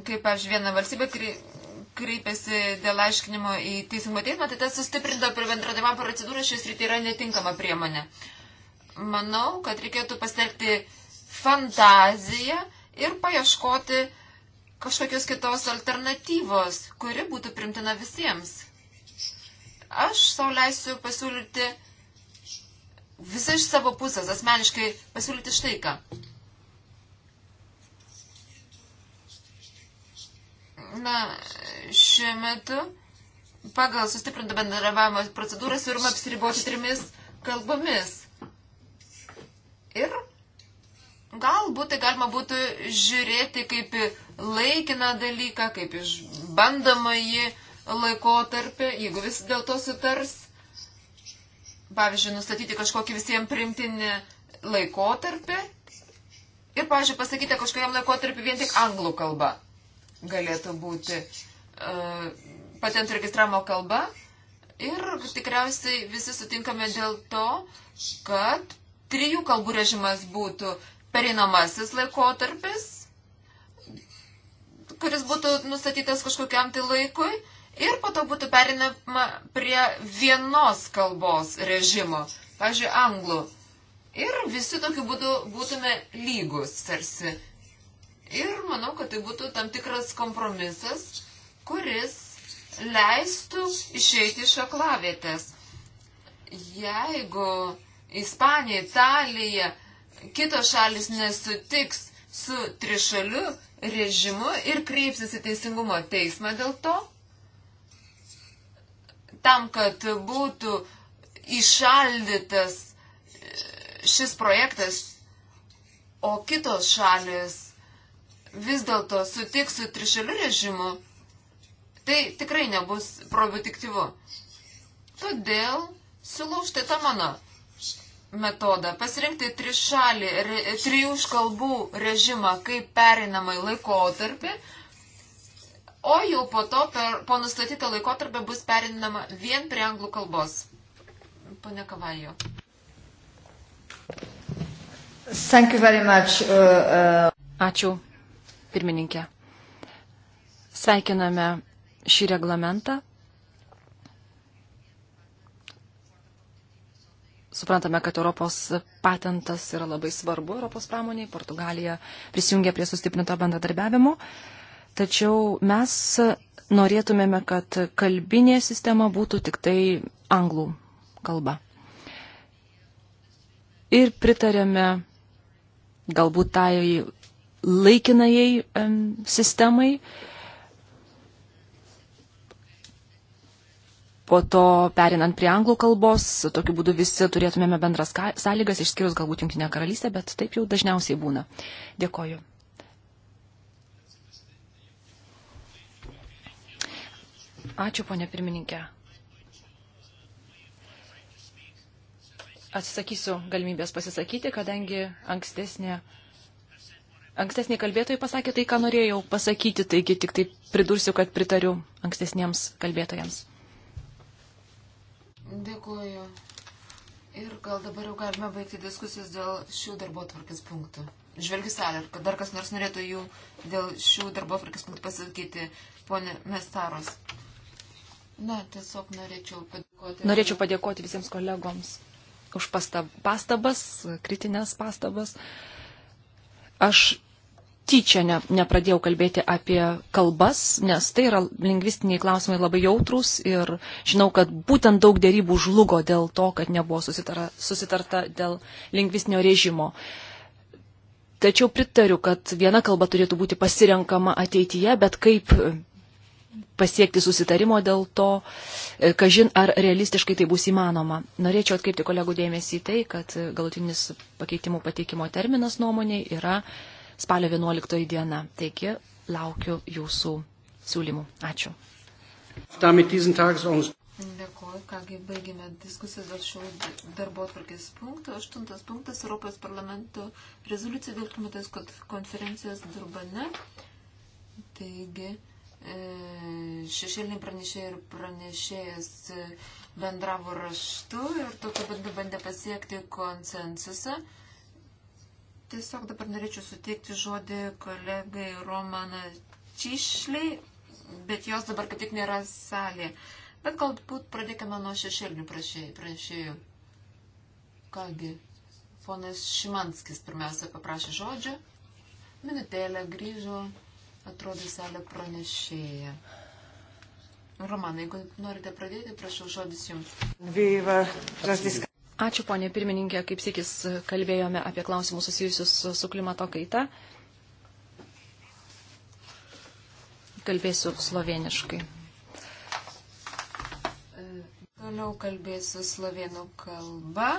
[SPEAKER 1] kaip aš vieną valstybę kreipėsi dėl aiškinimo į teisingumo teismą, tai ta sustiprinta bendradarbiavimo procedūra šis rytį yra netinkama priemonė. Manau, kad reikėtų pasitelkti fantaziją ir paieškoti kažkokios kitos alternatyvos, kuri būtų primtina visiems. Aš sauliaisiu pasiūlyti visą iš savo pusės, asmeniškai pasiūlyti štai ką. Na, šiuo metu pagal sustiprintą bendradarbiavimo procedūrą siūloma apsiriboti trimis kalbomis. Ir galbūt tai galima būtų žiūrėti kaip laikiną dalyką, kaip išbandomąjį laikotarpį, jeigu vis dėlto sutars, pavyzdžiui, nustatyti kažkokį visiems primtinį laikotarpį ir, pavyzdžiui, pasakyti kažkokiam laikotarpį vien tik anglų kalba galėtų būti uh, patentų registravimo kalba. Ir tikriausiai visi sutinkame dėl to, kad trijų kalbų režimas būtų pereinamasis laikotarpis, kuris būtų nustatytas kažkokiam tai laikui ir po to būtų perinama prie vienos kalbos režimo, pažiūrėjau, anglų. Ir visi tokiu būdu būtume lygus tarsi. Ir manau, kad tai būtų tam tikras kompromisas, kuris leistų išeiti iš aklavietės. Jeigu Ispanija, Italija, kitos šalis nesutiks su trišaliu režimu ir kreipsis į teisingumo teismą dėl to, tam, kad būtų išaldytas e, šis projektas, o kitos šalis vis dėlto sutiks su trišaliu režimu, tai tikrai nebus produktyvu. Todėl siūlau štai tą mano metodą, pasirinkti trišalį, re, trijų kalbų režimą kaip pereinamai laikotarpį, o jau po to, per, po nustatytą laikotarpį, bus pereinama vien prie anglų kalbos. Pane Kavajo.
[SPEAKER 4] Uh, uh... Ačiū,
[SPEAKER 3] pirmininkė. Sveikiname šį reglamentą Suprantame, kad Europos patentas yra labai svarbu Europos pramoniai, Portugalija prisijungia prie sustiprinto bendradarbiavimo, tačiau mes norėtumėme, kad kalbinė sistema būtų tik tai anglų kalba. Ir pritarėme galbūt tai laikinajai sistemai, po to perinant prie anglų kalbos, tokiu būdu visi turėtumėme bendras sąlygas, išskyrus galbūt Junktinę karalystę, bet taip jau dažniausiai būna. Dėkoju. Ačiū, ponė pirmininkė. Atsisakysiu galimybės pasisakyti, kadangi ankstesnė Ankstesniai kalbėtojai pasakė tai, ką norėjau pasakyti, taigi tik tai pridursiu, kad pritariu ankstesniems kalbėtojams.
[SPEAKER 1] Dėkuoju. Ir gal dabar jau galime baigti diskusijas dėl šių darbo tvarkės punktų. Žvelgiu salę, kad dar kas nors norėtų jų dėl šių darbo tvarkės punktų pasakyti, ponė Mestaros. Na, tiesiog norėčiau padėkoti. Norėčiau
[SPEAKER 3] padėkoti visiems kolegoms už pastabas, kritinės pastabas. Aš tyčia ne, nepradėjau kalbėti apie kalbas, nes tai yra lingvistiniai klausimai labai jautrus ir žinau, kad būtent daug dėrybų žlugo dėl to, kad nebuvo susitara, susitarta dėl lingvistinio režimo. Tačiau pritariu, kad viena kalba turėtų būti pasirenkama ateityje, bet kaip pasiekti susitarimo dėl to, e, kažin ar realistiškai tai bus įmanoma. Norėčiau atkreipti kolegų dėmesį į tai, kad galutinis pakeitimų pateikimo terminas nuomonė yra spalio 11 diena. Taigi laukiu jūsų siūlymų. Ačiū.
[SPEAKER 1] Dėkuoju, kągi baigėme diskusijas dėl šio darbo atvarkės punktų. Aštuntas punktas Europos parlamento rezoliucija dėl klimatos konferencijos Durbane. Taigi, e, šešėlinį pranešėją ir pranešėjas e, bendravo raštu ir tokiu būdu bandė pasiekti konsensusą tiesiog dabar norėčiau suteikti žodį kolegai Romana Čišliai, bet jos dabar kaip tik nėra salėje. Bet galbūt pradėkime nuo šešėlinių pranešėjų. Kągi, ponas Šimanskis pirmiausia paprašė žodžio, minutėlę grįžo, atrodo, salė pranešėja. Romanai, jeigu norite pradėti, prašau žodis jums.
[SPEAKER 3] Ačiū, ponė pirmininkė, kaip sėkis kalbėjome apie klausimus susijusius su klimato kaita. Kalbėsiu sloveniškai.
[SPEAKER 1] Toliau kalbėsiu slovenų kalba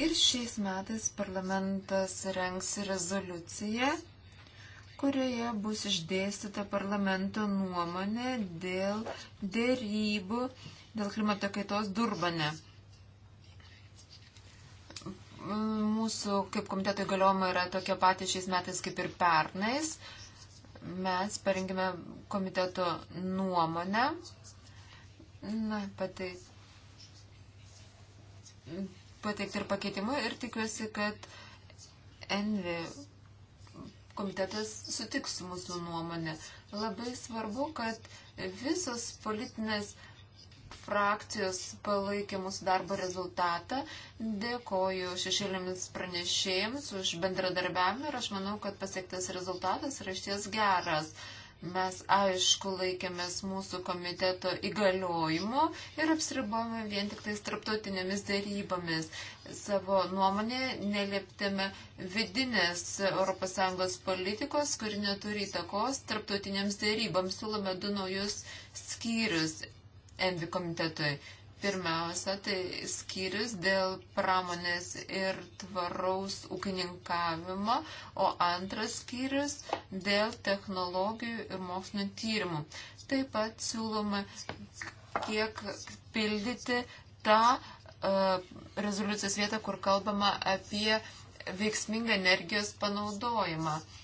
[SPEAKER 1] ir šiais metais parlamentas rengs rezoliuciją, kurioje bus išdėstyta parlamento nuomonė dėl dėrybų dėl klimato kaitos Durbane mūsų kaip komiteto įgaliojimai yra tokie patys šiais metais kaip ir pernais. Mes parengėme komiteto nuomonę. Na, patai, pateikti ir pakeitimų ir tikiuosi, kad Envi komitetas sutiks mūsų nuomonę. Labai svarbu, kad visos politinės uh, frakcijos palaikė mūsų darbo rezultatą. Dėkoju šešėlėmis pranešėjams už bendradarbiavimą ir aš manau, kad pasiektas rezultatas yra išties geras. Mes aišku laikėmės mūsų komiteto įgaliojimų ir apsiribojame vien tik tais tarptautinėmis dėrybomis. Savo nuomonę nelieptėme vidinės ES politikos, kuri neturi įtakos tarptautinėms dėryboms. Siūlome du naujus skyrius Envi komitetui. Pirmiausia, tai skyrius dėl pramonės ir tvaraus ūkininkavimo, o antras skyrius dėl technologijų ir mokslinio tyrimų. Taip pat siūloma, kiek pildyti tą uh, rezoliucijos vietą, kur kalbama apie veiksmingą energijos panaudojimą. Uh,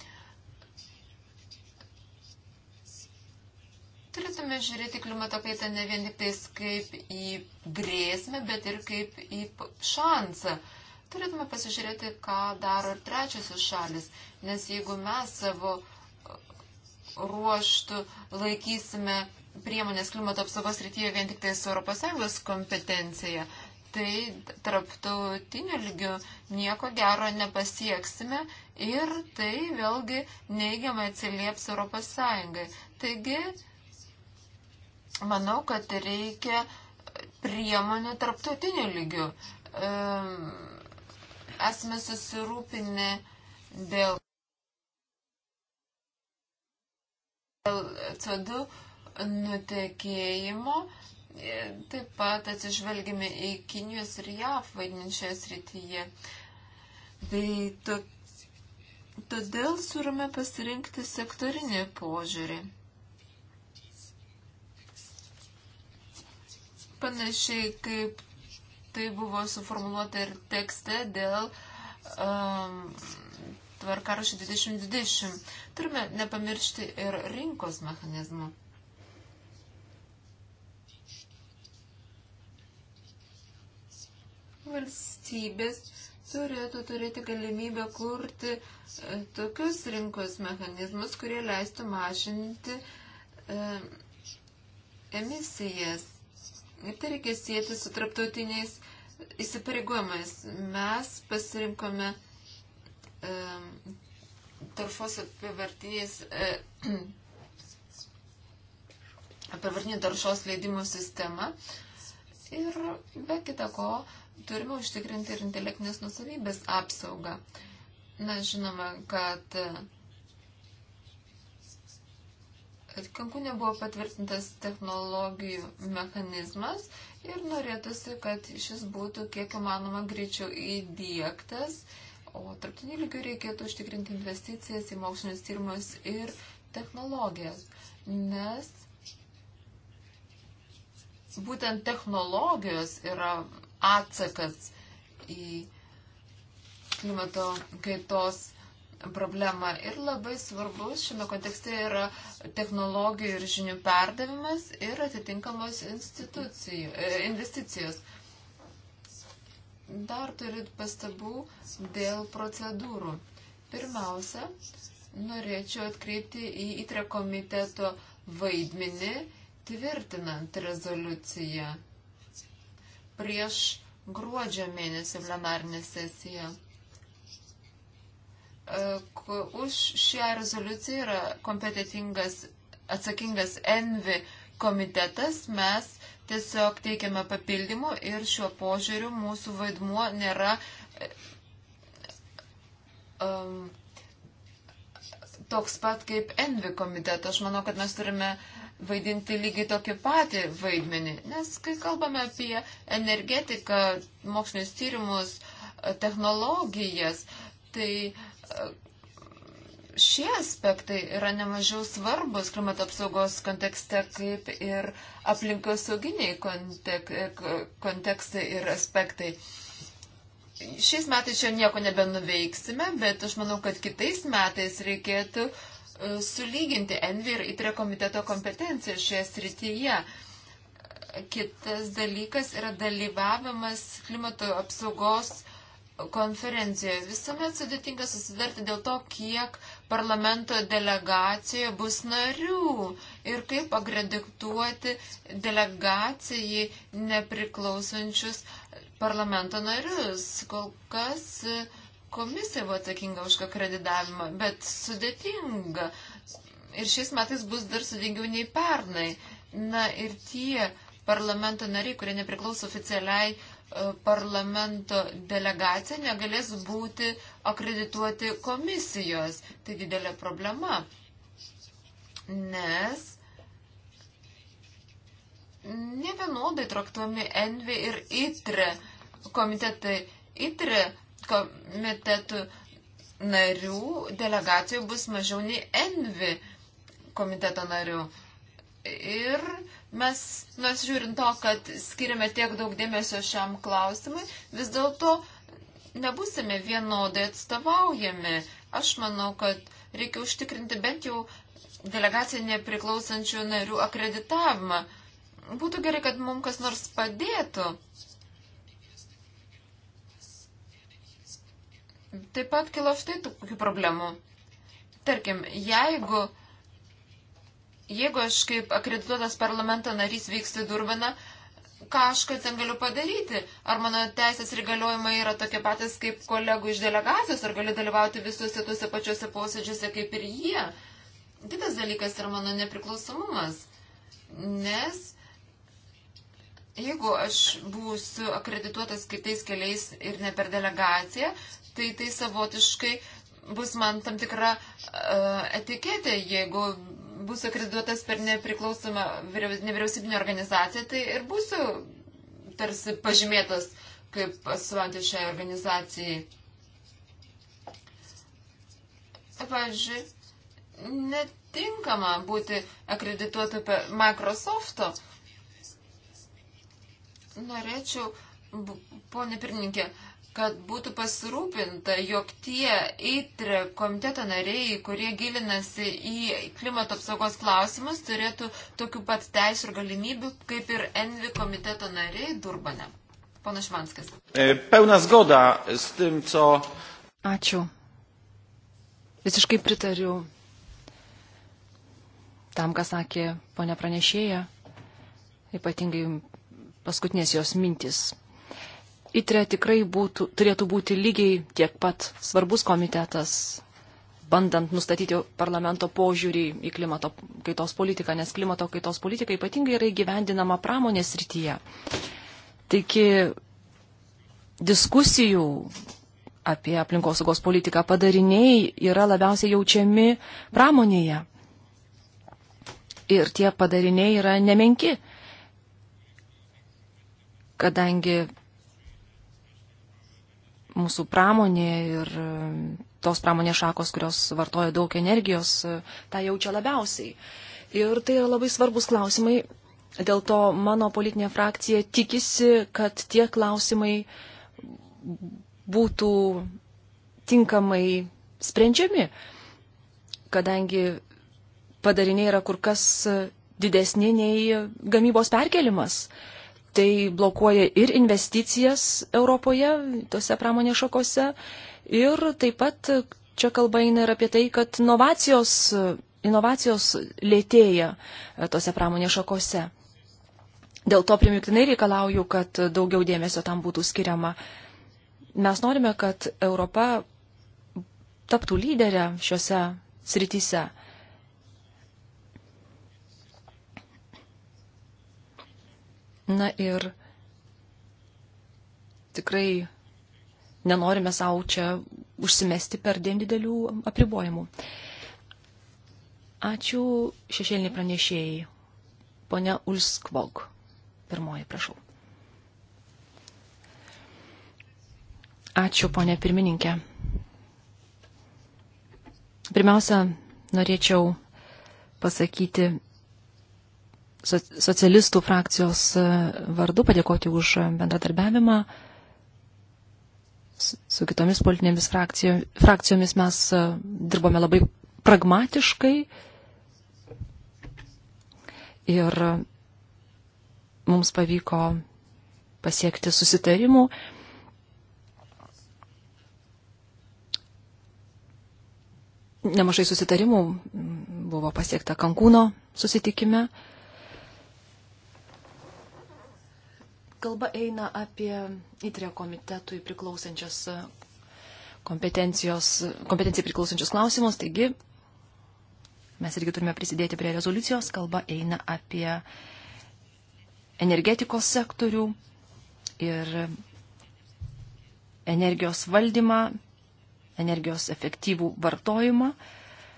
[SPEAKER 1] turėtume žiūrėti klimato kaitą ne vien tik tais kaip į grėsmę, bet ir kaip į šansą. Turėtume pasižiūrėti, ką daro ir trečiosios šalis, nes jeigu mes savo e, ruoštų laikysime priemonės klimato apsaugos rytyje vien tik tais ES kompetencija, tai traptautiniu lygiu nieko gero nepasieksime ir tai vėlgi neigiamai atsilieps ES. Taigi manau, kad reikia priemonių tarptautinių lygių. Esame susirūpinę dėl CO2 nutekėjimo. E, taip pat atsižvelgime į Kinijos ir JAV vaidinčioje srityje. Tai to, todėl surime pasirinkti sektorinį požiūrį. Panašiai kaip tai buvo suformuoluota ir tekste dėl um, tvarkarašio 2020. Turime nepamiršti ir rinkos mechanizmų. Valstybės turėtų turėti galimybę kurti e, tokius rinkos mechanizmus, kurie leistų mažinti e, emisijas. Ir tai reikia sieti su traptautiniais įsipareigojimais. Mes pasirinkome e, taršos apivartiniais. E, apivartinių taršos leidimų sistemą. Ir be kita ko, turime užtikrinti ir intelektinės nusavybės apsaugą. Na, žinoma, kad kad Kankūne buvo patvirtintas technologijų mechanizmas ir norėtųsi, kad šis būtų kiek įmanoma greičiau įdėktas, o tarptautiniu lygiu reikėtų užtikrinti investicijas į mokslinius tyrimus ir technologijas, nes būtent technologijos yra atsakas į klimato kaitos problemą. Ir labai svarbus šiame kontekste yra technologijų ir žinių perdavimas ir atitinkamos e, investicijos. Dar turit pastabų dėl procedūrų. Pirmiausia, norėčiau atkreipti į įtre komiteto vaidmenį tvirtinant rezoliuciją prieš gruodžio mėnesį plenarinę sesiją už šią rezoliuciją yra kompetitingas, atsakingas Envi komitetas. Mes tiesiog teikiame papildymų ir šiuo požiūriu mūsų vaidmuo nėra um, toks pat kaip Envi komiteto. Aš manau, kad mes turime vaidinti lygiai tokį patį vaidmenį, nes kai kalbame apie energetiką, mokslinius tyrimus, technologijas, tai uh, šie aspektai yra nemažiau svarbus klimato apsaugos kontekste, kaip ir aplinkosauginiai kontek kontekstai ir aspektai. Šiais metais čia nieko nebenuveiksime, bet aš manau, kad kitais metais reikėtų e, sulyginti Envi ir ITRE komiteto kompetenciją šioje srityje. Kitas dalykas yra dalyvavimas klimato apsaugos konferencijoje. Visuomet sudėtinga susidarti dėl to, kiek parlamento delegacijoje bus narių ir kaip agrediktuoti delegacijai nepriklausančius parlamento narius. Kol kas komisija buvo atsakinga už akreditavimą, bet sudėtinga. Ir šiais metais bus dar sudėtingiau nei pernai. Na ir tie parlamento nariai, kurie nepriklauso oficialiai uh, E, parlamento delegacija negalės būti akredituoti komisijos. Tai didelė problema, nes ne vienodai traktuomi Envi ir ITRE komitetai. ITRE komitetų narių delegacijų bus mažiau nei Envi komiteto narių. Ir uh, Mes, nors žiūrint to, kad skiriame tiek daug dėmesio šiam klausimui, vis dėlto nebusime vienodai atstovaujami. Aš manau, kad reikia užtikrinti bent jau delegacijai nepriklausančių narių akreditavimą. Būtų gerai, kad mums kas nors padėtų. Taip pat kilo štai tokių problemų. Tarkim, jeigu Jeigu aš kaip akredituotas parlamento narys vykstu į Durbaną, ką aš kad ten galiu padaryti? Ar mano teisės ir galiojimai yra tokie patys kaip kolegų iš delegacijos, ar galiu dalyvauti visuose tuose pačiuose posėdžiuose kaip ir jie? Kitas dalykas yra mano nepriklausomumas, nes jeigu aš būsiu akredituotas kitais keliais ir ne per delegaciją, tai tai savotiškai bus man tam tikra uh, etiketė, jeigu būsiu akredituotas per nepriklausomą nevyriausybinę organizaciją, tai ir būsiu tarsi pažymėtas kaip atstovauti šiai organizacijai. Pavyzdžiui, netinkama būti akredituotų per Microsoft'o. Norėčiau, ponė pirmininkė, uh, kad būtų pasirūpinta, jog tie įtre komiteto nariai, kurie gilinasi į klimato apsaugos klausimus, turėtų tokių pat teisų ir galimybių, kaip ir Envi komiteto nariai Durbane. Pana Švanskas.
[SPEAKER 3] E, Peuna zgoda s tym, co. Ačiū. Visiškai pritariu tam, ką sakė ponia pranešėja, ypatingai paskutinės jos mintis ITRE tikrai būtų, turėtų būti lygiai tiek pat svarbus komitetas, bandant nustatyti parlamento požiūrį į klimato kaitos politiką, nes klimato kaitos politika ypatingai yra įgyvendinama pramonės rytyje. Taigi diskusijų apie aplinkosaugos politiką padariniai yra labiausiai jaučiami pramonėje. Ir tie padariniai yra nemenki kadangi mūsų pramonė ir e, tos pramonės šakos, kurios vartoja daug energijos, e, tą jaučia labiausiai. Ir tai yra labai svarbus klausimai. Dėl to mano politinė frakcija tikisi, kad tie klausimai būtų tinkamai sprendžiami, kadangi padariniai yra kur kas didesni nei gamybos perkelimas. Uh, tai blokuoja ir investicijas Europoje, tose pramonės šakose. Ir taip pat čia kalba eina ir apie tai, kad inovacijos, inovacijos lėtėja e, tose pramonės šakose. Dėl to primiktinai reikalauju, kad daugiau dėmesio tam būtų skiriama. Mes norime, kad Europa taptų lyderę šiuose srityse. Na ir tikrai nenorime savo čia užsimesti per dėm didelių apribojimų. Ačiū šešėlinį pranešėjai. Pone Ulskvog. Pirmoji, prašau. Ačiū, ponė pirmininkė. Pirmiausia, norėčiau pasakyti socialistų frakcijos e, vardu padėkoti už bendradarbiavimą. Su kitomis politinėmis frakcijomis mes e, dirbome labai pragmatiškai ir e, mums pavyko pasiekti susitarimų. Nemažai susitarimų buvo pasiekta Kankūno susitikime. Kalba eina apie įtrio komitetui priklausančias kompetencijai priklausančius klausimus, taigi mes irgi turime prisidėti prie rezoliucijos, kalba eina apie energetikos sektorių ir energijos valdymą, energijos efektyvų vartojimą.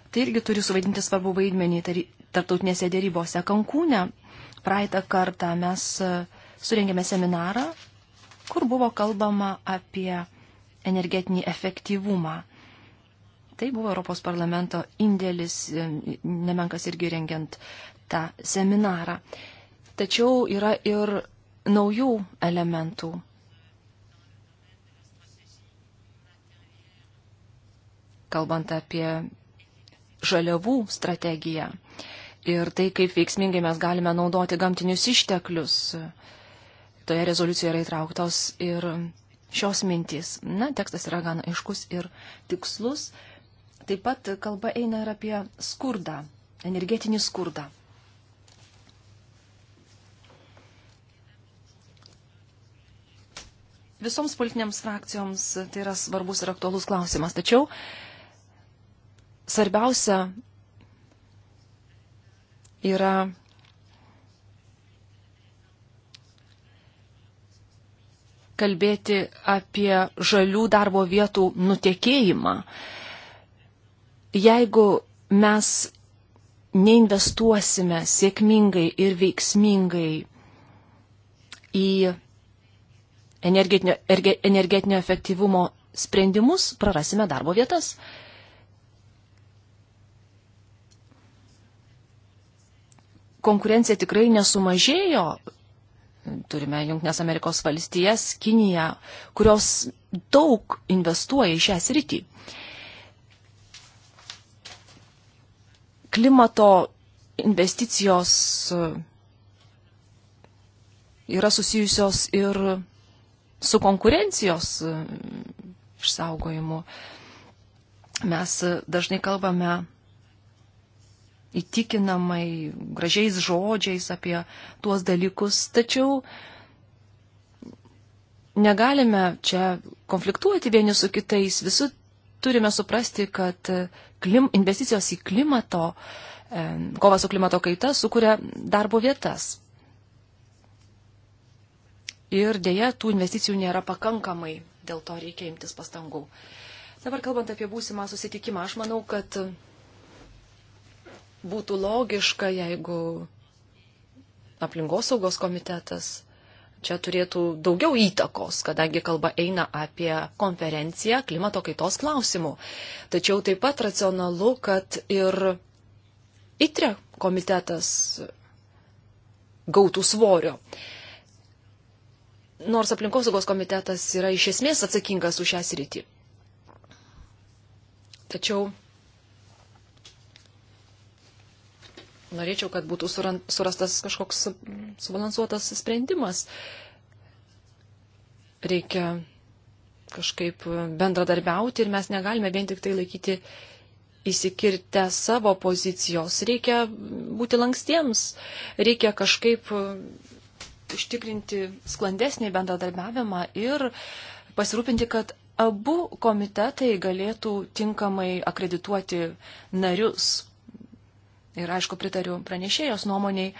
[SPEAKER 3] Tai irgi turi suvaidinti svarbu vaidmenį tarptautinėse dėrybose Kankūne. Praeitą kartą mes uh, surengėme seminarą, kur buvo kalbama apie energetinį efektyvumą. Tai buvo Europos parlamento indėlis, nemenkas irgi rengiant tą seminarą. Tačiau yra ir naujų elementų. Kalbant apie žaliavų strategiją ir tai, kaip veiksmingai mes galime naudoti gamtinius išteklius, uh, toje rezoliucijoje yra įtrauktos ir šios mintys. Na, tekstas yra gan aiškus ir tikslus. Taip pat kalba eina ir apie skurdą, energetinį skurdą. Visoms politinėms frakcijoms tai yra svarbus ir aktualus klausimas, tačiau svarbiausia yra kalbėti apie žalių darbo vietų nutekėjimą. Jeigu mes neinvestuosime sėkmingai ir veiksmingai į energetinio, energetinio efektyvumo sprendimus, prarasime darbo vietas. Konkurencija tikrai nesumažėjo turime Junktinės Amerikos valstijas, Kiniją, kurios daug investuoja į šią sritį. Klimato investicijos e, yra susijusios ir su konkurencijos e, išsaugojimu. Mes e, dažnai kalbame įtikinamai, gražiais žodžiais apie tuos dalykus, tačiau negalime čia konfliktuoti vieni su kitais, visi turime suprasti, kad klim, investicijos į klimato, e, kova su klimato kaita sukuria darbo vietas. Ir dėja, tų investicijų nėra pakankamai, dėl to reikia imtis pastangų. Dabar kalbant apie būsimą susitikimą, aš manau, kad būtų logiška, jeigu aplinkosaugos komitetas čia turėtų daugiau įtakos, kadangi kalba eina apie konferenciją klimato kaitos klausimų. Tačiau taip pat racionalu, kad ir ITRE komitetas gautų svorio. Nors aplinkosaugos komitetas yra iš esmės atsakingas už šią sritį. Tačiau norėčiau, kad būtų surastas kažkoks subalansuotas sprendimas. Reikia kažkaip bendradarbiauti ir mes negalime vien tik tai laikyti įsikirtę savo pozicijos. Reikia būti lankstiems, reikia kažkaip užtikrinti sklandesnį bendradarbiavimą ir pasirūpinti, kad abu komitetai galėtų tinkamai akredituoti narius ir aišku pritariu pranešėjos nuomoniai,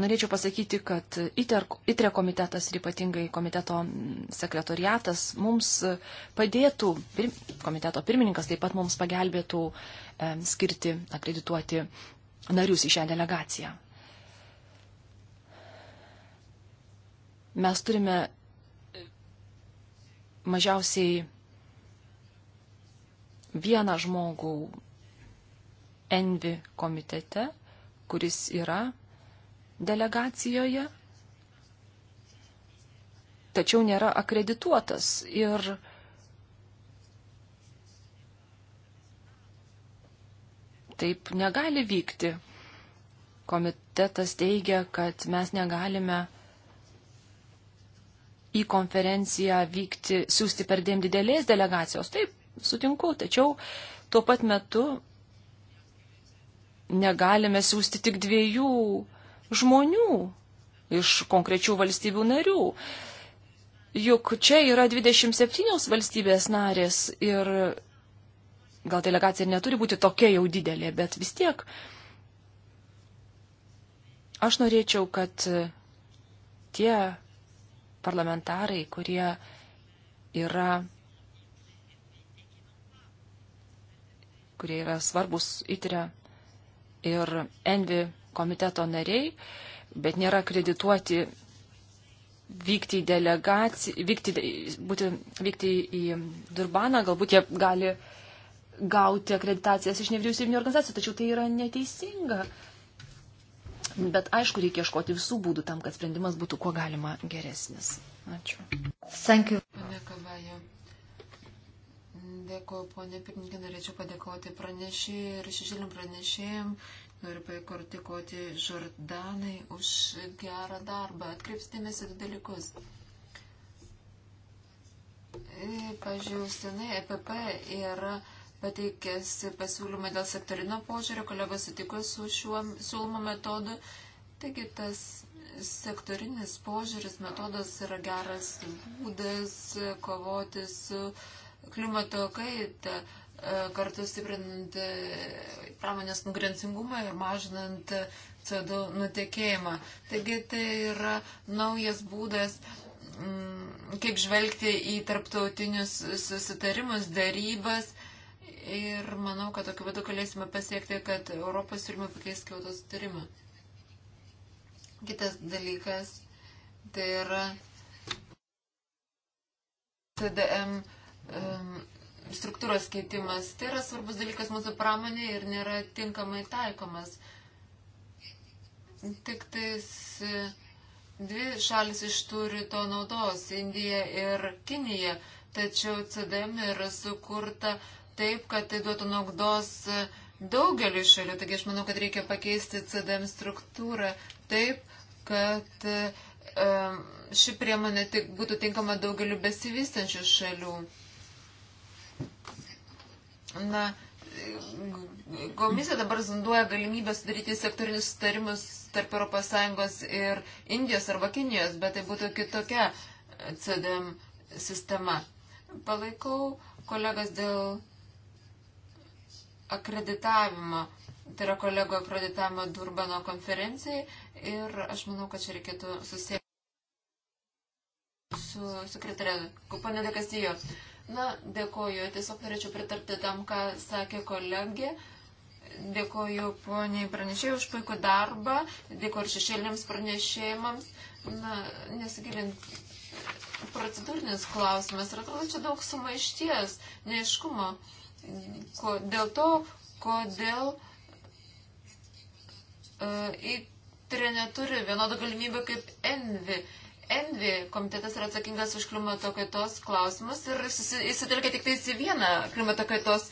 [SPEAKER 3] norėčiau pasakyti, kad ITRE komitetas ir ypatingai komiteto sekretoriatas mums padėtų, komiteto pirmininkas taip pat mums pagelbėtų skirti, akredituoti narius į šią delegaciją. Mes turime mažiausiai vieną žmogų Envi komitete, kuris yra delegacijoje, tačiau nėra akredituotas ir taip negali vykti. Komitetas teigia, kad mes negalime į konferenciją vykti, siūsti per dėm didelės delegacijos. Taip, sutinku, tačiau tuo pat metu negalime siūsti tik dviejų žmonių iš konkrečių valstybių narių. Juk čia yra 27 valstybės narės ir gal delegacija neturi būti tokia jau didelė, bet vis tiek aš norėčiau, kad tie parlamentarai, kurie yra kurie yra svarbus įtiria ir Envi komiteto nariai, bet nėra kredituoti vykti į delegaciją, vykti, būti, vykti į Durbaną, galbūt jie gali gauti akreditacijas iš nevyriausybinio organizacijų, tačiau tai yra neteisinga. Bet aišku, reikia ieškoti visų būdų tam, kad sprendimas būtų kuo galima geresnis. Ačiū. Sankiu. Pane
[SPEAKER 1] Kavajo. Dėkuoju, ponė pirmininkė, norėčiau padėkoti pranešėjai ir šešėlim pranešėjim. Noriu pakortikoti Žordanai už gerą darbą. Atkreipstėmės į dalykus. E, pavyzdžiui, senai EPP yra pateikęs pasiūlymą dėl sektorino požiūrio, kolegos sutiko su šiuo siūlomu metodu. Taigi tas sektorinis požiūris, metodas yra geras būdas kovoti su uh, klimato kaitą, e, kartu stiprinant e, pramonės konkurencingumą ir mažinant CO2 nutekėjimą. Taigi tai yra naujas būdas, mm, kaip žvelgti į tarptautinius susitarimus, darybas. Ir manau, kad tokiu būdu galėsime pasiekti, kad Europos siūlymą pakeis Kyoto sutarimą. Kitas dalykas tai yra CDM. Tai struktūros keitimas. Tai yra svarbus dalykas mūsų pramonė ir nėra tinkamai taikomas. Tik tais e, dvi šalis iš tų ryto naudos - Indija ir Kinija. Tačiau CDM yra sukurta taip, kad tai duotų naudos e, daugeliu šalių. Taigi aš manau, kad reikia pakeisti CDM struktūrą taip, kad e, ši priemonė tik būtų tinkama daugeliu besivystančių šalių. Na,
[SPEAKER 4] komisija dabar
[SPEAKER 1] zanduoja galimybę sudaryti sektorinius sutarimus tarp ES ir Indijos arba Kinijos, bet tai būtų kitokia CDM sistema. Palaikau kolegas dėl akreditavimo, tai yra kolego akreditavimo Durbano konferencijai ir aš manau, kad čia reikėtų susiekti su sekretarė Kuponė Dekastijo. Na, dėkoju, tiesiog norėčiau pritarti tam, ką sakė kolegė. Dėkoju poniai pranešėjai už puikų darbą, dėkoju ir šešėliniams pranešėjimams. Na, nesigilint, procedūrinis klausimas, ir atrodo, čia daug sumaišties, neiškumo. Ko, dėl to, kodėl uh, e, įtrė neturi vienodą galimybę kaip envi. Uh, Envi komitetas yra atsakingas už klimato kaitos klausimus ir įsitelkia tik tais į vieną klimato kaitos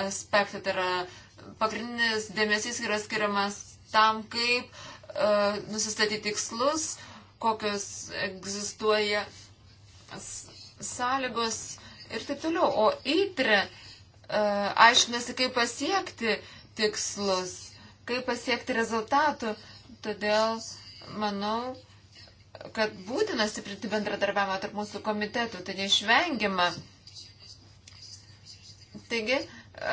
[SPEAKER 1] aspektą. Tai yra pagrindinis dėmesys yra skiriamas tam, kaip uh, nusistatyti tikslus, kokios egzistuoja sąlygos ir taip toliau. O įtre uh, e, aiškinasi, kaip pasiekti tikslus, kaip pasiekti rezultatų. Todėl manau, kad būtina stiprinti bendradarbiavimą tarp mūsų komitetų, tai neišvengiama. Taigi,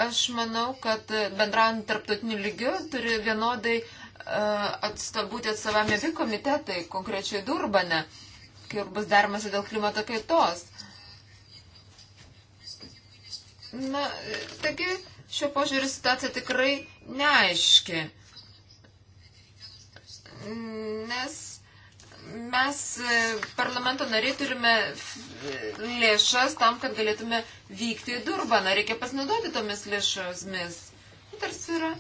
[SPEAKER 1] aš manau, kad bendraujant tarptautiniu lygiu turi vienodai e, atstav, būti atsavami abi komitetai, konkrečiai Durbane, kai ir bus daromasi dėl klimato kaitos. Na, taigi, šio požiūrį situacija tikrai neaiški. Nes mes e, parlamento nariai turime e, lėšas tam, kad galėtume vykti į Durbaną. Reikia pasinaudoti tomis lėšosmis. Nu, tarsi yra.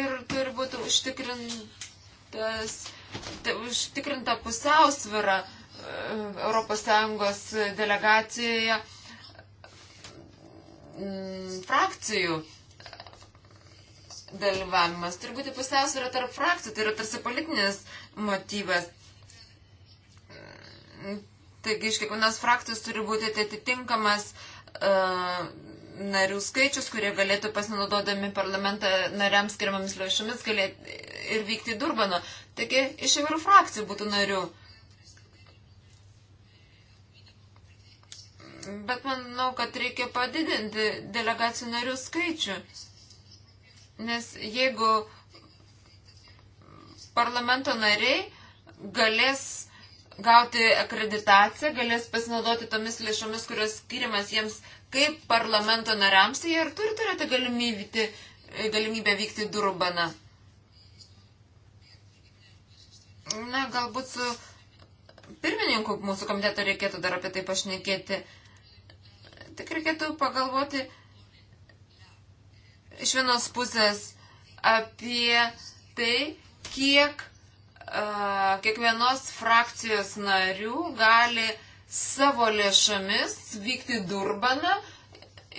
[SPEAKER 1] Ir turi būti užtikrintas, ta, užtikrinta pusiausvyrą ES delegacijoje frakcijų dalyvavimas. Turi būti pusiausvyrą tarp frakcijų, tai yra tarsi politinis motyvas. Taigi iš kiekvienos frakcijos turi būti tai atitinkamas uh, narių skaičius, kurie galėtų pasinaudodami parlamentą nariams skiriamomis lėšomis ir vykti į Durbaną. Taigi iš įvairių frakcijų būtų narių. Bet manau, kad reikia padidinti delegacijų narių skaičių. Uh, Nes jeigu parlamento nariai galės gauti akreditaciją, galės pasinaudoti tomis lėšomis, kurios skirimas jiems kaip parlamento nariams, tai jie ir turi turėti galimybę, galimybę vykti Durbaną. Na, galbūt su pirmininku mūsų komiteto reikėtų dar apie tai pašnekėti. Tik reikėtų pagalvoti, iš vienos pusės apie tai, kiek a, kiekvienos frakcijos narių gali savo lėšomis vykti durbaną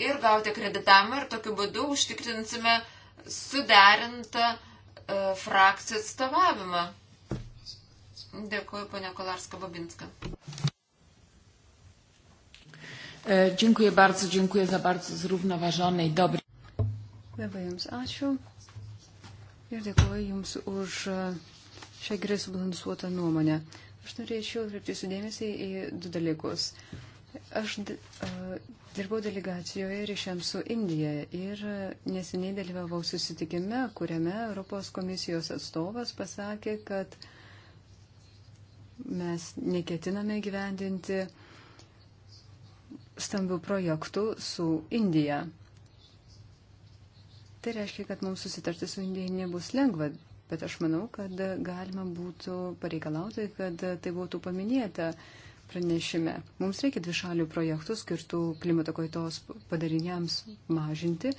[SPEAKER 1] ir gauti kreditamą ir tokiu būdu užtikrinsime suderintą uh, frakcijų atstovavimą. Dėkuoju, ponia Kolarska Babinska. E, dziękuję bardzo, dziękuję za
[SPEAKER 4] bardzo
[SPEAKER 3] zrównoważony i dobry.
[SPEAKER 4] Labai Jums ačiū ir dėkuoju Jums už e, šią gerai subalansuotą nuomonę. Aš norėčiau atkreipti sudėmesį į du dalykus. Aš e, dirbau delegacijoje ryšiams su Indija ir e, neseniai dalyvavau susitikime, kuriame Europos komisijos atstovas pasakė, kad mes neketiname gyvendinti stambių projektų su Indija. Tai reiškia, kad mums susitarti su Indija nebus lengva, bet aš manau, kad galima būtų pareikalauti, kad tai būtų paminėta pranešime. Mums reikia dvišalių projektų skirtų klimato kaitos padariniams mažinti.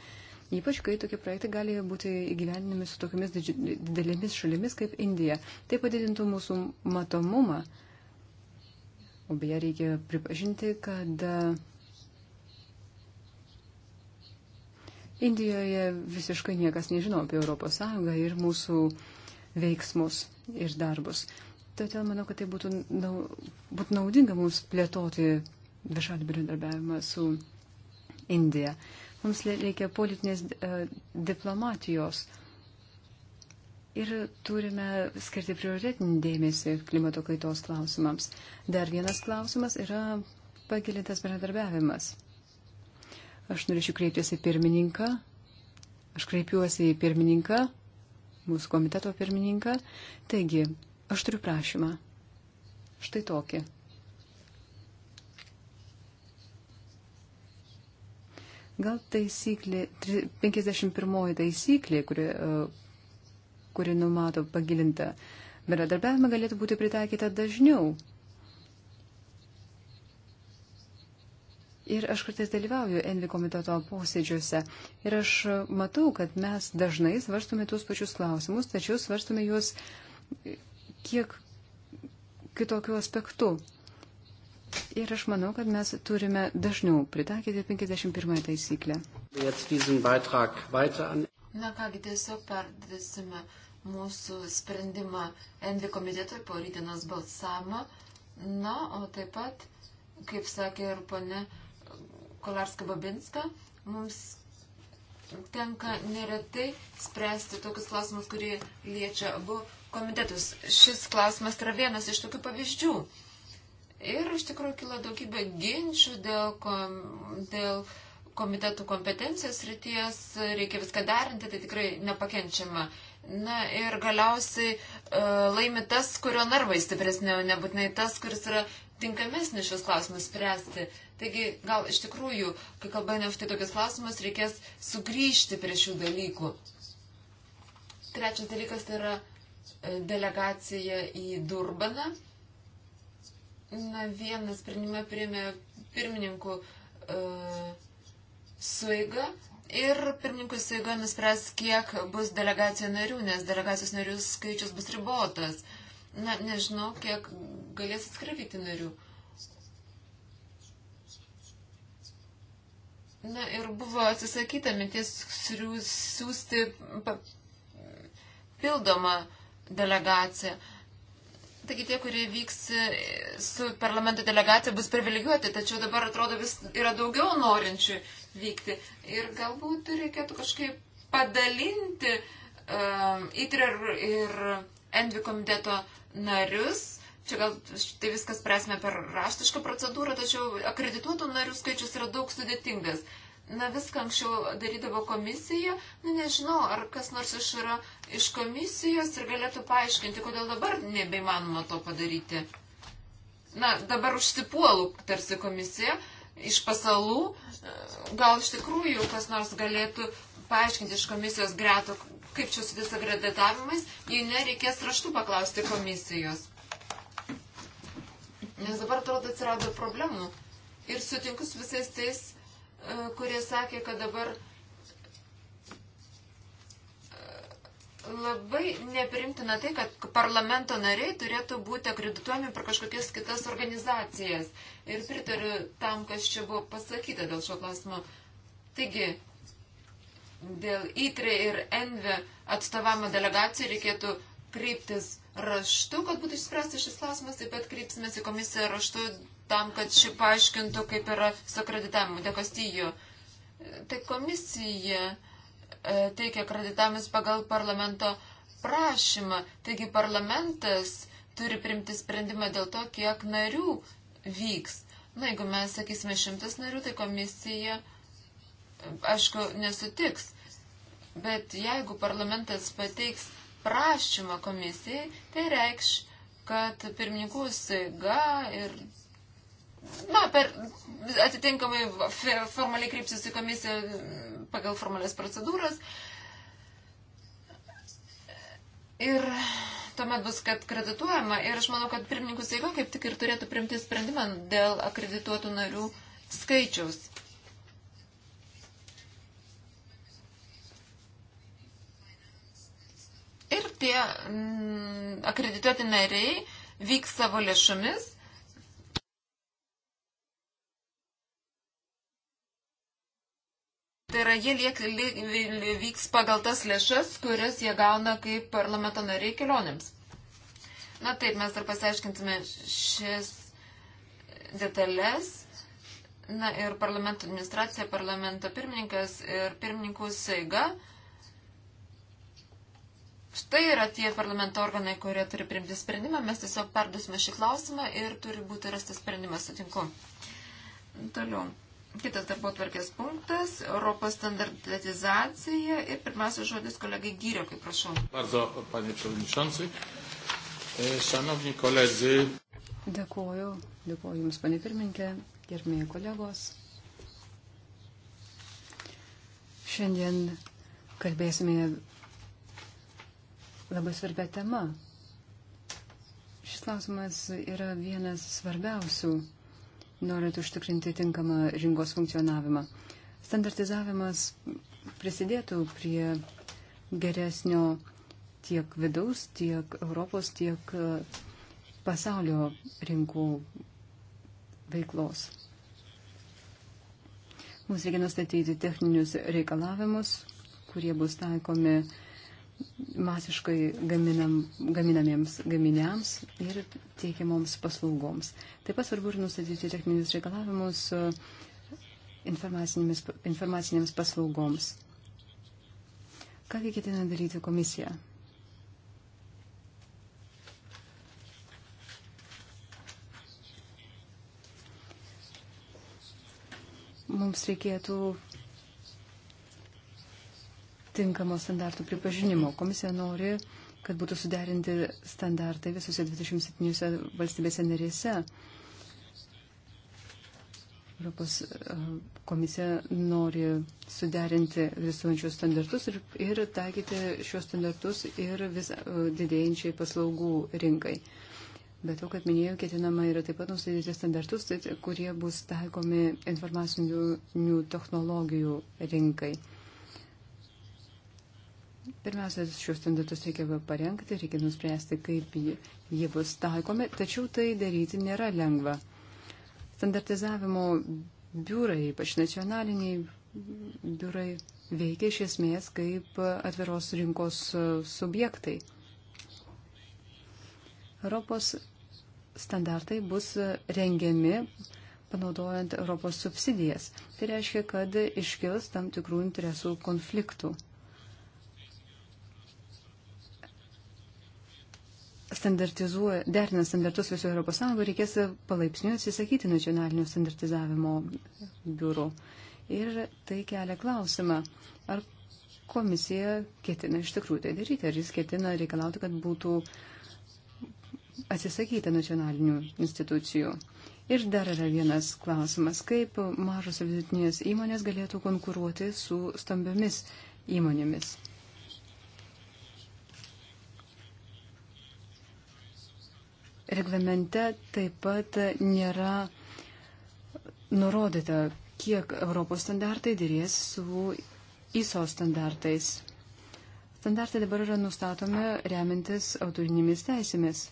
[SPEAKER 4] Ypač, kai tokie projektai gali būti įgyveninami su tokiamis didelėmis šalimis kaip Indija. Tai padidintų mūsų matomumą. O beje, reikia pripažinti, kad Indijoje visiškai niekas nežino apie ES ir mūsų veiksmus ir darbus. Todėl manau, kad tai būtų, nau, būtų naudinga mums plėtoti viešalį bendradarbiavimą su Indija. Mums reikia politinės uh, diplomatijos ir turime skirti prioritetinį dėmesį klimato kaitos klausimams. Dar vienas klausimas yra pagilintas bendradarbiavimas. Aš norėčiau kreiptis į pirmininką. Aš kreipiuosi į pirmininką, mūsų komiteto pirmininką. Taigi, aš turiu prašymą. Štai tokį. Gal taisyklė, 51 taisyklė, kuri, e, kuri numato pagilintą bendradarbiavimą, galėtų būti pritaikyta dažniau. Ir aš kartais dalyvauju Envi komiteto posėdžiuose. Ir aš matau, kad mes dažnai svarstume tuos pačius klausimus, tačiau svarstume juos kiek kitokiu aspektu. Ir aš manau, kad mes turime dažniau pritaikyti 51 taisyklę.
[SPEAKER 1] Na kągi, tiesiog perdėsime mūsų sprendimą Envi komitetui po rytinos balsamą. Na, o taip pat, kaip sakė ir pone Kolarska Babinska. Mums tenka neretai spręsti tokius klausimus, kurie liečia abu komitetus. Šis klausimas yra vienas iš tokių pavyzdžių. Ir iš tikrųjų kilo daugybė ginčių dėl, kom, dėl komitetų kompetencijos ryties, reikia viską derinti, tai tikrai nepakenčiama. Na ir galiausiai e, laimi tas, kurio narvai stipresnė, nebūtinai tas, kuris yra tinkamesnis šios klausimus spręsti. Taigi, gal iš tikrųjų, kai kalbame apie tokius klausimus, reikės sugrįžti prie šių dalykų. Trečias dalykas tai yra e, delegacija į Durbaną. Na, vieną sprendimą priėmė pirmininkų uh, e, suiga ir pirmininkų suiga nuspręs, kiek bus delegacijų narių, nes delegacijos narių skaičius bus ribotas. Na, nežinau, kiek galės atskirai vykti narių. Na ir buvo atsisakyta minties siūsti pildomą delegaciją. Taigi tie, kurie vyks e, su parlamento delegacija, bus privilegijuoti, tačiau dabar atrodo vis yra daugiau norinčių vykti. Ir galbūt reikėtų kažkaip padalinti uh, ITRE ir, ir ENVI komiteto narius Čia gal tai viskas presme per raštišką procedūrą, tačiau akredituotų narių skaičius yra daug sudėtingas. Na viską anksčiau darydavo komisija, nu nežinau, ar kas nors iš yra iš komisijos ir galėtų paaiškinti, kodėl dabar nebeįmanoma to padaryti. Na, dabar užsipuolų tarsi komisija iš pasalų, gal iš tikrųjų kas nors galėtų paaiškinti iš komisijos gretų, kaip čia su visagredetavimais, jei nereikės raštų paklausti komisijos. Nes dabar, atrodo, atsirado problemų. Ir sutinku su visais tais, e, kurie sakė, kad dabar e, labai neprimtina tai, kad parlamento nariai turėtų būti akredituojami per kažkokias kitas organizacijas. Ir pritariu tam, kas čia buvo pasakyta dėl šio klausimo. Taigi, dėl ITRE ir ENVE atstovavimo delegacijų reikėtų kreiptis raštu, kad būtų išspręstas šis klausimas, taip pat kreipsimės į komisiją raštu tam, kad ši paaiškintų, kaip yra su akreditavimu dekostijų. Tai komisija e, teikia akreditavimus pagal parlamento prašymą, taigi parlamentas turi primti sprendimą dėl to, kiek narių vyks. Na, jeigu mes sakysime šimtas narių, tai komisija, aišku, nesutiks. Bet jeigu parlamentas pateiks prašymą komisijai, tai reikš, kad pirmininkų saiga ir na, per atitinkamai formaliai kreipsis į komisiją mm, pagal formalias procedūras. Ir tuomet bus, kad kredituojama. Ir aš manau, kad pirmininkų saiga kaip tik ir turėtų primti sprendimą dėl akredituotų narių skaičiaus. ir tie m, mm, akredituoti nariai vyks savo lėšomis. Tai yra, jie liek, liek, vyks pagal tas lėšas, kurias jie gauna kaip parlamento nariai kelionėms. Na taip, mes dar pasiaiškintume šis detalės. Na ir parlamento administracija, parlamento pirmininkas ir pirmininkų saiga. Štai yra tie parlamento organai, kurie turi priimti sprendimą, mes tiesiog perdusime šį klausimą ir turi būti rastas sprendimas, sutinku. Toliau. Kitas darbo tvarkės punktas – Europos standartizacija ir pirmiausia žodis kolegai Gyriokai, prašau.
[SPEAKER 4] Bardzo,
[SPEAKER 2] panie przewodniczący. E, szanowni koledzy.
[SPEAKER 4] Dėkuoju, dėkuoju Jums, panie pirmininkė, gerbėjai kolegos. Šiandien kalbėsime labai svarbia tema. Šis klausimas yra vienas svarbiausių, norint užtikrinti tinkamą rinkos funkcionavimą. Standartizavimas prisidėtų prie geresnio tiek vidaus, tiek Europos, tiek e, pasaulio rinkų veiklos. Mums reikia nustatyti techninius reikalavimus, kurie bus taikomi uh, masiškai gaminam, gaminamiems gaminiams ir teikiamoms paslaugoms. Taip pat svarbu ir nustatyti techninius reikalavimus e, informacinėms, informacinėms paslaugoms. Ką ketina daryti komisija? Mums reikėtų tinkamo standartų pripažinimo. Komisija nori, kad būtų suderinti standartai visose 27 valstybėse narėse. Europos e, komisija nori suderinti visuojančius standartus ir, ir taikyti šios standartus ir vis e, didėjančiai paslaugų rinkai. Bet to, kad minėjau, ketinama yra taip pat nustatyti standartus, tai, kurie bus taikomi informacinių technologijų rinkai. Pirmiausia, šios standartus reikia parengti, reikia nuspręsti, kaip jie bus taikomi, tačiau tai daryti nėra lengva. Standartizavimo biurai, ypač nacionaliniai biurai, veikia iš esmės kaip atviros rinkos subjektai. Europos standartai bus rengiami panaudojant Europos subsidijas. Tai reiškia, kad iškils tam tikrų interesų konfliktų. standartizuoja, derinant standartus visoje Europos Sąjungoje, reikės palaipsniui atsisakyti nacionalinio standartizavimo biurų. Ir tai kelia klausimą, ar komisija ketina iš tikrųjų tai daryti, ar jis ketina reikalauti, kad būtų atsisakyta nacionalinių institucijų. Ir dar yra vienas klausimas, kaip mažos vidutinės įmonės galėtų konkuruoti su stambiomis įmonėmis. reglamente taip pat nėra nurodyta, kiek Europos standartai dėrės su ISO standartais. Standartai dabar yra nustatomi remintis autorinėmis teisėmis.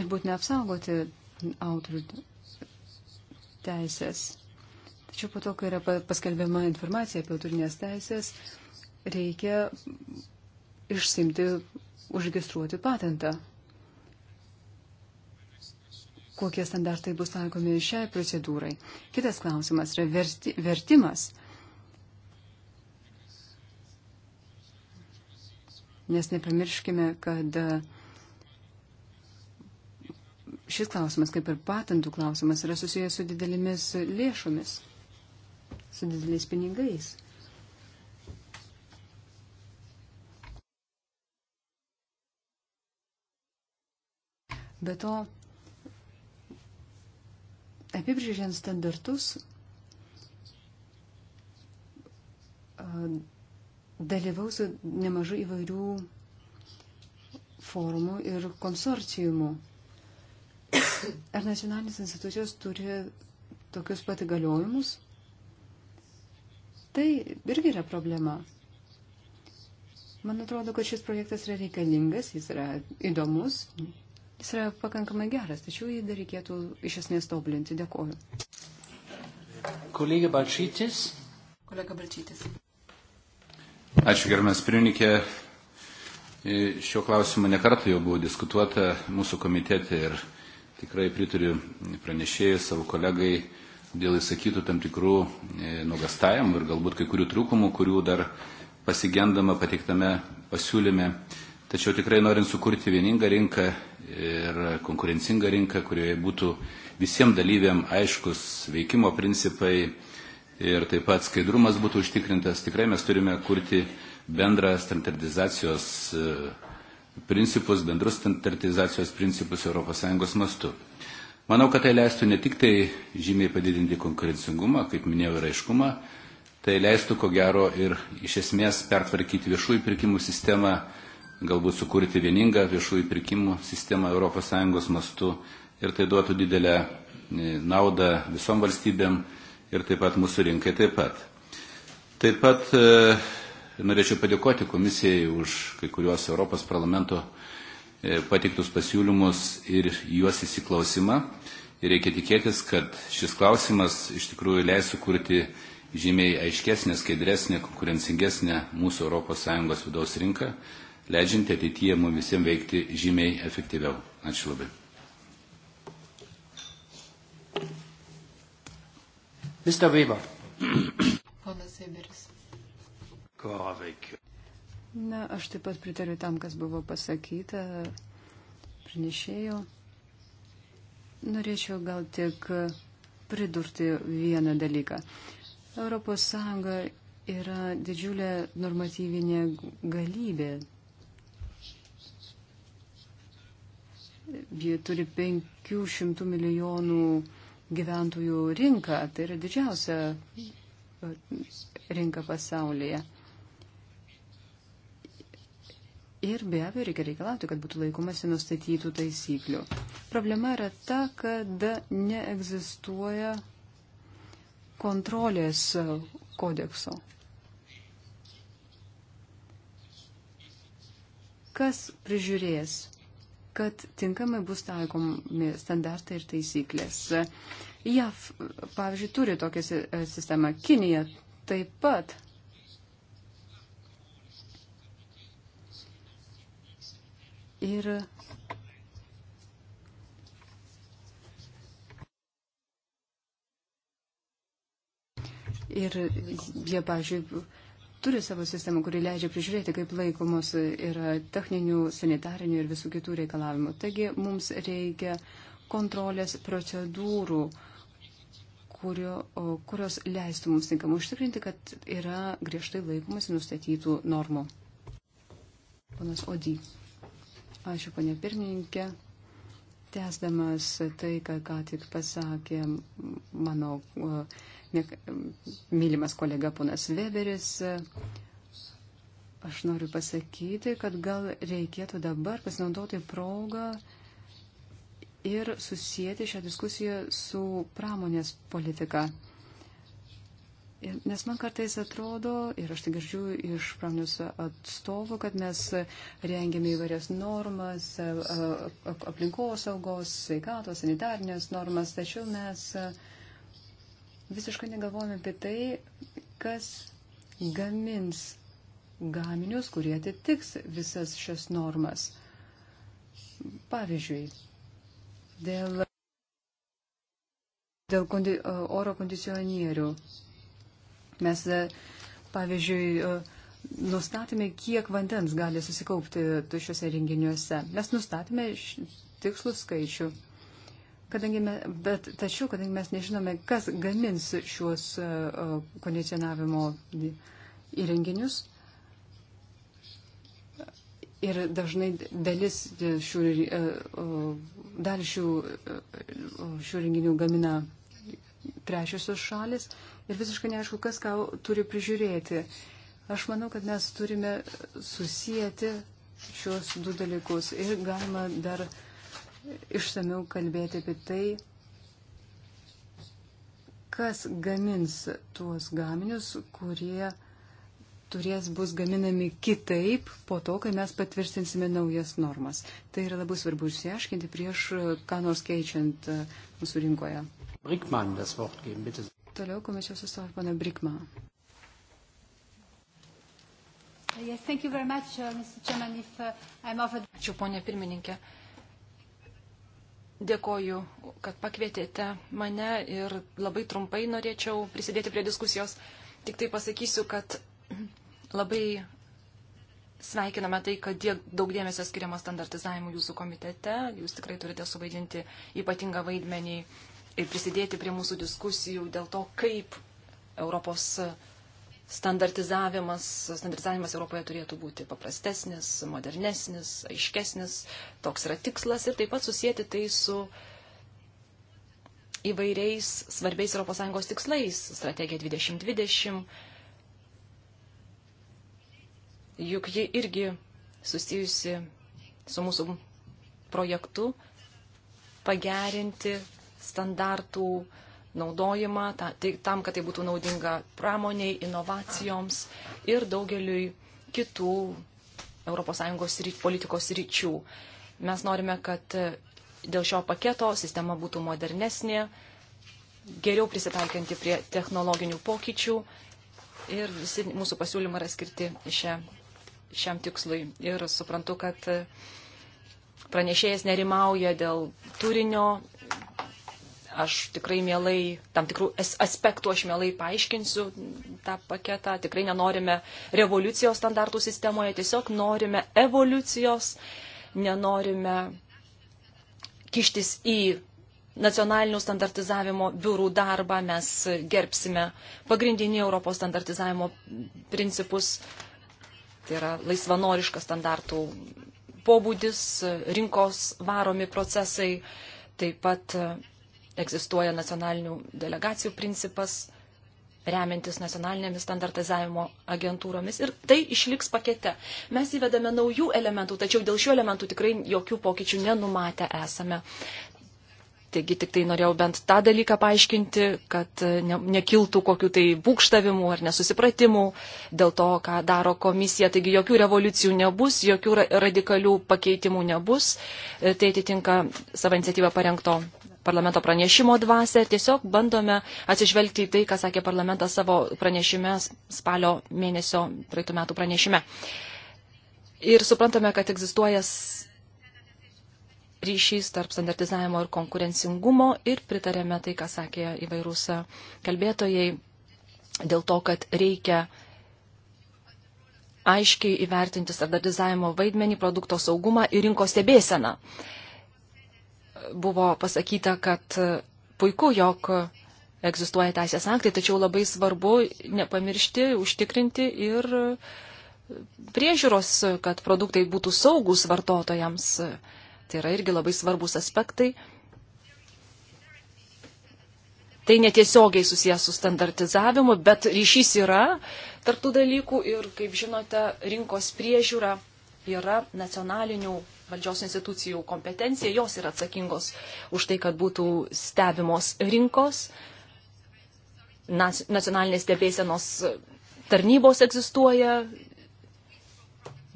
[SPEAKER 4] Ir būtina apsaugoti autorių teisės. Tačiau po to, kai yra paskelbiama informacija apie autorinės teisės, reikia išsimti užregistruoti patentą. Kokie standartai bus taikomi šiai procedūrai? Kitas klausimas yra verti, vertimas. Nes nepamirškime, kad e, šis klausimas, kaip ir patentų klausimas, yra susijęs su didelėmis lėšomis, su dideliais pinigais. Be to, apibrėžiant standartus, dalyvaus nemažai įvairių forumų ir konsorcijumų. Ar nacionalinės institucijos turi tokius pat įgaliojimus? Tai irgi yra problema. Man atrodo, kad šis projektas yra reikalingas, jis yra įdomus, Jis yra pakankamai geras, tačiau jį dar reikėtų iš esmės tobulinti. Dėkuoju.
[SPEAKER 2] Kolega Balčytis.
[SPEAKER 4] Kolega Balčytis.
[SPEAKER 2] Ačiū, gerbiamas pirmininkė. E, Šio klausimo nekartą jau buvo diskutuota mūsų komitete ir tikrai pritariu pranešėjai savo kolegai dėl įsakytų tam tikrų e, nuogastavimų ir galbūt kai kurių trūkumų, kurių dar pasigendama pateiktame pasiūlyme. Tačiau tikrai norint sukurti vieningą rinką ir konkurencingą rinką, kurioje būtų visiems dalyviam aiškus veikimo principai ir taip pat skaidrumas būtų užtikrintas, tikrai mes turime kurti bendrą standartizacijos e, principus, bendrus standartizacijos principus ES mastu. Manau, kad tai leistų ne tik tai žymiai padidinti konkurencingumą, kaip minėjau, ir aiškumą, tai leistų ko gero ir iš esmės pertvarkyti viešųjų pirkimų sistemą galbūt sukurti vieningą viešųjų pirkimų sistemą ES mastu ir tai duotų didelę e, naudą visom valstybėm ir taip pat mūsų rinkai taip pat. Taip pat e, norėčiau padėkoti komisijai už kai kuriuos Europos parlamento e, patiktus pasiūlymus ir juos įsiklausimą. Ir reikia tikėtis, kad šis klausimas iš tikrųjų leis sukurti žymiai aiškesnė, skaidresnė, konkurencingesnė mūsų ES vidaus rinka leidžianti ateityje mums visiems veikti žymiai efektyviau. Ačiū labai. Mr. Weber.
[SPEAKER 4] Ponas Weberis.
[SPEAKER 2] Ko veikiu?
[SPEAKER 4] Na, aš taip pat pritariu tam, kas buvo pasakyta pranešėjo. Norėčiau gal tik pridurti vieną dalyką. ES yra didžiulė normatyvinė galybė Ji turi 500 milijonų gyventojų rinką, tai yra didžiausia e, rinka pasaulyje. Ir be abejo reikia reikalauti, kad būtų laikomasi nustatytų taisyklių. Problema yra ta, kad neegzistuoja kontrolės e, kodekso. Kas prižiūrės kad tinkamai bus taikomi standartai ir taisyklės. JAV, pavyzdžiui, turi tokią e, sistemą, Kinija taip pat. Ir Ir jie, pažiūrėjau, turi savo sistemą, kuri leidžia prižiūrėti, kaip laikomus yra techninių, sanitarinių ir visų kitų reikalavimų. Taigi mums reikia kontrolės procedūrų, kurio, kurios leistų mums tinkamai užtikrinti, kad yra griežtai laikomas nustatytų normų. Ponas Odį. Ačiū, ponė pirmininkė. Tęsdamas tai, ką, ką tik pasakė mano e, mylimas kolega ponas Weberis, aš noriu pasakyti, kad gal reikėtų dabar pasinaudoti progą ir susijęti šią diskusiją su pramonės politika. Nes man kartais atrodo, ir aš tai girdžiu iš pramonės atstovų, kad mes rengėme įvairias normas, aplinkosaugos, sveikatos, sanitarnės normas, tačiau mes visiškai negalvojame apie tai, kas gamins gaminius, kurie atitiks visas šias normas. Pavyzdžiui, dėl, dėl kondi, oro kondicionierių. Mes, e, pavyzdžiui, e, nustatėme, kiek vandens gali susikaupti šiuose renginiuose. Mes nustatėme tikslų skaičių. Kadangi mes, bet tačiau, kadangi mes nežinome, kas gamins šiuos e, kondicionavimo įrenginius. Ir dažnai dalis šių, dalį šių, šių renginių gamina trečiosios šalis ir visiškai neaišku, kas ką turi prižiūrėti. Aš manau, kad mes turime susijęti šios du dalykus ir galima dar išsamiau kalbėti apie tai, kas gamins tuos gaminius, kurie turės bus gaminami kitaip po to, kai mes patvirtinsime naujas normas. Tai yra labai svarbu išsiaiškinti prieš ką nors keičiant e, mūsų rinkoje. Brickman das Wort geben, bitte. Toliau komisijos atstovė pana Brickman. Yes, thank you very much, uh, Mr. Chairman, if uh, I'm offered... Ačiū, ponė pirmininkė.
[SPEAKER 3] Dėkoju, kad pakvietėte mane ir labai trumpai norėčiau prisidėti prie diskusijos. Tik tai pasakysiu, kad labai sveikiname tai, kad daug dėmesio skiriama standartizavimui jūsų komitete. Jūs tikrai turite suvaidinti ypatingą vaidmenį ir prisidėti prie mūsų diskusijų dėl to, kaip Europos standartizavimas, standartizavimas Europoje turėtų būti paprastesnis, modernesnis, aiškesnis. Toks yra tikslas ir taip pat susijęti tai su įvairiais svarbiais ES tikslais - strategija 2020. Juk ji irgi susijusi su mūsų projektu pagerinti standartų naudojimą, ta, tai, tam, kad tai būtų naudinga pramoniai, inovacijoms ir daugeliui kitų ES politikos ryčių. Mes norime, kad dėl šio paketo sistema būtų modernesnė, geriau prisitaikianti prie technologinių pokyčių ir visi mūsų pasiūlymai yra skirti šia, šiam tikslui. Ir suprantu, kad pranešėjas nerimauja dėl turinio Aš tikrai mielai, tam tikrų aspektų aš mielai paaiškinsiu tą paketą. Tikrai nenorime revoliucijos standartų sistemoje, tiesiog norime evoliucijos, nenorime kištis į nacionalinių standartizavimo biurų darbą, mes gerbsime pagrindinį Europos standartizavimo principus, tai yra laisvanoriškas standartų pobūdis, rinkos varomi procesai, taip pat Egzistuoja nacionalinių delegacijų principas, remiantis nacionalinėmis standartizavimo agentūromis ir tai išliks pakete. Mes įvedame naujų elementų, tačiau dėl šių elementų tikrai jokių pokyčių nenumatę esame. Taigi tik tai norėjau bent tą dalyką paaiškinti, kad ne, nekiltų kokių tai būkštavimų ar nesusipratimų dėl to, ką daro komisija. Taigi jokių revoliucijų nebus, jokių radikalių pakeitimų nebus. E, tai atitinka savo iniciatyvą parengto parlamento pranešimo dvasę ir tiesiog bandome atsižvelgti į tai, ką sakė parlamentas savo pranešime spalio mėnesio praeitų metų pranešime. Ir suprantame, kad egzistuoja ryšys tarp standartizavimo ir konkurencingumo ir pritarėme tai, ką sakė įvairūs kalbėtojai, dėl to, kad reikia aiškiai įvertinti standartizavimo vaidmenį, produkto saugumą ir rinkos stebėseną. Uh, buvo pasakyta, kad puiku, jog egzistuoja teisės aktai, tačiau labai svarbu nepamiršti, užtikrinti ir priežiūros, kad produktai būtų saugus vartotojams. Tai yra irgi labai svarbus aspektai. Tai netiesiogiai susijęs su standartizavimu, bet ryšys yra tarptų dalykų ir, kaip žinote, rinkos priežiūra yra nacionalinių valdžios institucijų kompetencija, jos yra atsakingos už tai, kad būtų stebimos rinkos, nacionalinės stebėsenos tarnybos egzistuoja,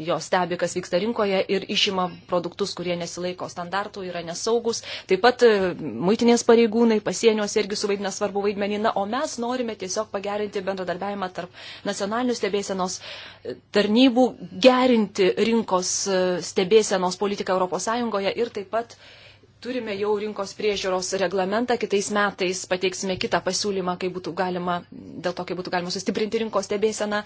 [SPEAKER 3] jos stebi, kas vyksta rinkoje ir išima produktus, kurie nesilaiko standartų, yra nesaugus. Taip pat e, muitinės pareigūnai pasieniuose irgi suvaidina svarbu vaidmenį. Na, o mes norime tiesiog pagerinti bendradarbiavimą tarp nacionalinių stebėsenos e, tarnybų, gerinti rinkos e, stebėsenos politiką ES ir taip pat turime jau rinkos priežiūros reglamentą, kitais metais pateiksime kitą pasiūlymą, kaip būtų galima, dėl to, kaip būtų galima sustiprinti rinkos stebėseną.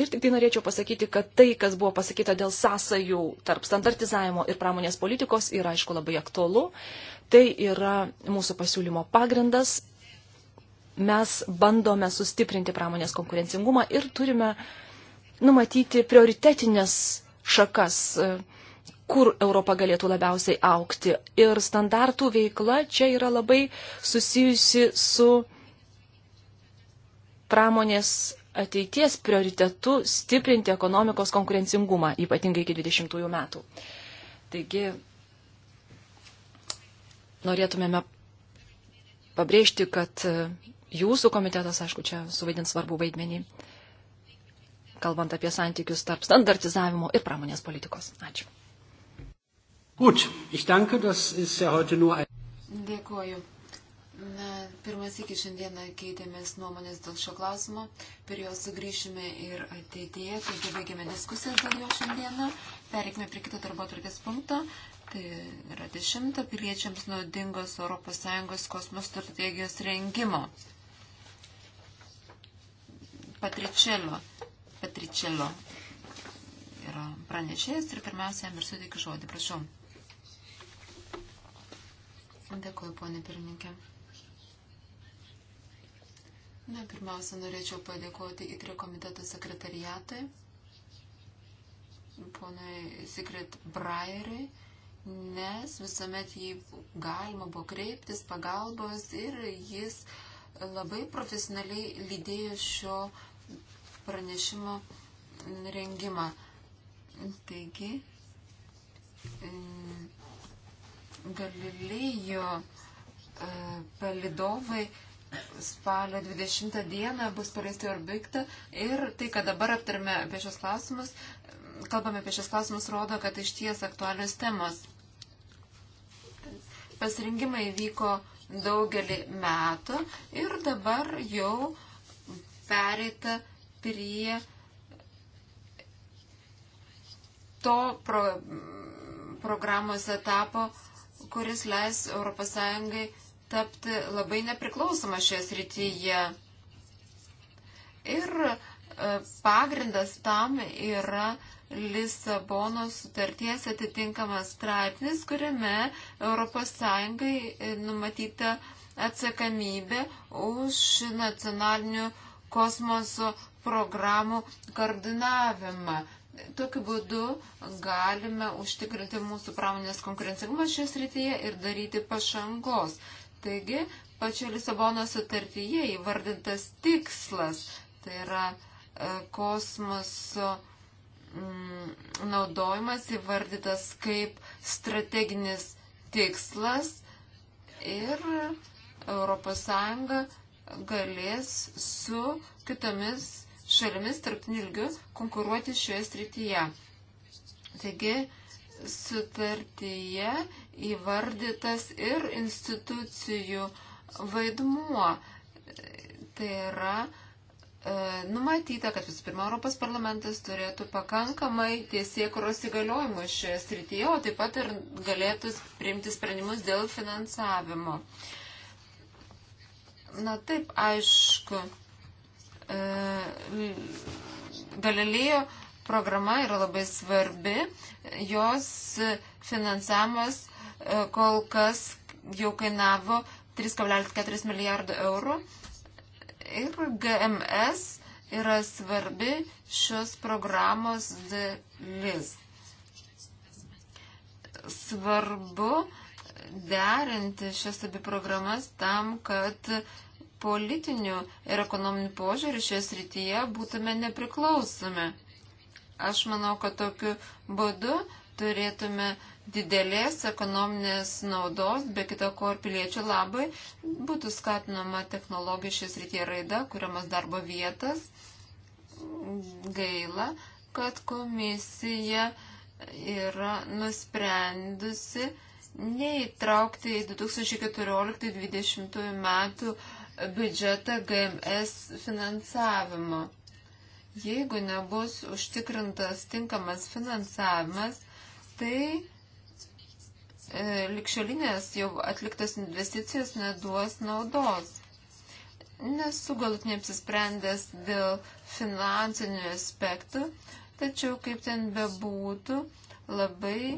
[SPEAKER 3] Ir tik tai norėčiau pasakyti, kad tai, kas buvo pasakyta dėl sąsajų tarp standartizavimo ir pramonės politikos, yra aišku labai aktualu. Tai yra mūsų pasiūlymo pagrindas. Mes bandome sustiprinti pramonės konkurencingumą ir turime numatyti prioritetinės šakas kur Europa galėtų labiausiai aukti. Ir standartų veikla čia yra labai susijusi su pramonės ateities prioritetu stiprinti ekonomikos konkurencingumą, ypatingai iki 20 metų. Taigi norėtumėme pabrėžti, kad jūsų komitetas, aišku, čia suvaidins svarbu vaidmenį, kalbant apie santykius tarp standartizavimo ir pramonės politikos. Ačiū.
[SPEAKER 2] Gut, ich danke, das ist ja heute nur ein.
[SPEAKER 1] Dėkuoju. Na, pirmas iki šiandieną keitėmės nuomonės dėl šio klausimo, per jo sugrįšime ir ateityje, taigi baigėme diskusijas dėl jo šiandieną, pereikime prie kito darbo turkės punkto, tai yra dešimta piliečiams naudingos ES kosmos strategijos rengimo. Patričelo, Patričelo yra pranešėjas ir pirmiausia jam ir suteikiu žodį, prašau. Dėkuoju, ponė pirmininkė. Na, pirmiausia, norėčiau padėkoti įtrio komiteto sekretariatui, ponui Sigrid Brairiui, nes visuomet jį galima buvo kreiptis pagalbos ir jis labai profesionaliai lydėjo šio pranešimo rengimą. Taigi, Galilėjo e, palidovai spalio 20 dieną bus paleisti orbitą ir tai, kad dabar aptarime apie šios klausimus, kalbame apie šios klausimus, rodo, kad iš ties aktualios temos. Pasirinkimai vyko daugelį metų ir dabar jau pereita prie to pro, programos etapo, kuris leis ES tapti labai nepriklausoma šioje srityje. Ir e, pagrindas tam yra Lisabonos sutarties atitinkamas straipsnis, kuriame ES e, numatyta atsakomybė už nacionalinių kosmoso programų koordinavimą. Tokiu būdu galime užtikrinti mūsų pramonės konkurencingumą šioje srityje ir daryti pašangos. Taigi, pačio Lisabono sutartyje įvardintas tikslas, tai yra e, kosmoso mm, naudojimas įvardytas kaip strateginis tikslas ir ES galės su kitomis šalimis tarptinių lygių konkuruoti šioje srityje. Taigi, sutartyje įvardytas ir institucijų vaidmuo. Tai yra e, numatyta, kad visų pirma Europos parlamentas turėtų pakankamai tiesiekros įgaliojimų šioje srityje, o taip pat ir galėtų priimti sprendimus dėl finansavimo. Na taip, aišku, E, Galilėjo programa yra labai svarbi, jos finansavimas e, kol kas jau kainavo 3,4 milijardų eurų ir GMS yra svarbi šios programos dalis. Svarbu derinti šias abi programas tam, kad uh, politiniu ir ekonominiu požiūriu šioje srityje būtume nepriklausomi. Aš manau, kad tokiu būdu turėtume didelės ekonominės naudos, be kita ko ir piliečių labai, būtų skatinama technologijų šioje srityje raida, kuriamas darbo vietas. Gaila, kad komisija yra nusprendusi neįtraukti į 2014-2020 metų biudžetą GMS finansavimo. Jeigu nebus užtikrintas tinkamas finansavimas, tai e, likščiolinės jau atliktas investicijos neduos naudos. Nesu galutinai apsisprendęs dėl finansinių aspektų, tačiau kaip ten bebūtų, labai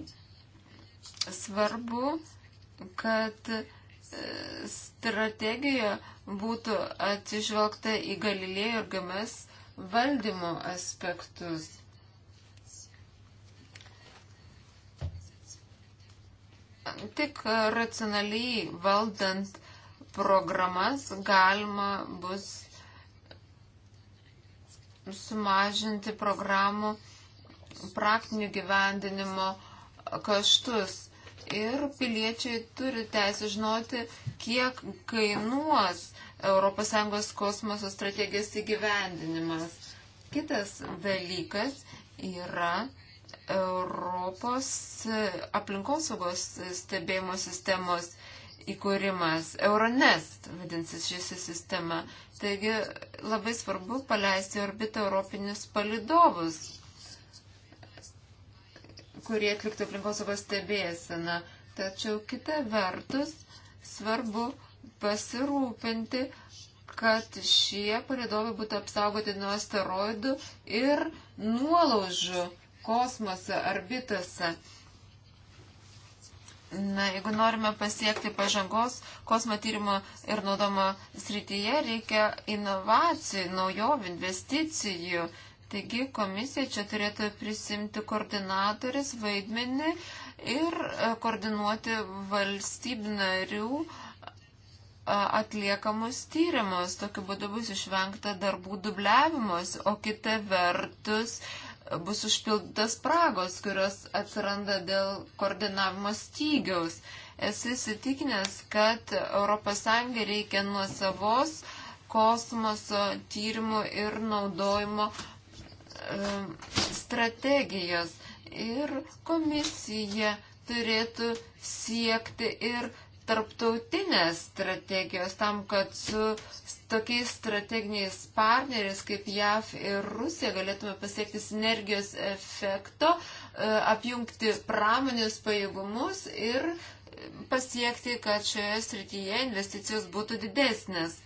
[SPEAKER 1] svarbu, kad e, strategijoje būtų atsižvelgta į Galilėjo ir GMS valdymo aspektus. Tik racionaliai valdant programas galima bus sumažinti programų praktinių gyvendinimo kaštus ir piliečiai turi teisę žinoti, kiek kainuos ES kosmoso strategijos įgyvendinimas. Kitas dalykas yra Europos aplinkosaugos stebėjimo sistemos įkūrimas. Euronest vadinsis šis sistema. Taigi labai svarbu paleisti orbitą europinius palidovus, kurie atliktų aplinkosaugos stebėseną. Tačiau kita vertus svarbu pasirūpinti, kad šie palidovai būtų apsaugoti nuo asteroidų ir nuolaužų kosmose, orbitose. Na, jeigu norime pasiekti pažangos kosmo tyrimo ir naudomo srityje, reikia inovacijų, naujovių, investicijų. Uh, Taigi komisija čia turėtų prisimti koordinatorės vaidmenį ir e, koordinuoti valstybių narių e, atliekamus tyrimus. Tokiu būdu bus išvengta darbų dubliavimus, o kita vertus e, bus užpildytas spragos, kurios atsiranda dėl koordinavimo stygiaus. Esu įsitikinęs, kad ES reikia nuo savos kosmoso tyrimų ir naudojimo strategijos ir komisija turėtų siekti ir tarptautinės strategijos tam, kad su tokiais strateginiais partneriais kaip JAV ir Rusija galėtume pasiekti sinergijos efekto, e, apjungti pramonės pajėgumus ir pasiekti, kad šioje srityje investicijos būtų didesnės.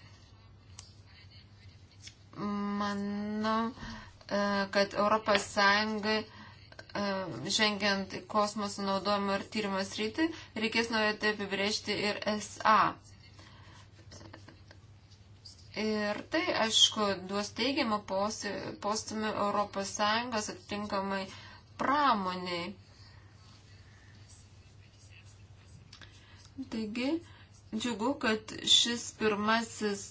[SPEAKER 1] Manau, kad Europos Sąjungai e, žengiant į kosmosų naudojimo ir tyrimo sritį, reikės naujo tai apibrėžti ir SA. Ir tai, aišku, duos teigiamą postumį Europos Sąjungos atitinkamai pramoniai. Taigi, džiugu, kad šis pirmasis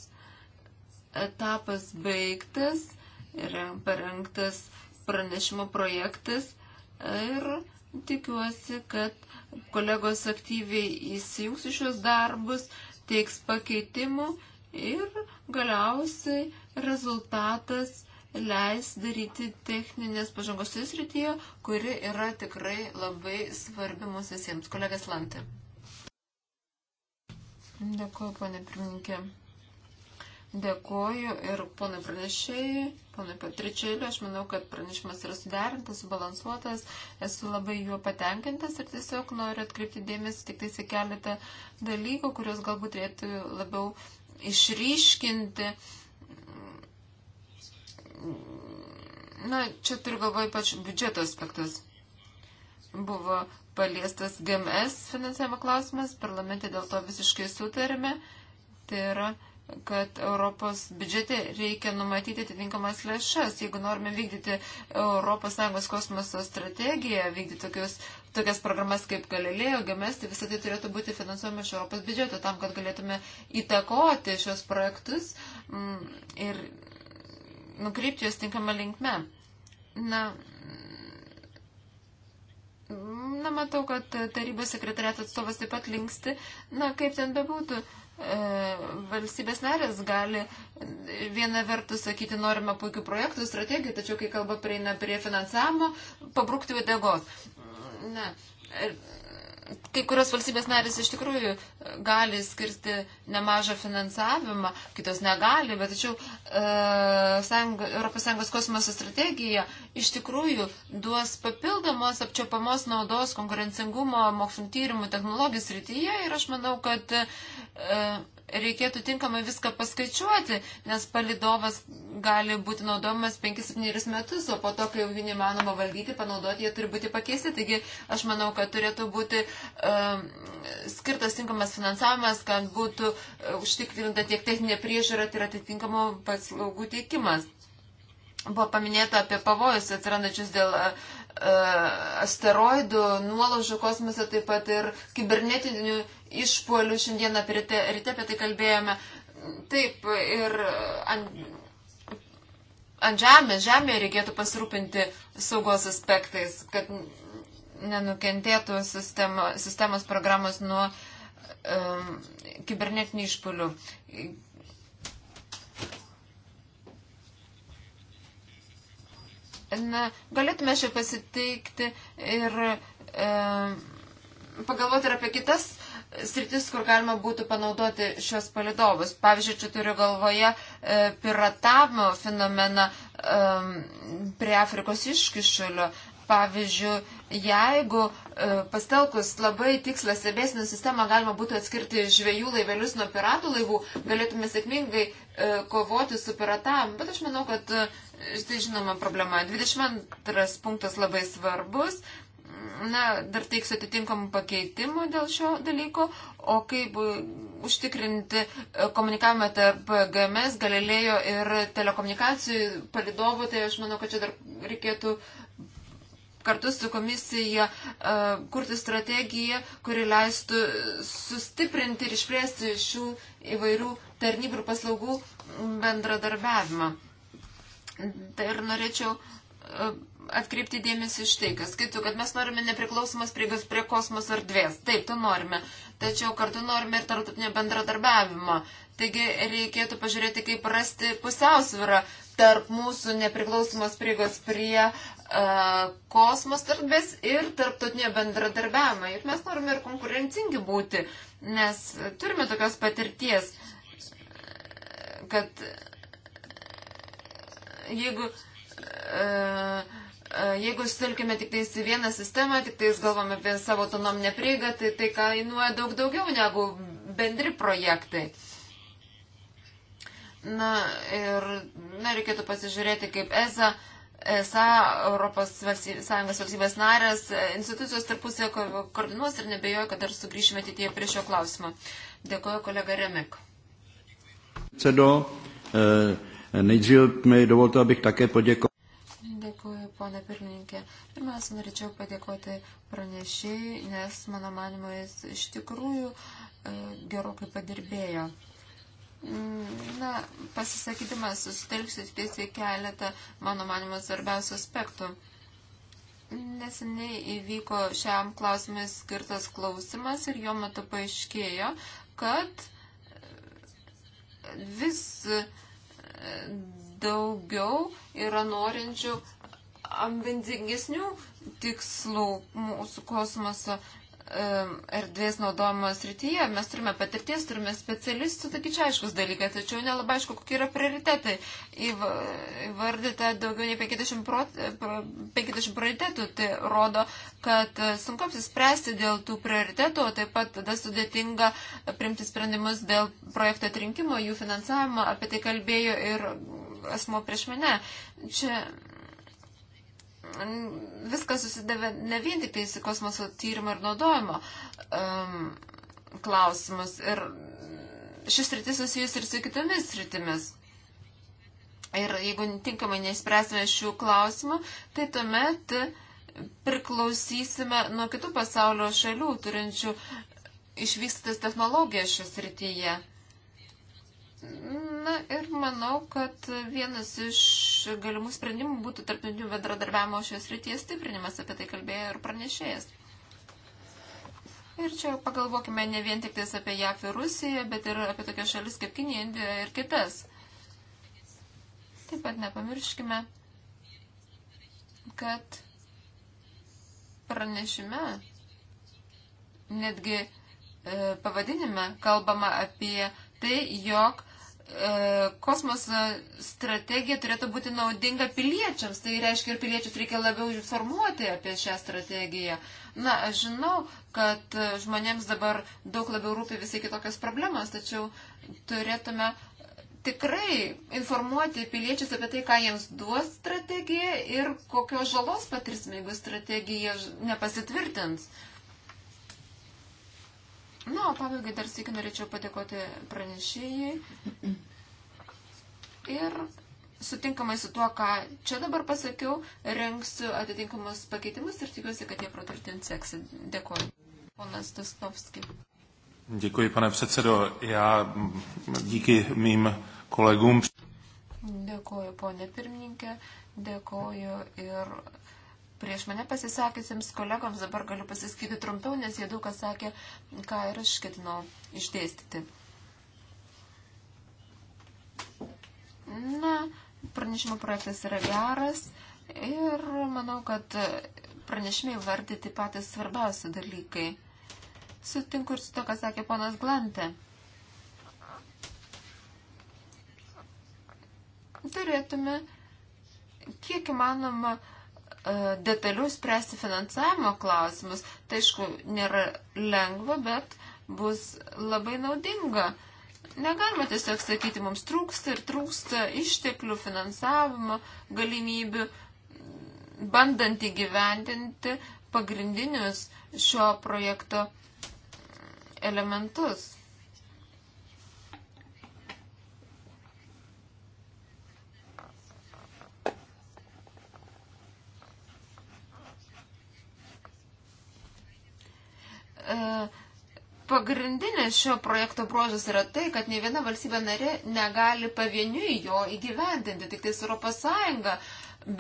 [SPEAKER 1] etapas baigtas yra parengtas pranešimo projektas ir tikiuosi, kad kolegos aktyviai įsijungs į šios darbus, teiks pakeitimų ir galiausiai rezultatas leis daryti techninės pažangos toje srityje, kuri yra tikrai labai svarbi mums visiems. Kolegas Lantė. Dėkuoju, ponė pirmininkė. Dėkuoju ir ponui pranešėjai, ponui Patričėliu, aš manau, kad pranešimas yra suderintas, subalansuotas, esu labai juo patenkintas ir tiesiog noriu atkreipti dėmesį tik tais į keletą dalykų, kuriuos galbūt reikėtų labiau išryškinti. Na, čia turiu galvoje pač biudžeto aspektus. Buvo paliestas GMS finansavimo klausimas, parlamente dėl to visiškai sutarėme. Tai yra kad Europos biudžete reikia numatyti atitinkamas lėšas. Jeigu norime vykdyti ES kosmoso strategiją, vykdyti tokius, tokias programas kaip Galilėjo, GMS, tai visą tai turėtų būti finansuojama iš Europos biudžeto, tam, kad galėtume įtakoti šios projektus m, mm, ir nukreipti juos tinkamą linkme. Na, na, matau, kad tarybos sekretariato atstovas taip pat linksti. Na, kaip ten bebūtų. E, valstybės narės gali viena vertus sakyti, norime puikių projektų, strategijų, tačiau kai kalba prieina prie finansavimo, pabrukti vedegos. Ne kai kurios valstybės narės iš tikrųjų e, gali skirti nemažą finansavimą, kitos negali, bet tačiau e, ES kosmoso strategija iš tikrųjų duos papildomos apčiopamos naudos konkurencingumo mokslinio tyrimų technologijos rytyje ir aš manau, kad e, reikėtų tinkamai viską paskaičiuoti, nes palidovas gali būti naudojamas 5-7 metus, o po to, kai jau jų nemanoma valdyti, panaudoti, jie turi būti pakeisti. Taigi aš manau, kad turėtų būti um, skirtas tinkamas finansavimas, kad būtų uh, užtikrinta tiek techninė priežiūra ir tai atitinkamo paslaugų teikimas. Buvo paminėta apie pavojus atsirandačius dėl uh, uh, asteroidų, nuolaužų kosmose, taip pat ir kibernetinių uh, išpuolių. Šiandieną ryte, ryte apie tai kalbėjome. Taip, ir ant, ant žemės, žemėje reikėtų pasirūpinti saugos aspektais, kad nenukentėtų sistemo, sistemos programos nuo um, kibernetinių išpuolių. Na, galėtume šią pasiteikti ir e, pagalvoti ir apie kitas sritis, kur galima būtų panaudoti šios palidovus. Pavyzdžiui, čia turiu galvoje e, piratavimo fenomeną prie Afrikos iškišulio. Pavyzdžiui, jeigu e, pastelkus labai tikslą stebėsinę sistemą galima būtų atskirti žvėjų laivelius nuo piratų laivų, galėtume sėkmingai e, kovoti su piratavimu. Bet aš manau, kad tai žinoma problema. 22 punktas labai svarbus na, dar teiksiu atitinkamų pakeitimų dėl šio dalyko, o kaip e, užtikrinti e, komunikavimą tarp GMS, Galilėjo ir telekomunikacijų palidovų, tai aš manau, kad čia dar reikėtų kartu su komisija uh, kurti strategiją, kuri leistų sustiprinti ir išplėsti šių įvairių tarnybų ir paslaugų bendradarbiavimą. Tai ir norėčiau uh, atkreipti dėmesį iš tai, kas kitų, kad mes norime nepriklausomas prieigos prie kosmoso erdvės. Taip, to norime. Tačiau kartu norime ir tarptautinio bendradarbiavimo. Taigi reikėtų pažiūrėti, kaip rasti pusiausvyrą tarp mūsų nepriklausomos prieigos prie uh, kosmos erdvės ir tarptautinio bendradarbiavimo. Ir mes norime ir konkurencingi būti, nes turime tokios patirties, kad jeigu uh, E, jeigu sutelkime tik tais vieną sistemą, tik tais galvome apie savo autonominę prieigą, tai tai kainuoja daug daugiau negu bendri projektai. Na ir na, reikėtų pasižiūrėti, kaip ESA, ESA, Europos valstybės, Sąjungos valstybės narės, e, institucijos tarpusėje koordinuos ir nebejoju, kad dar sugrįšime ateityje prie šio klausimo. Dėkuoju kolega Remek.
[SPEAKER 2] Cedo, e, nejdříve mi dovolte, abych také poděkoval.
[SPEAKER 1] Dėkuoju, ponė pirmininkė. Pirmiausia, norėčiau padėkoti pranešėjai, nes, mano manimo, jis iš tikrųjų e, gerokai padirbėjo. Mm, na, pasisakydamas susitelksiu tiesiai keletą, mano manimo, svarbiausių aspektų. Neseniai įvyko šiam klausimui skirtas klausimas ir jo metu paaiškėjo, kad vis e, daugiau yra norinčių ambicingesnių tikslų mūsų kosmoso erdvės naudojimo srityje. Mes turime patirties, turime specialistų, taigi čia aiškus dalykai, tačiau nelabai aišku, kokie yra prioritetai. Įvardyta daugiau nei 50, prot, 50 prioritetų, tai rodo, kad sunku apsispręsti dėl tų prioritetų, o taip pat tada sudėtinga primti sprendimus dėl projekto atrinkimo, jų finansavimo, apie tai kalbėjo ir asmo prieš mane. Čia viskas susidavė ne vien tik tai į kosmoso tyrimą ir naudojimo um, klausimus. Ir šis rytis susijus ir su kitomis rytimis. Ir jeigu tinkamai neįspręsime šių klausimų, tai tuomet priklausysime nuo kitų pasaulio šalių turinčių išvystytas technologijas šios rytyje. Na ir manau, kad vienas iš galimų sprendimų būtų tarptautinių bendradarbiavimo šios ryties stiprinimas, apie tai kalbėjo ir pranešėjas. Ir čia pagalvokime ne vien tik apie JAF ir Rusiją, bet ir apie tokias šalis kaip Kinija, Indija ir kitas. Taip pat nepamirškime, kad pranešime, netgi e, pavadinime kalbama apie tai, jog E, kosmoso strategija turėtų būti naudinga piliečiams. Tai reiškia, ir piliečius reikia labiau informuoti apie šią strategiją. Na, aš žinau, kad žmonėms dabar daug labiau rūpi visai kitokios problemos, tačiau turėtume tikrai informuoti piliečius apie tai, ką jiems duos strategija ir kokios žalos patirsime, jeigu strategija nepasitvirtins. Uh, Na, o pabaigai dar sėkiu norėčiau padėkoti pranešėjai. Ir sutinkamai su tuo, ką čia dabar pasakiau, rengsiu atitinkamus pakeitimus ir tikiuosi, kad jie praturtins seksą. Dėkuoju. Ponas Tostovski. Děkuji, pane předsedo. Já díky mým kolegům. Dėkuoju, ponė pirmininkė, dėkuoju ir prieš mane pasisakysiams kolegoms dabar galiu pasiskyti trumpiau, nes jie daug kas sakė, ką ir aš ketinau išdėstyti. Na, pranešimo projektas yra geras ir manau, kad pranešimai vardyti patys svarbiausi dalykai. Sutinku ir su to, ką sakė ponas Glantė. Turėtume kiek įmanoma uh, E, detaliau spręsti finansavimo klausimus. Tai aišku, nėra lengva, bet bus labai naudinga. Negalima tiesiog sakyti, mums trūksta ir trūksta išteklių, finansavimo galimybių, bandant įgyvendinti pagrindinius šio projekto elementus. E, pagrindinis šio projekto bruožas yra tai, kad ne viena valstybė narė negali pavieniui jo įgyvendinti, tik tais Europos Sąjunga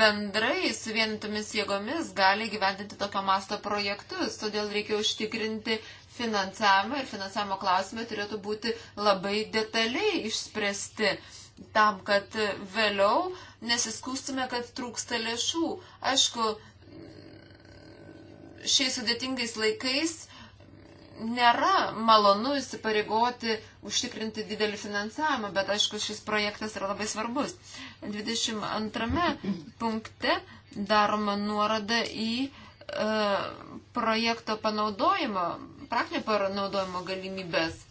[SPEAKER 1] bendrai suvienintomis jėgomis gali gyvendinti tokio masto projektus, todėl reikia užtikrinti finansavimą ir finansavimo klausimai turėtų būti labai detaliai išspręsti tam, kad vėliau nesiskūstume, kad trūksta lėšų. Aišku, šiais sudėtingais laikais nėra malonu įsipareigoti užtikrinti didelį finansavimą, bet aišku, šis projektas yra labai svarbus. 22 punkte daroma nuorada į e, projekto panaudojimo, praktinio panaudojimo galimybės.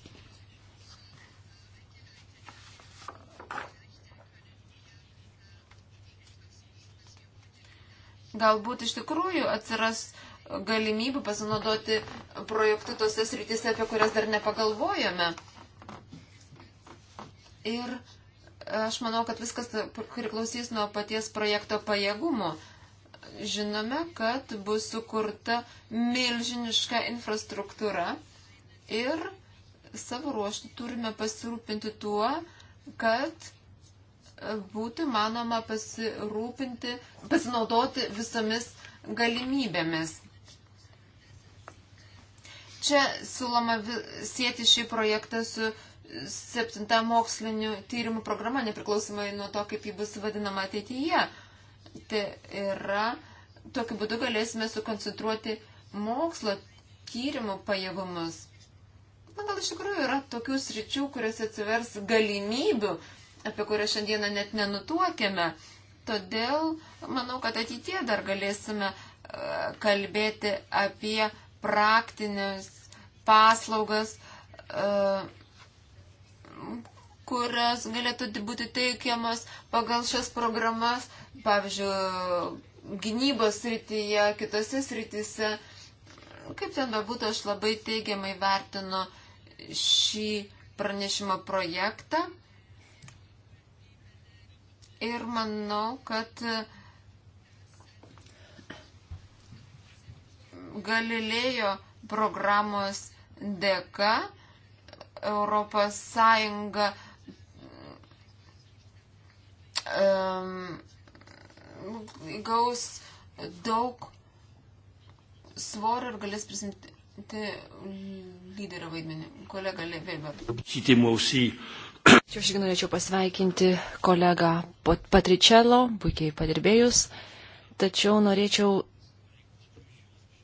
[SPEAKER 1] Galbūt iš tikrųjų atsiras uh, galimybių pasinaudoti projektų tose srityse, apie kurias dar nepagalvojome. Ir aš manau, kad viskas priklausys nuo paties projekto pajėgumo. Žinome, kad bus sukurta milžiniška infrastruktūra ir savo ruoštų turime pasirūpinti tuo, kad būtų manoma pasirūpinti, pasinaudoti visomis galimybėmis. Čia siūloma sėti šį projektą su septinta mokslinių tyrimų programa, nepriklausomai nuo to, kaip ji bus vadinama ateityje. Tai yra, tokiu būdu galėsime sukoncentruoti mokslo tyrimų pajėgumus. Na, gal iš tikrųjų yra tokių sričių, kuriuose atsivers galimybių, apie kurias šiandieną net nenutuokėme. Todėl manau, kad ateitie dar galėsime e, kalbėti apie praktinės paslaugas, e, kurios galėtų būti teikiamas pagal šias programas, pavyzdžiui, gynybos srityje, kitose srityse. Kaip ten bebūtų, aš labai teigiamai vertinu šį pranešimo projektą. Ir manau, kad uh, Galilėjo programos dėka Europos Sąjunga um, gaus daug svorio ir galės prisimti lyderio vaidmenį. Kolega Weber.
[SPEAKER 3] Ačiū, aš irgi norėčiau pasveikinti kolegą Patričelo, puikiai padirbėjus, tačiau norėčiau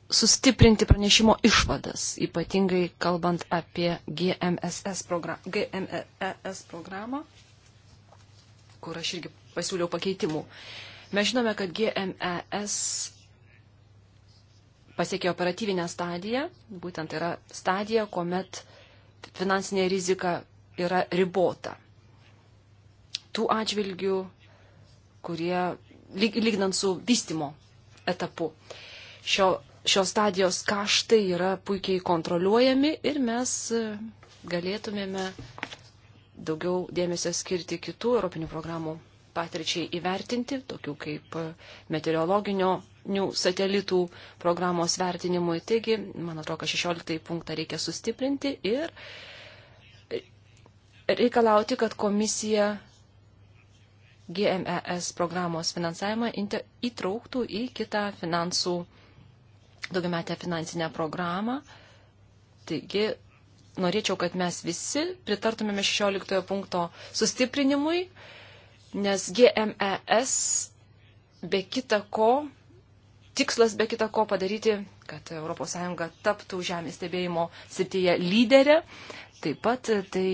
[SPEAKER 3] sustiprinti pranešimo išvadas, ypatingai kalbant apie GMSS program, GMES programą, kur aš irgi pasiūliau pakeitimų. Mes žinome, kad GMES pasiekė operatyvinę stadiją, būtent yra stadija, kuomet finansinė rizika yra ribota. Tų atžvilgių, kurie lyg, lygnant su vystimo etapu. Šio šios stadijos kaštai yra puikiai kontroliuojami ir mes e, galėtumėme daugiau dėmesio skirti kitų europinių programų patirčiai įvertinti, tokių kaip e, meteorologinio satelitų programos vertinimui. Taigi, man atrodo, kad 16 punktą reikia sustiprinti ir e, reikalauti, kad komisija GMES programos finansavimą įtrauktų į kitą finansų programą daugiametę finansinę programą. Taigi, norėčiau, kad mes visi pritartumėme 16 punkto sustiprinimui, nes GMES be kita ko, tikslas be kita ko padaryti, kad ES taptų žemės stebėjimo srityje lyderė. Taip pat tai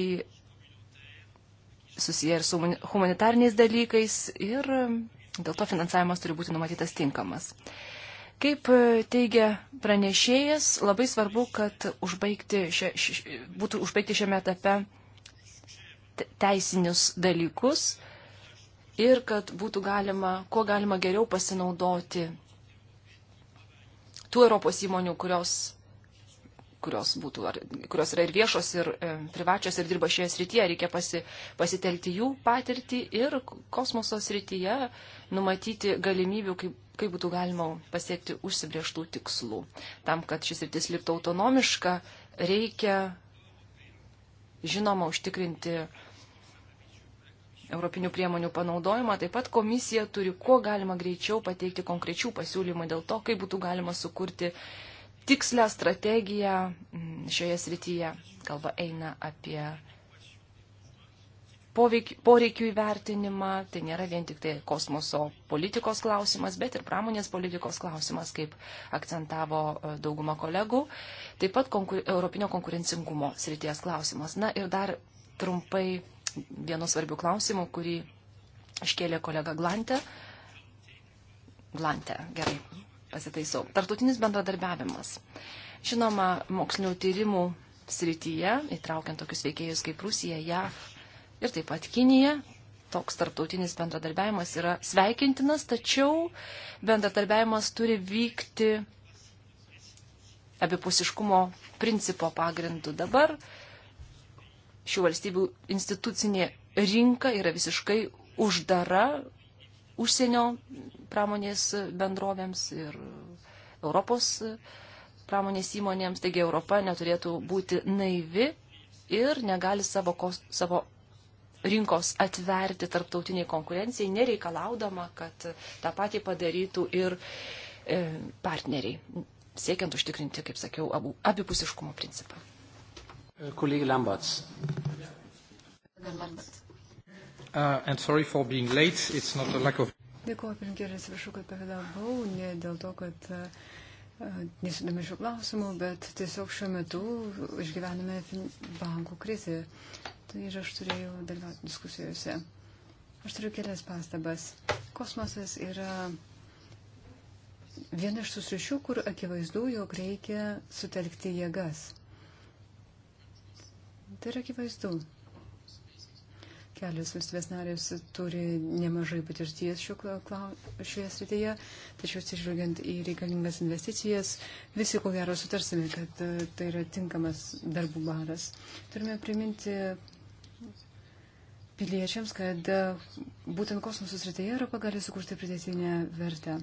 [SPEAKER 3] susiję ir su humanitarniais dalykais ir dėl to finansavimas turi būti numatytas tinkamas. Kaip e, teigia pranešėjas, labai svarbu, kad užbaigti šia, ši, būtų užbaigti šiame etape teisinius dalykus ir kad būtų galima, kuo galima geriau pasinaudoti tų Europos įmonių, kurios
[SPEAKER 4] kurios, būtų, ar,
[SPEAKER 3] kurios yra ir viešos, ir e, privačios, ir dirba šioje srityje, reikia pasi, pasitelti jų patirtį ir kosmoso srityje numatyti galimybių, kaip, kaip būtų galima pasiekti užsibrieštų tikslų. Tam, kad šis sritis liktų autonomiška, reikia, žinoma, užtikrinti europinių priemonių panaudojimą, taip pat komisija turi kuo galima greičiau pateikti konkrečių pasiūlymų dėl to, kaip būtų galima sukurti tikslę strategiją mm, šioje srityje. Kalba eina apie poveik, poreikių įvertinimą. Tai nėra vien tik tai kosmoso politikos klausimas, bet ir pramonės politikos klausimas, kaip akcentavo e, dauguma kolegų. Taip pat konkur, Europinio konkurencingumo srities klausimas. Na ir dar trumpai vienu svarbiu klausimu, kurį iškėlė kolega Glantė. Glantė, gerai pasitaisau. Tartutinis bendradarbiavimas. Žinoma, mokslinio tyrimų srityje, įtraukiant tokius veikėjus kaip Rusija, JAV ir taip pat Kinija, toks tarptautinis bendradarbiavimas yra sveikintinas, tačiau bendradarbiavimas turi vykti abipusiškumo principo pagrindu. Dabar šių valstybių institucinė rinka yra visiškai uždara, užsienio pramonės bendrovėms ir Europos pramonės įmonėms. Taigi Europa neturėtų būti naivi ir negali savo, kos, savo rinkos atverti tarptautiniai konkurencijai, nereikalaudama, kad tą patį padarytų ir e, partneriai, siekiant užtikrinti, kaip sakiau, abu, abipusiškumo principą. Kolegė
[SPEAKER 2] Lamberts. Lamberts. Uh, sorry for being late. It's not a lack of.
[SPEAKER 4] Dėkuoju, pirmininkė, ir atsiprašau, kad pavėlavau, ne dėl to, kad uh, uh nesidomi šių klausimų, bet tiesiog šiuo metu išgyvename bankų krizę. Tai ir aš turėjau dalyvauti diskusijose. Aš turiu kelias pastabas. Kosmosas yra viena iš tų sričių, kur akivaizdu, jog reikia sutelkti jėgas. Tai yra akivaizdu. Kelios valstybės narės turi nemažai patirties šioje srityje, tačiau atsižvelgiant į reikalingas investicijas, visi ko gero sutarsime, kad e, tai yra tinkamas darbų baras. Turime priminti piliečiams, kad e, būtent kosmoso srityje Europa gali sukurti pridėtinę vertę.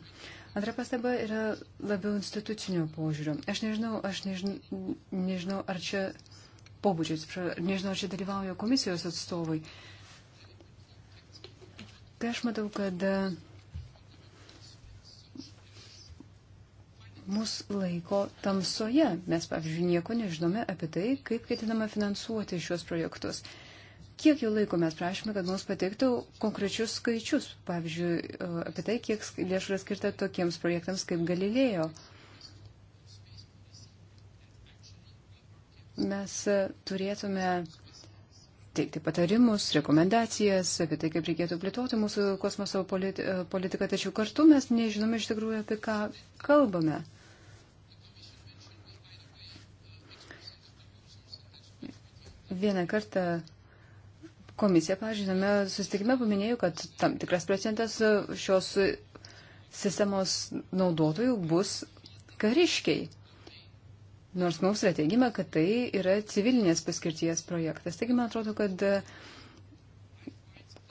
[SPEAKER 4] Antra pastaba yra labiau institucinio požiūrio. Aš nežinau, aš nežinau, nežinau ar čia pobūdžiais, nežinau, ar čia dalyvauja komisijos atstovai, Tai aš matau, kad e, mus laiko tamsoje. Mes, pavyzdžiui, nieko nežinome apie tai, kaip ketinama finansuoti šios projektus. Kiek jau laiko mes prašome, kad mums pateiktų konkrečius skaičius, pavyzdžiui, e, apie tai, kiek lėšų yra skirta tokiems projektams kaip Galilėjo. Mes e, turėtume teikti patarimus, rekomendacijas apie tai, kaip reikėtų plėtoti mūsų kosmoso politi politiką, tačiau kartu mes nežinome iš tikrųjų, apie ką kalbame. Vieną kartą komisija, pažinome, susitikime paminėjau, kad tam tikras procentas šios sistemos naudotojų bus kariškiai. Nors mums yra teigiama, kad tai yra civilinės paskirties projektas. Taigi, man atrodo, kad e,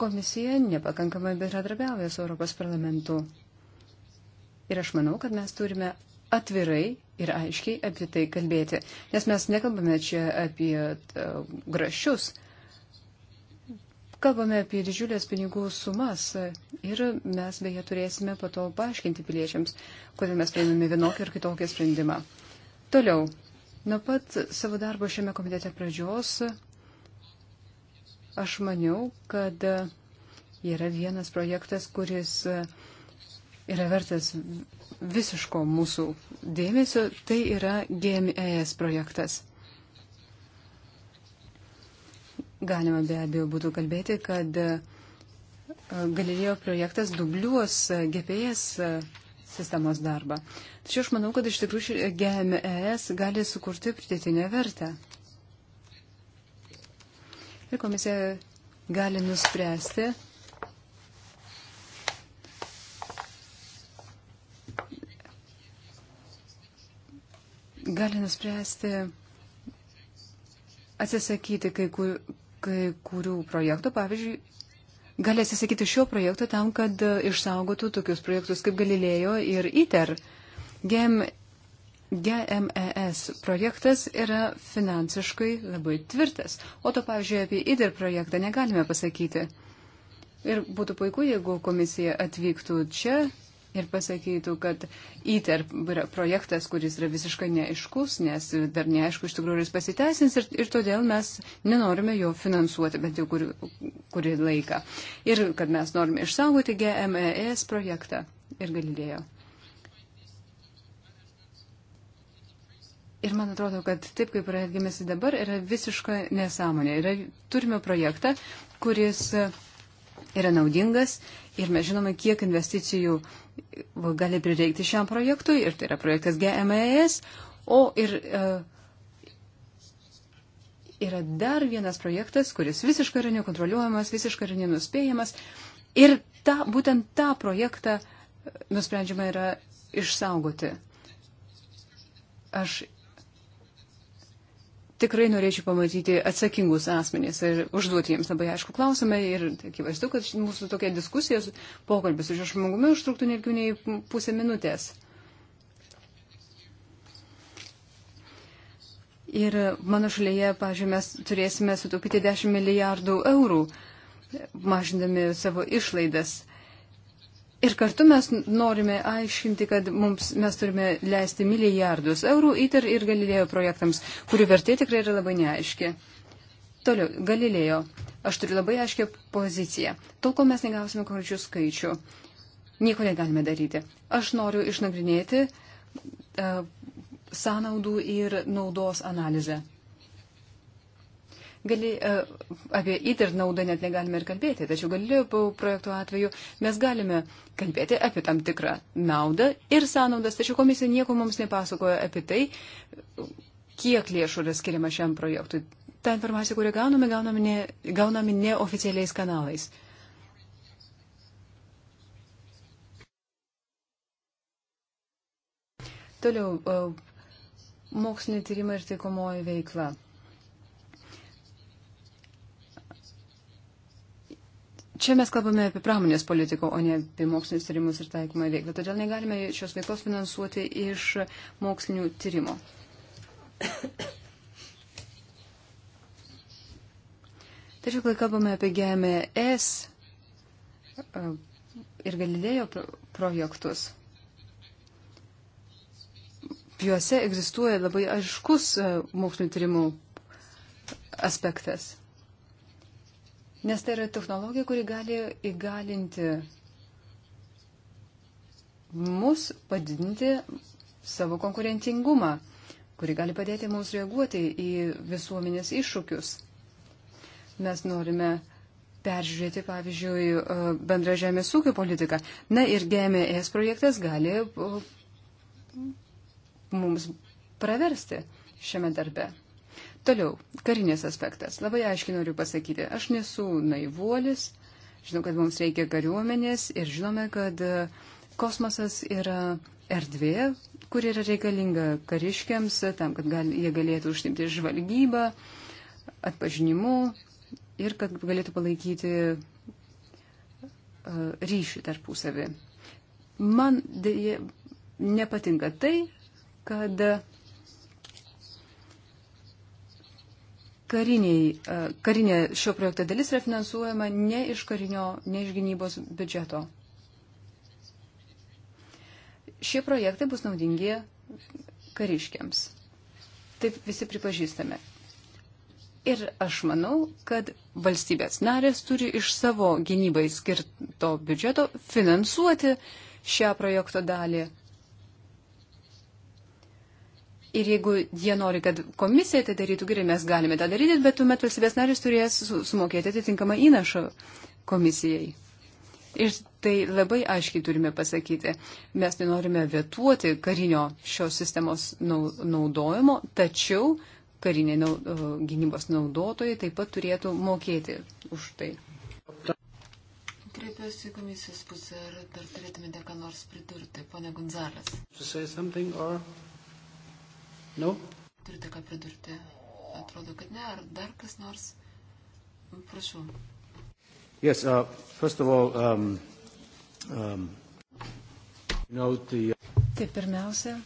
[SPEAKER 4] komisija nepakankamai bendradarbiauja su Europos parlamentu. Ir aš manau, kad mes turime atvirai ir aiškiai apie tai kalbėti. Nes mes nekalbame čia apie e, grašius, kalbame apie didžiulės pinigų sumas ir mes beje turėsime po to paaiškinti piliečiams, kodėl mes priėmėme vienokį ir kitokį sprendimą. Toliau, nuo pat savo darbo šiame komitete pradžios aš maniau, kad yra vienas projektas, kuris yra vertas visiško mūsų dėmesio, tai yra GMES projektas. Galima be abejo būtų kalbėti, kad Galilėjo projektas dubliuos GPS sistemos darbą. Tačiau aš manau, kad iš tikrųjų GMES gali sukurti pridėtinę vertę. Ir komisija gali nuspręsti, gali nuspręsti atsisakyti kai, kur, kai kurių projektų, pavyzdžiui, gali atsisakyti šio projekto tam, kad e, išsaugotų tokius projektus kaip Galilėjo ir ITER. GM, GMES projektas yra finansiškai labai tvirtas, o to, pavyzdžiui, apie ITER projektą negalime pasakyti. Ir būtų puiku, jeigu komisija atvyktų čia ir pasakytų, kad ITER projektas, kuris yra visiškai neaiškus, nes dar neaišku iš tikrųjų jis pasiteisins ir, ir todėl mes nenorime jo finansuoti, bent jau kurį, kurį laiką. Ir kad mes norime išsaugoti GMES projektą ir galilėjo. Ir man atrodo, kad taip kaip yra atgimėsi dabar, yra visiška nesąmonė. Yra, turime projektą, kuris yra naudingas Ir mes žinome, kiek investicijų gali prireikti šiam projektui. Ir tai yra projektas GMES. O ir uh, yra dar vienas projektas, kuris visiškai yra nekontroliuojamas, visiškai yra nenuspėjamas. Ir ta, būtent tą projektą nusprendžiama yra išsaugoti. Aš tikrai norėčiau pamatyti atsakingus asmenys ir užduoti jiems labai aišku klausimą. Ir akivaizdu, kad mūsų tokia diskusija, pokalbis su šiuo žmogumi užtruktų netgi nei pusę minutės. Ir mano šalyje, pažiūrėjau, mes turėsime sutaupyti 10 milijardų eurų, mažindami savo išlaidas. Ir kartu mes norime aiškinti, kad mums, mes turime leisti milijardus eurų ITER ir Galilėjo projektams, kurių vertė tikrai yra labai neaiški. Toliau, Galilėjo. Aš turiu labai aiškę poziciją. Tol, kol mes negausime konkrečių skaičių, nieko negalime daryti. Aš noriu išnagrinėti uh, sąnaudų ir naudos analizę gali, e, apie įt ir naudą net negalime ir kalbėti, tačiau galilėjo projektų atveju mes galime kalbėti apie tam tikrą naudą ir sąnaudas, tačiau komisija nieko mums nepasakoja apie tai, kiek lėšų yra skiriama šiam projektui. Ta informacija, kurią gauname, gauname, ne, gauname neoficialiais kanalais. Toliau, e, mokslinė tyrimai ir taikomoji veikla. Čia mes kalbame apie pramonės politiką, o ne apie mokslinius tyrimus ir taikymą veiklą. Todėl negalime šios veiklos finansuoti iš mokslinių tyrimų. Tačiau, kai kalbame apie GMS e, ir Galilėjo projektus, juose egzistuoja labai aiškus e, mokslinio tyrimų aspektas. Nes tai yra technologija, kuri gali įgalinti mus padidinti savo konkurentingumą, kuri gali padėti mums reaguoti į visuomenės iššūkius. Mes norime peržiūrėti, pavyzdžiui, e, bendrą žemės ūkio politiką. Na ir GMS e projektas gali e, mums praversti šiame darbe. Toliau, karinės aspektas. Labai aiškiai noriu pasakyti, aš nesu naivuolis, žinau, kad mums reikia kariuomenės ir žinome, kad e, kosmosas yra erdvė, kur yra reikalinga kariškiams, tam, kad gal, jie galėtų užsimti žvalgybą, atpažinimu ir kad galėtų palaikyti uh, ryšį tarpusavį. Man dėje nepatinka tai, kad uh, kariniai, e, karinė šio projekto dalis yra finansuojama ne iš karinio, ne iš gynybos biudžeto. Šie projektai bus naudingi kariškiams. Taip visi pripažįstame. Ir aš manau, kad valstybės narės turi iš savo gynybai skirto biudžeto finansuoti šią projekto dalį Ir jeigu jie nori, kad komisija tai darytų, gerai, mes galime tą daryti, bet tuomet valstybės narys turės sumokėti atitinkamą įnašą komisijai. Ir tai labai aiškiai turime pasakyti. Mes nenorime vietuoti karinio šios sistemos naudojimo, tačiau kariniai nau, e, gynybos naudotojai taip pat turėtų mokėti už tai.
[SPEAKER 1] Kreipiuosi į komisijos pusę, ar dar turėtumėte ką nors pridurti, ponė Gonzalės. No? Nu? Turite ką pridurti? Atrodo, kad ne. Ar dar kas nors? Prašau.
[SPEAKER 4] Yes, uh, first of all, um, um, you know, the... Uh, tai pirmiausia,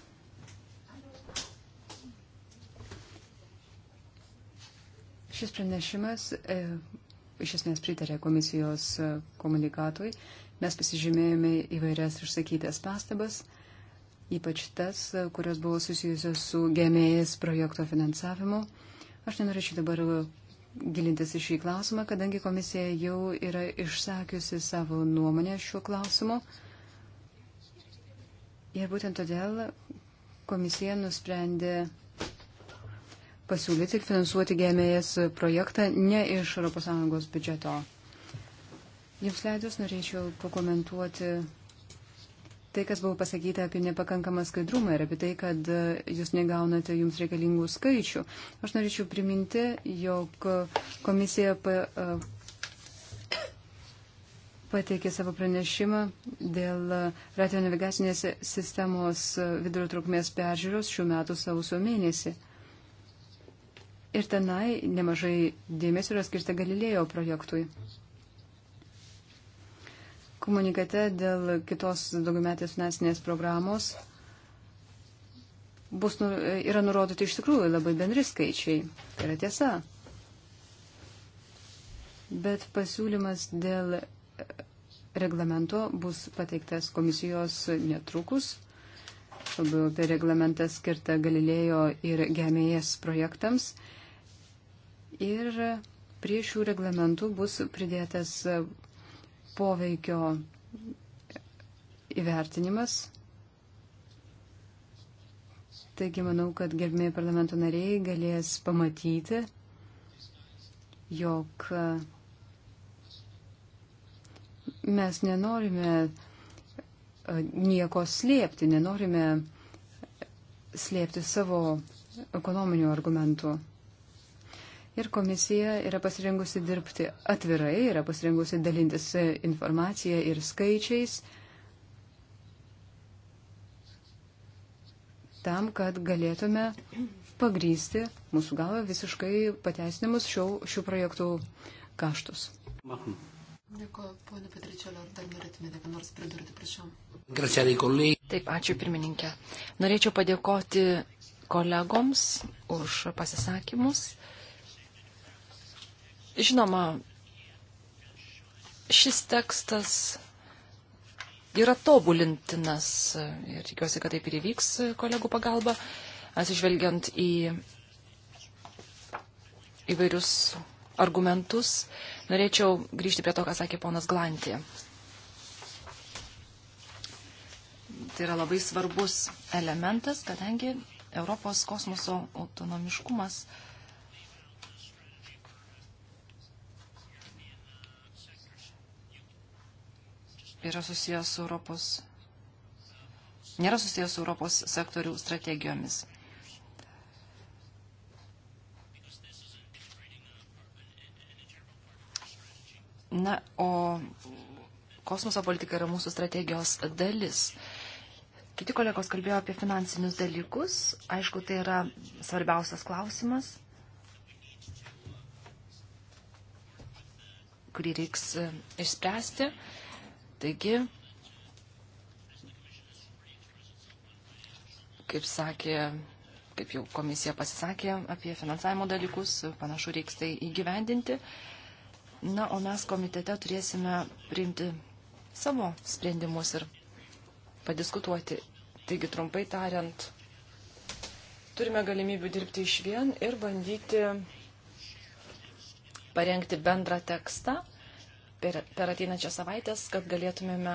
[SPEAKER 4] šis pranešimas e, iš esmės pritarė komisijos e, komunikatui. Mes pasižymėjome įvairias išsakytas pastabas. E, ypač tas, kurios buvo susijusios su gėmėjais e projekto finansavimu. Aš nenorėčiau dabar gilintis į šį klausimą, kadangi komisija jau yra išsakiusi savo nuomonę šiuo klausimu. Ir būtent todėl komisija nusprendė pasiūlyti ir finansuoti gėmėjas e projektą ne iš ES biudžeto. Jums leidus norėčiau pakomentuoti tai, kas buvo pasakyta apie nepakankamą skaidrumą ir apie tai, kad e, jūs negaunate jums reikalingų skaičių. Aš norėčiau priminti, jog komisija e, pateikė savo pranešimą dėl radio navigacinės sistemos vidurio trukmės peržiūros šių metų sausio mėnesį. Ir tenai nemažai dėmesio yra skirta Galilėjo projektui komunikate dėl kitos daugiametės finansinės programos bus, nu, yra nurodyti iš tikrųjų labai bendri skaičiai. Tai yra tiesa. Bet pasiūlymas dėl reglamento bus pateiktas komisijos netrukus. Kalbu apie reglamentą skirtą Galilėjo ir Gemėjas projektams. Ir prie šių reglamentų bus pridėtas poveikio įvertinimas. Taigi manau, kad gerbėjai parlamento nariai galės pamatyti, jog mes nenorime e, nieko slėpti, nenorime slėpti savo ekonominių argumentų. Ir komisija yra pasirengusi dirbti atvirai, yra pasirengusi dalintis e, informaciją ir skaičiais tam, kad galėtume pagrysti mūsų galva visiškai pateisinimus šių, šių projektų kaštus.
[SPEAKER 2] Mahum.
[SPEAKER 1] Dėkuoju, ponė Patričiolė, ar dar norėtumėte ką nors pridurti, prašau.
[SPEAKER 3] Taip, ačiū pirmininkė. Norėčiau padėkoti kolegoms už pasisakymus. Žinoma, šis tekstas yra tobulintinas ir tikiuosi, kad taip ir įvyks kolegų pagalba, atsižvelgiant į įvairius argumentus. Norėčiau grįžti prie to, ką sakė ponas Glantė. Tai yra labai svarbus elementas, kadangi Europos kosmoso autonomiškumas uh, yra susijęs su Europos, nėra susijęs su Europos sektorių strategijomis. Na, o kosmoso politika yra mūsų strategijos dalis. Kiti kolegos kalbėjo apie finansinius dalykus. Aišku, tai yra svarbiausias klausimas, kurį reiks e, išspręsti. Taigi, kaip sakė, kaip jau komisija pasisakė apie finansavimo dalykus, panašu reiks tai įgyvendinti. Na, o mes komitete turėsime priimti savo sprendimus ir padiskutuoti. Taigi, trumpai tariant, turime galimybių dirbti iš vien ir bandyti parengti bendrą tekstą per, per ateinančią savaitęs, kad galėtumėme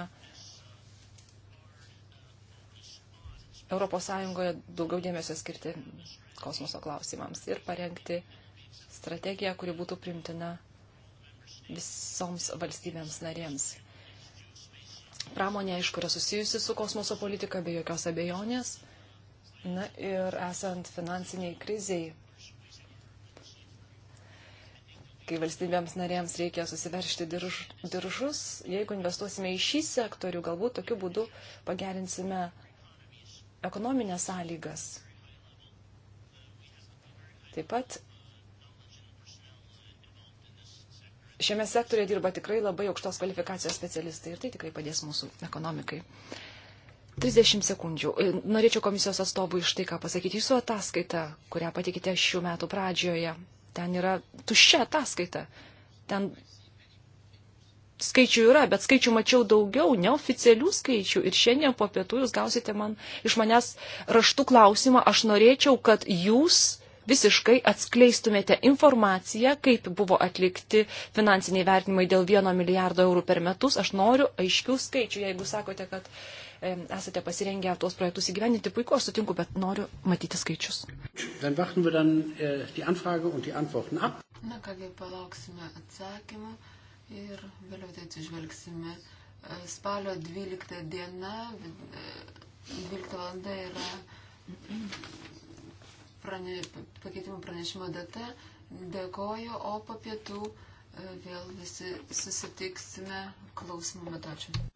[SPEAKER 3] ES daugiau dėmesio skirti kosmoso klausimams ir parengti strategiją, kuri būtų primtina visoms valstybėms narėms. Pramonė, aišku, yra susijusi su kosmoso politika be jokios abejonės. Na ir esant finansiniai kriziai, kai valstybėms narėms reikia susiveršti dirž, diržus, jeigu investuosime į šį sektorių, galbūt tokiu būdu pagerinsime ekonominės sąlygas. Taip pat šiame sektorėje dirba tikrai labai aukštos kvalifikacijos specialistai ir tai tikrai padės mūsų ekonomikai. 30 sekundžių. E, norėčiau komisijos atstovui iš tai, ką pasakyti. Jūsų ataskaita, kurią patikite šių metų pradžioje, Ten yra tuščia ataskaita. Ten skaičių yra, bet skaičių mačiau daugiau, neoficialių skaičių. Ir šiandien po pietų jūs gausite man iš manęs raštų klausimą. Aš norėčiau, kad jūs visiškai atskleistumėte informaciją, kaip buvo atlikti finansiniai vertinimai dėl vieno milijardo eurų per metus. Aš noriu aiškių skaičių, jeigu sakote, kad E, esate pasirengę tuos projektus įgyveninti, puiku, aš sutinku, bet noriu matyti skaičius. Äh,
[SPEAKER 1] Na kągi, palauksime atsakymą ir vėliau tai atsižvelgsime. E, spalio 12 diena, 12 e, valanda yra prane, pakeitimų pranešimo data. Dėkoju, o po pietų vėl visi susitiksime klausimų metu. Ačiū.